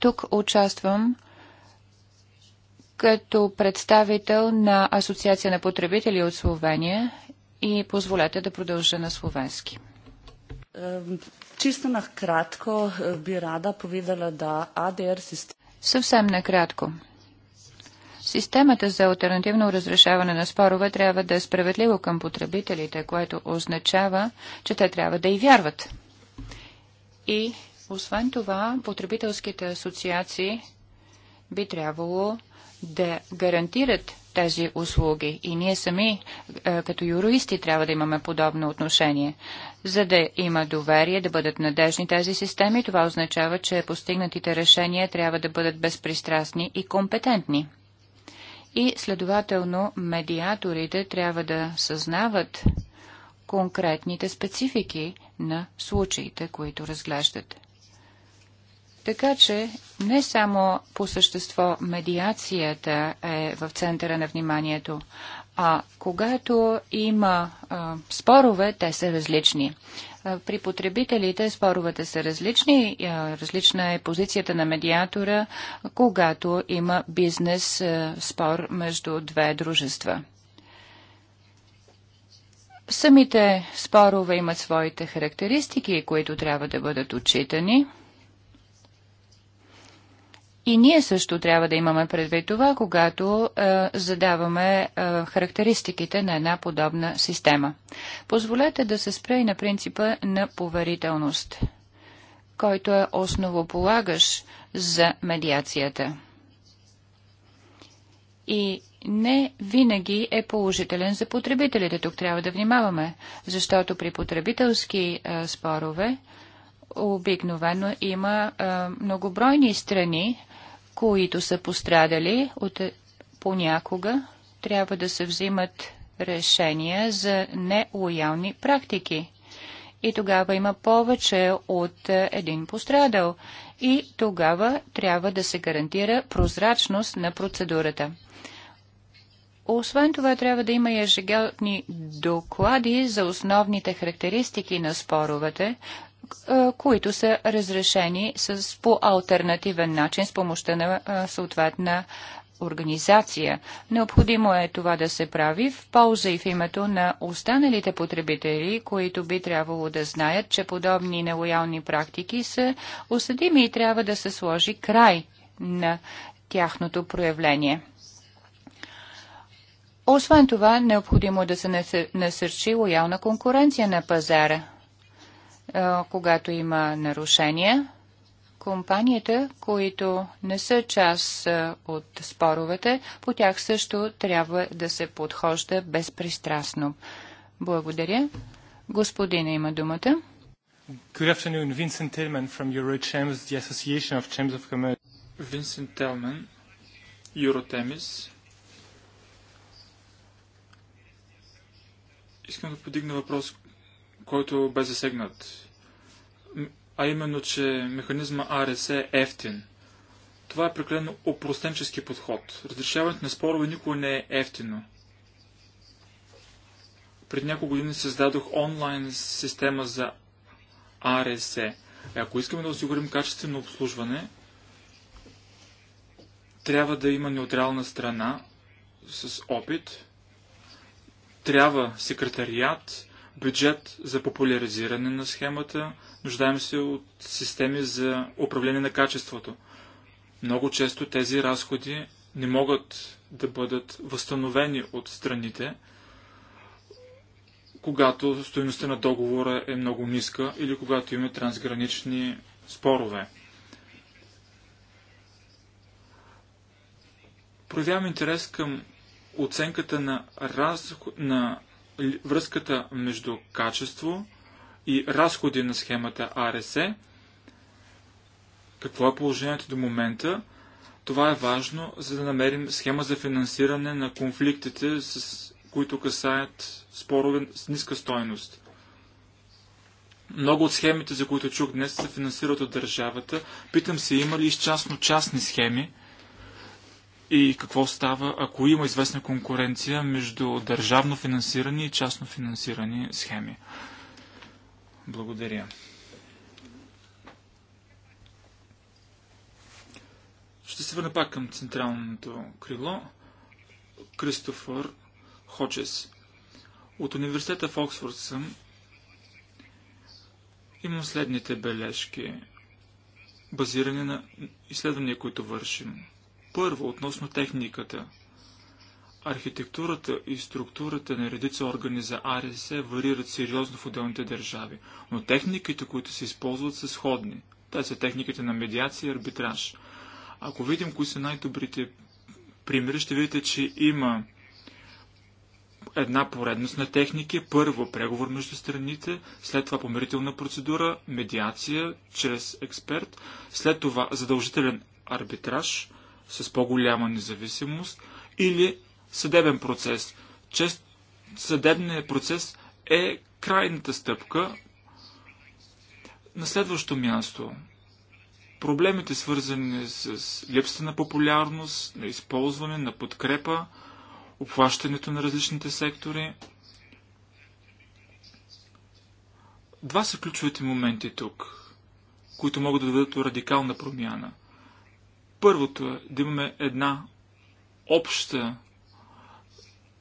Тук участвам като представител на Асоциация на потребители от Словения и позволете да продължа на словенски. Чисто кратко е, би рада повидала да АДР систем Съвсем накратко. Системата за альтернативно разрешаване на спорове трябва да е справедливо към потребителите, което означава, че те трябва да и вярват. И освен това, потребителските асоциации би трябвало да гарантират тези услуги. И ние сами, е, като юристи, трябва да имаме подобно отношение. За да има доверие, да бъдат надежни тези системи, това означава, че постигнатите решения трябва да бъдат безпристрастни и компетентни. И следователно, медиаторите трябва да съзнават конкретните специфики на случаите, които разглеждат. Така че не само по същество медиацията е в центъра на вниманието, а когато има а, спорове, те са различни. А, при потребителите споровете са различни. А, различна е позицията на медиатора, когато има бизнес а, спор между две дружества. Самите спорове имат своите характеристики, които трябва да бъдат отчитани – и ние също трябва да имаме предвид това, когато е, задаваме е, характеристиките на една подобна система. Позволете да се спре и на принципа на поверителност, който е основополагащ за медиацията. И не винаги е положителен за потребителите. Тук трябва да внимаваме, защото при потребителски е, спорове обикновено има е, многобройни страни, които са пострадали от е, понякога, трябва да се взимат решения за нелоялни практики. И тогава има повече от е, един пострадал. И тогава трябва да се гарантира прозрачност на процедурата. Освен това, трябва да има ежегодни доклади за основните характеристики на споровете, които са разрешени с, по альтернативен начин с помощта на съответна организация. Необходимо е това да се прави в полза и в името на останалите потребители, които би трябвало да знаят, че подобни нелоялни практики са осъдими и трябва да се сложи край на тяхното проявление. Освен това, необходимо да се насърчи лоялна конкуренция на пазара когато има нарушения, компанията, които не са част от споровете, по тях също трябва да се подхожда безпристрастно. Благодаря. Господина има думата. Good afternoon, Vincent Tillman from Eurochems, the Association of Chems of Commerce. Vincent Tillman, Eurotemis. Искам да подигна въпрос, който бе засегнат. А именно, че механизма АРС е ефтин. Това е прекалено опростенчески подход. Разрешаването на спорове никога не е ефтино. Пред няколко години създадох онлайн система за АРС. Е, ако искаме да осигурим качествено обслужване, трябва да има неутрална страна с опит, трябва секретариат, бюджет за популяризиране на схемата, нуждаем се от системи за управление на качеството. Много често тези разходи не могат да бъдат възстановени от страните, когато стоеността на договора е много ниска или когато има трансгранични спорове. Проявявам интерес към оценката на, разход, на връзката между качество и разходи на схемата АРС. Какво е положението до момента? Това е важно, за да намерим схема за финансиране на конфликтите, с които касаят спорове с ниска стойност. Много от схемите, за които чух днес, се финансират от държавата. Питам се, има ли изчастно частни схеми, и какво става, ако има известна конкуренция между държавно финансирани и частно финансирани схеми. Благодаря. Ще се върна пак към централното крило. Кристофър Хочес. От университета в Оксфорд съм. Имам следните бележки, базирани на изследвания, които вършим. Първо, относно техниката. Архитектурата и структурата на редица органи за АРС варират сериозно в отделните държави, но техниките, които се използват, са сходни. Те са техниките на медиация и арбитраж. Ако видим кои са най-добрите примери, ще видите, че има една поредност на техники. Първо преговор между страните, след това помирителна процедура, медиация чрез експерт, след това задължителен арбитраж – с по-голяма независимост или съдебен процес. Чест съдебният процес е крайната стъпка. На следващо място, проблемите свързани с липсата на популярност, на използване, на подкрепа, обхващането на различните сектори. Два са ключовите моменти тук, които могат да доведат до радикална промяна. Първото е да имаме една обща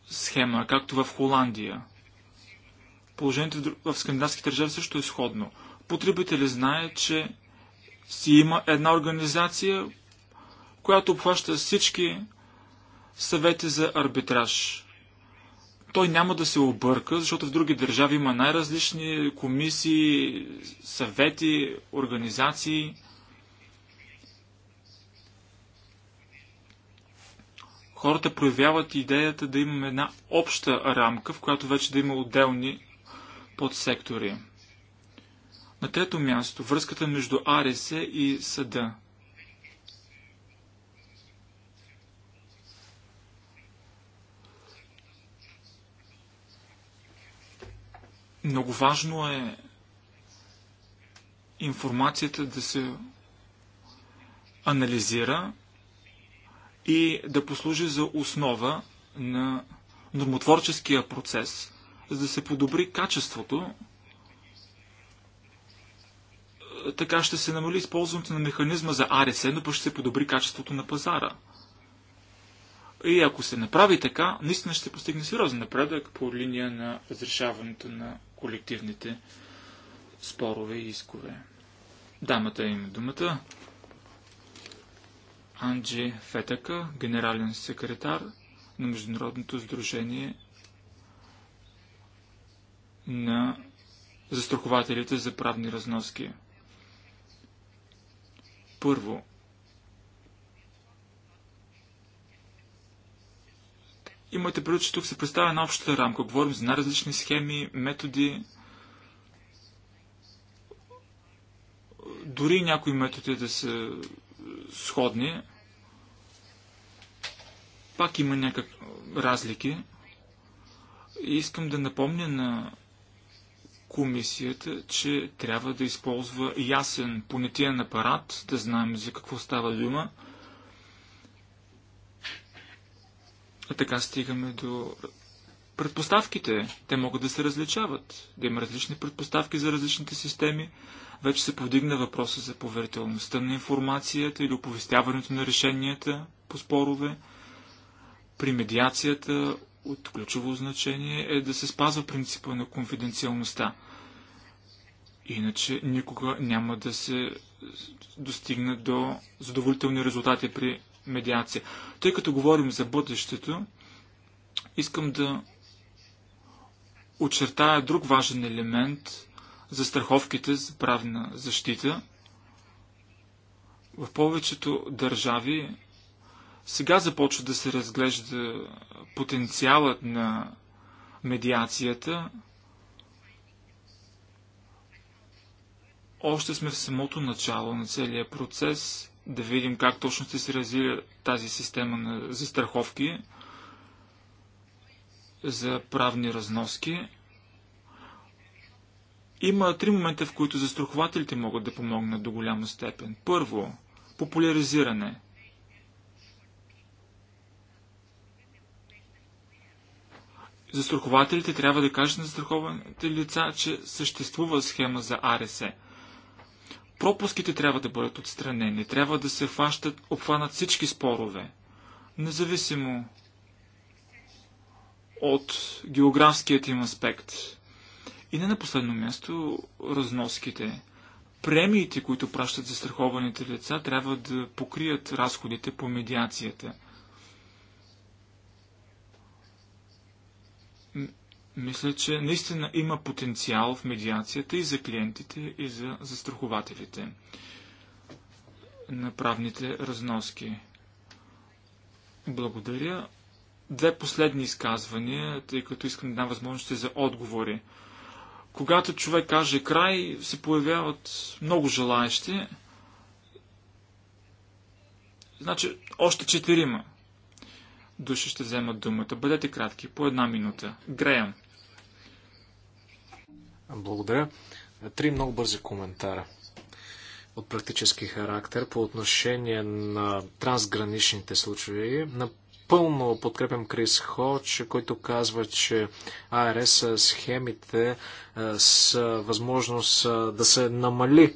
схема, както в Холандия. Положението в скандинавските държави също е сходно. Потребители знае, че си има една организация, която обхваща всички съвети за арбитраж. Той няма да се обърка, защото в други държави има най-различни комисии, съвети, организации – хората проявяват идеята да имаме една обща рамка, в която вече да има отделни подсектори. На трето място, връзката между Аресе и съда. Много важно е информацията да се анализира и да послужи за основа на нормотворческия процес, за да се подобри качеството. Така ще се намали използването на механизма за АРС, но пък ще се подобри качеството на пазара. И ако се направи така, наистина ще се постигне сериозен напредък по линия на разрешаването на колективните спорове и искове. Дамата им думата. Анджи Фетъка, генерален секретар на Международното сдружение на застрахователите за правни разноски. Първо, имате предвид, че тук се представя една общата рамка. Говорим за най-различни схеми, методи, дори някои методи да са сходни, пак има някакви разлики. И искам да напомня на комисията, че трябва да използва ясен понятиен апарат, да знаем за какво става дума. А така стигаме до предпоставките. Те могат да се различават, да има различни предпоставки за различните системи. Вече се повдигна въпроса за поверителността на информацията или оповестяването на решенията по спорове. При медиацията от ключово значение е да се спазва принципа на конфиденциалността. Иначе никога няма да се достигне до задоволителни резултати при медиация. Тъй като говорим за бъдещето, искам да очертая друг важен елемент за страховките за правна защита. В повечето държави сега започва да се разглежда потенциалът на медиацията. Още сме в самото начало на целия процес, да видим как точно ще се развива тази система на застраховки за правни разноски. Има три момента, в които застрахователите могат да помогнат до голяма степен. Първо, популяризиране – застрахователите трябва да кажат на застрахованите лица, че съществува схема за АРС. Пропуските трябва да бъдат отстранени, трябва да се фащат, обхванат всички спорове, независимо от географският им аспект. И не на последно място, разноските. Премиите, които пращат застрахованите лица, трябва да покрият разходите по медиацията – Мисля, че наистина има потенциал в медиацията и за клиентите, и за застрахователите на правните разноски. Благодаря. Две последни изказвания, тъй като искам да дам възможности за отговори. Когато човек каже край, се появяват много желаящи. Значи, още четирима души ще вземат думата. Бъдете кратки, по една минута. Греям. Благодаря. Три много бързи коментара от практически характер по отношение на трансграничните случаи. Напълно подкрепям Крис Хоч, който казва, че АРС схемите с възможност да се намали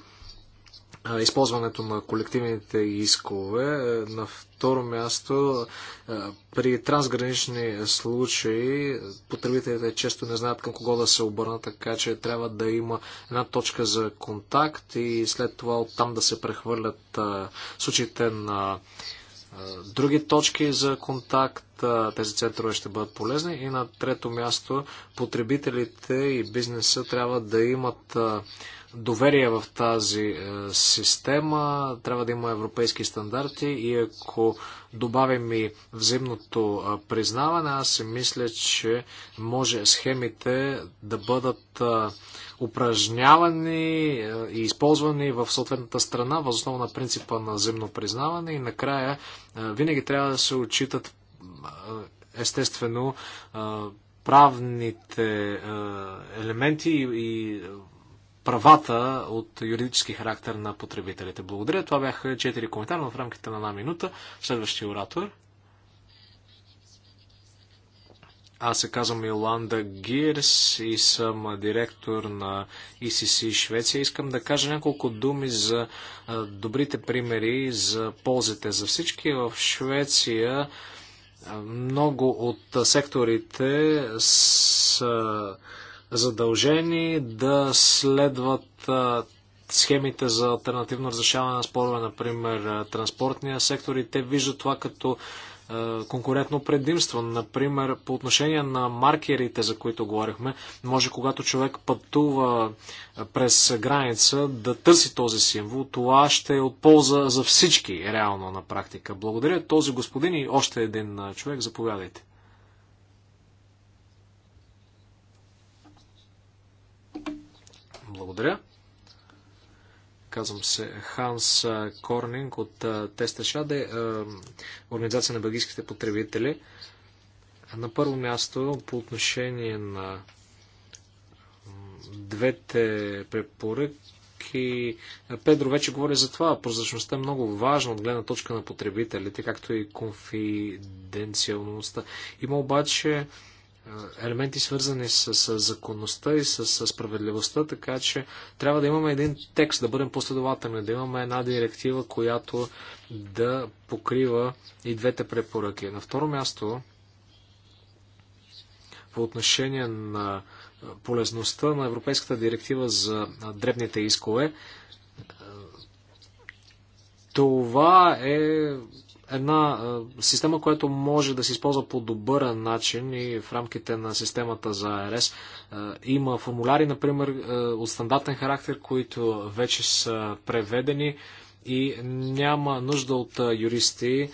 използването на колективните искове. Е, на второ място, е, при трансгранични случаи потребителите често не знаят към кого да се обърнат, така че трябва да има една точка за контакт и след това оттам да се прехвърлят е, случаите на други точки за контакт. Тези центрове ще бъдат полезни. И на трето място, потребителите и бизнеса трябва да имат доверие в тази е, система, трябва да има европейски стандарти и ако добавим и взаимното е, признаване, аз си мисля, че може схемите да бъдат е, упражнявани и използвани в съответната страна, възоснова на принципа на взаимно признаване и накрая винаги трябва да се отчитат естествено правните елементи и правата от юридически характер на потребителите. Благодаря. Това бяха четири коментара в рамките на една минута. Следващия оратор. Аз се казвам Иланда Гирс и съм директор на ICC Швеция. Искам да кажа няколко думи за добрите примери, за ползите за всички. В Швеция много от секторите са задължени да следват схемите за альтернативно разрешаване на спорове, например транспортния сектор и те виждат това като конкурентно предимство. Например, по отношение на маркерите, за които говорихме, може когато човек пътува през граница да търси този символ. Това ще е от полза за всички, реално на практика. Благодаря този господин и още един човек. Заповядайте. Благодаря. Казвам се Ханс Корнинг от Шаде, Организация на бългийските потребители. На първо място, по отношение на двете препоръки, Педро вече говори за това. Прозрачността е много важна от гледна точка на потребителите, както и конфиденциалността. Има обаче е, елементи, свързани с, с законността и с, с справедливостта, така че трябва да имаме един текст, да бъдем последователни, да имаме една директива, която да покрива и двете препоръки. На второ място, по отношение на полезността на Европейската директива за дребните искове, това е една система, която може да се използва по добър начин и в рамките на системата за АРС. Има формуляри, например, от стандартен характер, които вече са преведени и няма нужда от юристи.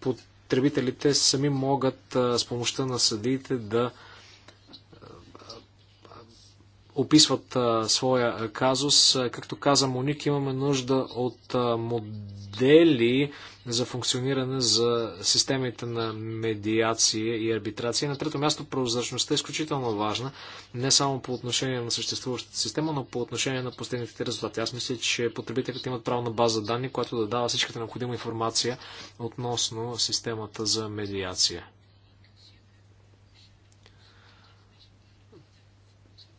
Потребителите сами могат с помощта на съдиите да описват а, своя казус. Както каза Моник, имаме нужда от а, модели за функциониране за системите на медиация и арбитрация. На трето място прозрачността е изключително важна, не само по отношение на съществуващата система, но по отношение на постигнатите резултати. Аз мисля, че потребителите имат право на база данни, която да дава всичката необходима информация относно системата за медиация.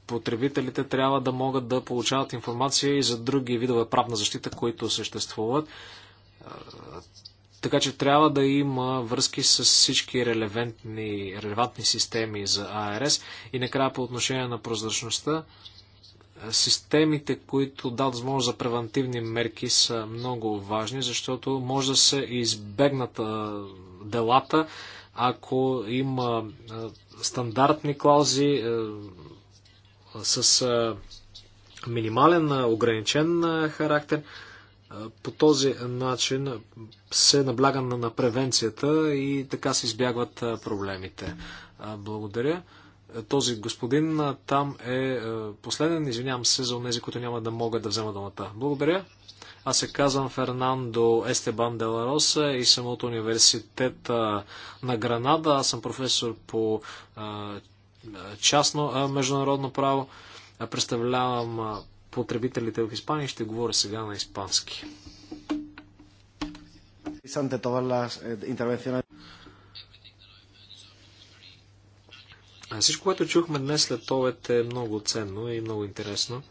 потребителите трябва да могат да получават информация и за други видове правна защита, които съществуват. Така че трябва да има връзки с всички релевантни, релевантни системи за АРС. И накрая по отношение на прозрачността, системите, които дадат възможност за превентивни мерки са много важни, защото може да се избегнат делата, ако има стандартни клаузи, с минимален, ограничен характер. По този начин се набляга на превенцията и така се избягват проблемите. Благодаря. Този господин там е последен. Извинявам се за тези, които няма да могат да взема думата. Благодаря. Аз се казвам Фернандо Естебан Делароса и съм от университета на Гранада. Аз съм професор по частно международно право. Представлявам потребителите в Испания и ще говоря сега на испански. Eh, всичко, което чухме днес след това, е много ценно и много интересно.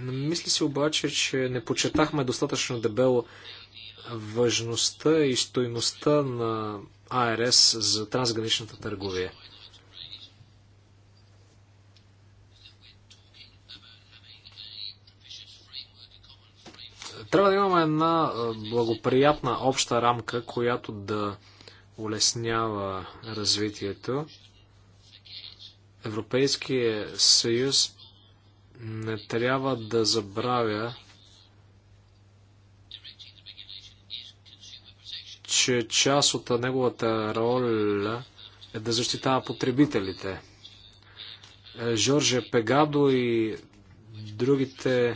Мисля си обаче, че не почетахме достатъчно дебело важността и стойността на АРС за трансграничната търговия. Трябва да имаме една благоприятна обща рамка, която да улеснява развитието. Европейския съюз не трябва да забравя че част от неговата роля е да защитава потребителите. Е, Жорже Пегадо и другите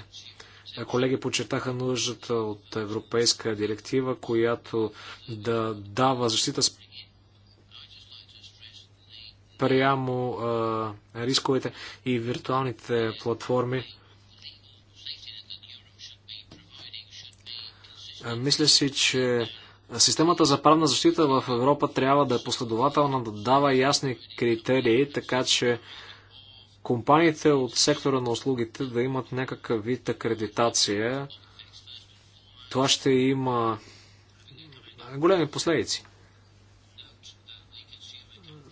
е, колеги подчертаха нуждата от европейска директива, която да дава защита прямо е, рисковете и виртуалните платформи. мисля си, че Системата за правна защита в Европа трябва да е последователна, да дава ясни критерии, така че компаниите от сектора на услугите да имат някакъв вид акредитация. Това ще има големи последици.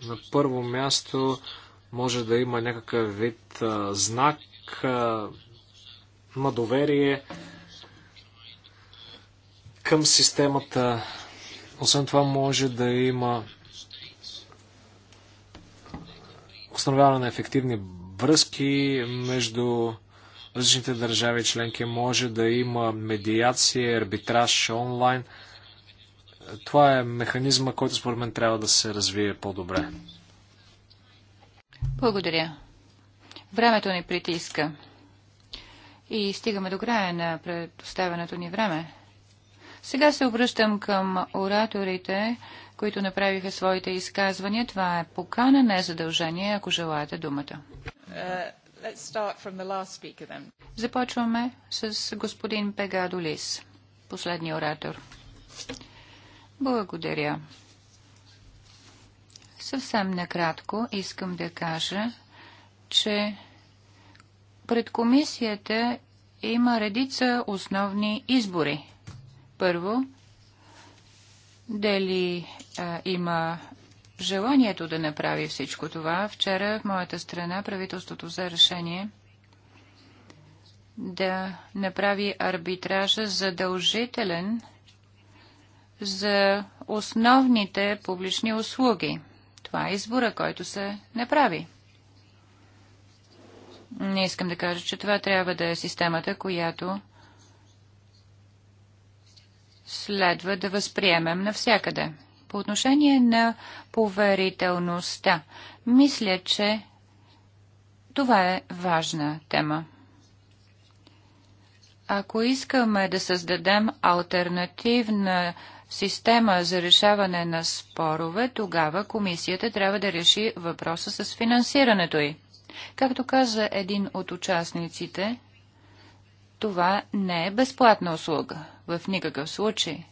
На първо място може да има някакъв вид знак на доверие, към системата. Освен това може да има установяване на ефективни връзки между различните държави членки. Може да има медиация, арбитраж онлайн. Това е механизма, който според мен трябва да се развие по-добре. Благодаря. Времето ни притиска. И стигаме до края на предоставеното ни време. Сега се обръщам към ораторите, които направиха своите изказвания. Това е покана, не е задължение, ако желаете думата. Е, Започваме с господин Пегадолис, последния оратор. Благодаря. Съвсем накратко искам да кажа, че пред комисията има редица основни избори първо, дали а, има желанието да направи всичко това. Вчера в моята страна правителството взе решение да направи арбитража задължителен за основните публични услуги. Това е избора, който се направи. Не искам да кажа, че това трябва да е системата, която следва да възприемем навсякъде. По отношение на поверителността, мисля, че това е важна тема. Ако искаме да създадем альтернативна система за решаване на спорове, тогава комисията трябва да реши въпроса с финансирането й. Както каза един от участниците, това не е безплатна услуга в никакъв случай.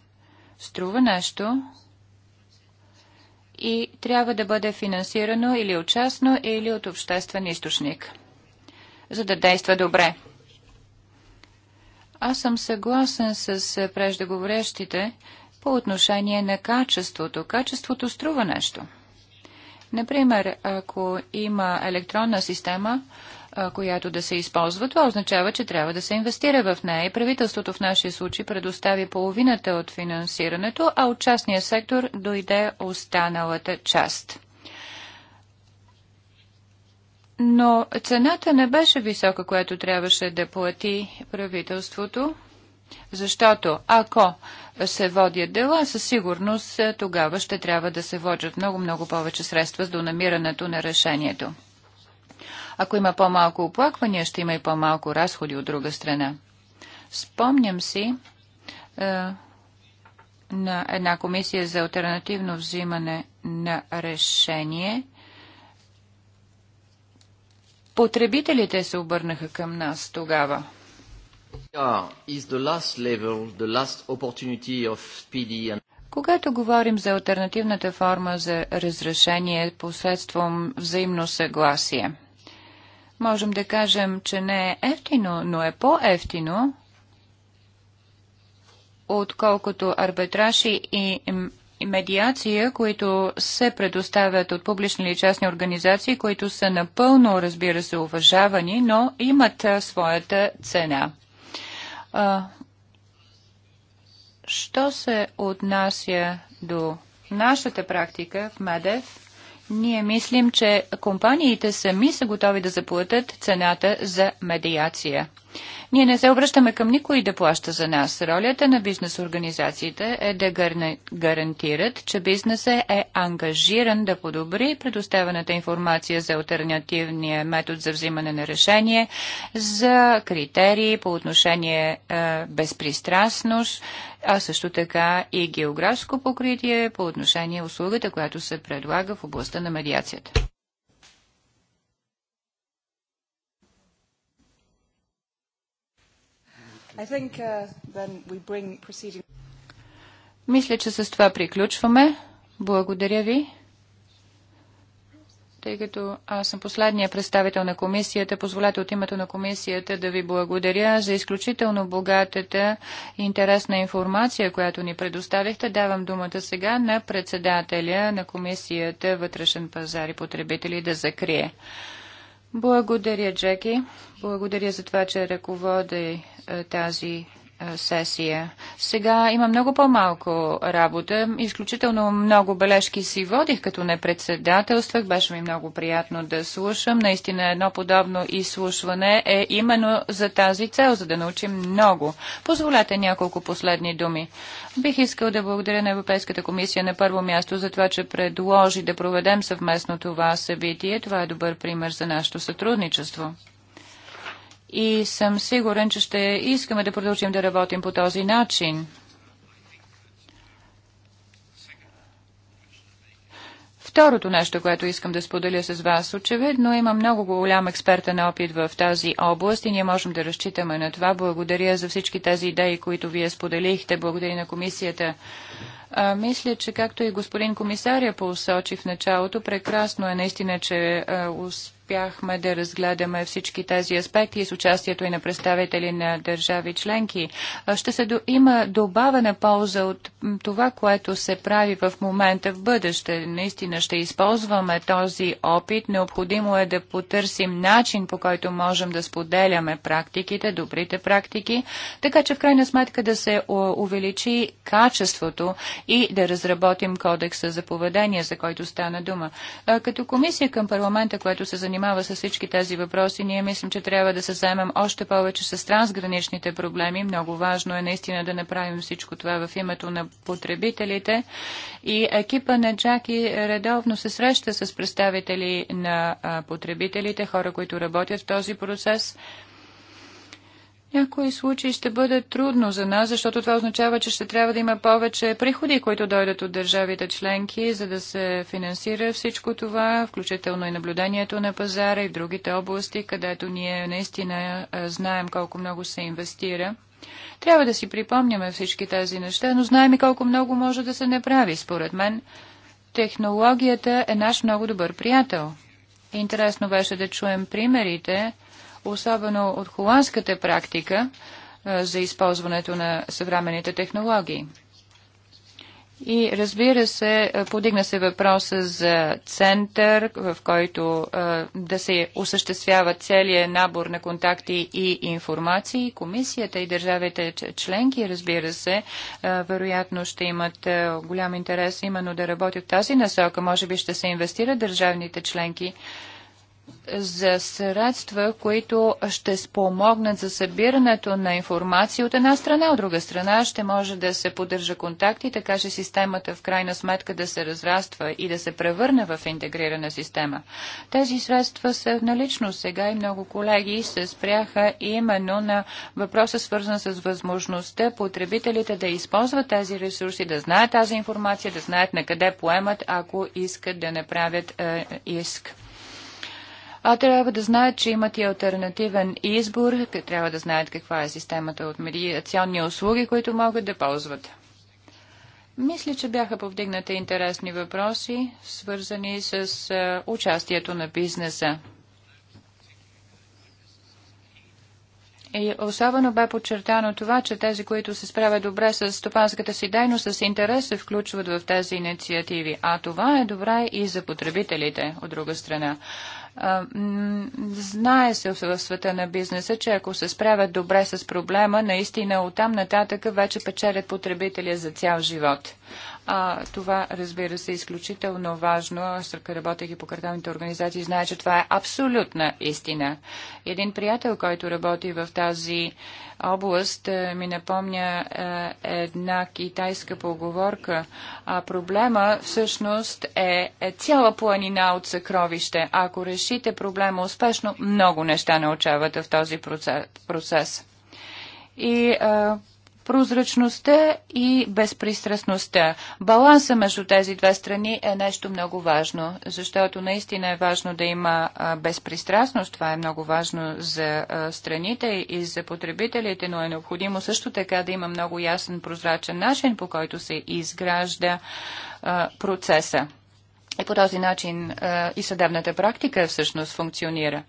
Струва нещо и трябва да бъде финансирано или от частно, или от обществен източник, за да действа добре. Аз съм съгласен с преждеговорещите по отношение на качеството. Качеството струва нещо. Например, ако има електронна система, която да се използва, това означава, че трябва да се инвестира в нея. И правителството в нашия случай предостави половината от финансирането, а от частния сектор дойде останалата част. Но цената не беше висока, която трябваше да плати правителството, защото ако се водят дела, със сигурност тогава ще трябва да се водят много-много повече средства за до намирането на решението. Ако има по-малко оплаквания, ще има и по-малко разходи от друга страна. Спомням си е, на една комисия за альтернативно взимане на решение. Потребителите се обърнаха към нас тогава. Когато говорим за альтернативната форма за разрешение посредством взаимно съгласие – Можем да кажем, че не е ефтино, но е по-ефтино, отколкото арбитражи и медиация, които се предоставят от публични или частни организации, които са напълно, разбира се, уважавани, но имат своята цена. Що се отнася до нашата практика в МЕДЕВ, ние мислим, че компаниите сами са готови да заплатят цената за медиация. Ние не се обръщаме към никой да плаща за нас. Ролята на бизнес организациите е да гарантират, че бизнесът е ангажиран да подобри предоставената информация за альтернативния метод за взимане на решение, за критерии по отношение е, безпристрастност, а също така и географско покритие по отношение услугата, която се предлага в областта на медиацията. Uh, Мисля, че с това приключваме. Благодаря ви. Тъй като аз съм последния представител на комисията, позволете от името на комисията да ви благодаря за изключително богатата и интересна информация, която ни предоставихте. Давам думата сега на председателя на комисията Вътрешен пазар и потребители да закрие. Благодаря, Джеки. Благодаря за това, че ръководи е, тази е, сесия. Сега има много по-малко работа. Изключително много бележки си водих, като не председателствах. Беше ми много приятно да слушам. Наистина едно подобно изслушване е именно за тази цел, за да научим много. Позволете няколко последни думи. Бих искал да благодаря на Европейската комисия на първо място за това, че предложи да проведем съвместно това събитие. Това е добър пример за нашето сътрудничество и съм сигурен, че ще искаме да продължим да работим по този начин. Второто нещо, което искам да споделя с вас, очевидно има много голям експертен опит в тази област и ние можем да разчитаме на това. Благодаря за всички тези идеи, които вие споделихте. Благодаря на комисията. А, мисля, че както и господин комисаря посочи в началото, прекрасно е наистина, че а, успяхме да разгледаме всички тези аспекти с участието и на представители на държави членки. Ще се до... има добавена полза от това, което се прави в момента в бъдеще. Наистина ще използваме този опит. Необходимо е да потърсим начин, по който можем да споделяме практиките, добрите практики, така че в крайна сметка да се увеличи качеството и да разработим кодекса за поведение, за който стана дума. Като комисия към парламента, което се занимава занимава с всички тези въпроси. Ние мислим, че трябва да се заемем още повече с трансграничните проблеми. Много важно е наистина да направим всичко това в името на потребителите. И екипа на Джаки редовно се среща с представители на потребителите, хора, които работят в този процес някои случаи ще бъде трудно за нас, защото това означава, че ще трябва да има повече приходи, които дойдат от държавите членки, за да се финансира всичко това, включително и наблюдението на пазара и в другите области, където ние наистина знаем колко много се инвестира. Трябва да си припомняме всички тези неща, но знаем и колко много може да се направи, според мен. Технологията е наш много добър приятел. Интересно беше да чуем примерите особено от холандската практика е, за използването на съвременните технологии. И разбира се, е, подигна се въпроса за център, в който е, да се осъществява целият набор на контакти и информации. Комисията и държавите членки, разбира се, вероятно ще имат голям интерес именно да работят в тази насока. Може би ще се инвестират държавните членки за средства, които ще спомогнат за събирането на информация от една страна, от друга страна ще може да се поддържа контакти, така че системата в крайна сметка да се разраства и да се превърне в интегрирана система. Тези средства са налично сега и много колеги се спряха именно на въпроса свързан с възможността потребителите да използват тези ресурси, да знаят тази информация, да знаят на къде поемат, ако искат да направят е, иск а трябва да знаят, че имат и альтернативен избор, трябва да знаят каква е системата от медиационни услуги, които могат да ползват. Мисля, че бяха повдигнати интересни въпроси, свързани с е, участието на бизнеса. И особено бе подчертано това, че тези, които се справят добре с стопанската си дейност, с интерес се включват в тези инициативи. А това е добре и за потребителите, от друга страна. Знае се в света на бизнеса, че ако се справят добре с проблема, наистина оттам нататък вече печелят потребителя за цял живот. А, това, разбира се, е изключително важно. Аз, работейки по карталните организации, знае, че това е абсолютна истина. Един приятел, който работи в тази област, е, ми напомня е, една китайска поговорка. А проблема всъщност е, е цяла планина от съкровище. Ако решите проблема успешно, много неща научавате в този процес. И а, прозрачността и безпристрастността. Баланса между тези две страни е нещо много важно, защото наистина е важно да има безпристрастност. Това е много важно за страните и за потребителите, но е необходимо също така да има много ясен прозрачен начин, по който се изгражда процеса. И по този начин и съдебната практика всъщност функционира.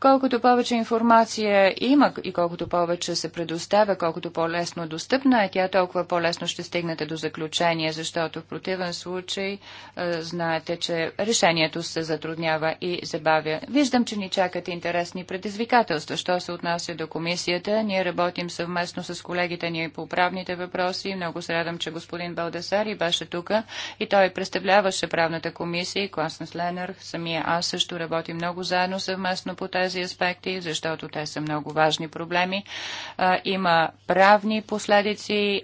Колкото повече информация има и колкото повече се предоставя, колкото по-лесно достъпна е тя, толкова по-лесно ще стигнете до заключение, защото в противен случай е, знаете, че решението се затруднява и забавя. Виждам, че ни чакат интересни предизвикателства. Що се отнася до комисията, ние работим съвместно с колегите ни по правните въпроси. Много се радвам, че господин Балдасари беше тук и той представляваше правната комисия и Класнес Ленър, самия аз също работим много заедно съвместно по тези тези аспекти, защото те са много важни проблеми. Има правни последици,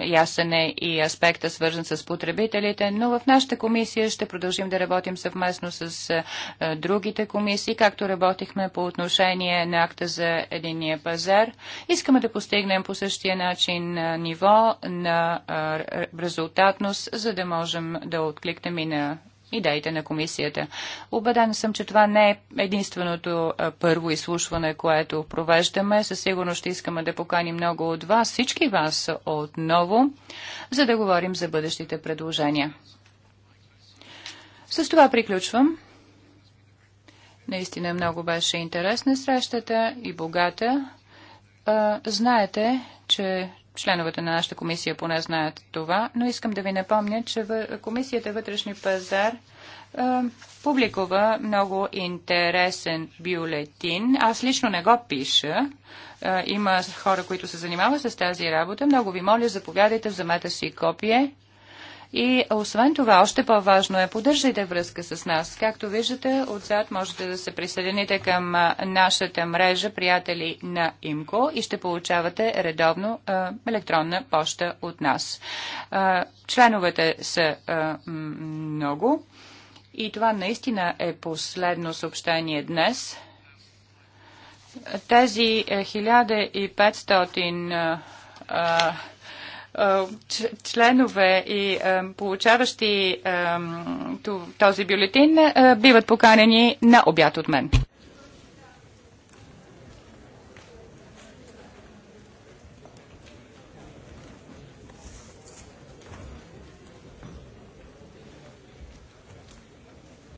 ясен е и аспекта свързан с потребителите, но в нашата комисия ще продължим да работим съвместно с другите комисии, както работихме по отношение на акта за единия пазар. Искаме да постигнем по същия начин ниво на резултатност, за да можем да откликнем и на идеите на комисията. Обеден съм, че това не е единственото първо изслушване, което провеждаме. Със сигурност ще искаме да поканим много от вас, всички вас отново, за да говорим за бъдещите предложения. С това приключвам. Наистина много беше интересна срещата и богата. Знаете, че Членовете на нашата комисия поне знаят това, но искам да ви напомня, че комисията Вътрешни пазар е, публикува много интересен бюлетин. Аз лично не го пиша. Е, има хора, които се занимават с тази работа. Много ви моля, заповядайте, вземете си копие и освен това, още по-важно е, поддържайте връзка с нас. Както виждате, отзад можете да се присъедините към нашата мрежа приятели на ИМКО и ще получавате редовно електронна поща от нас. членовете са много и това наистина е последно съобщение днес. Тези 1500 е, членове и получаващи този бюлетин биват поканени на обяд от мен.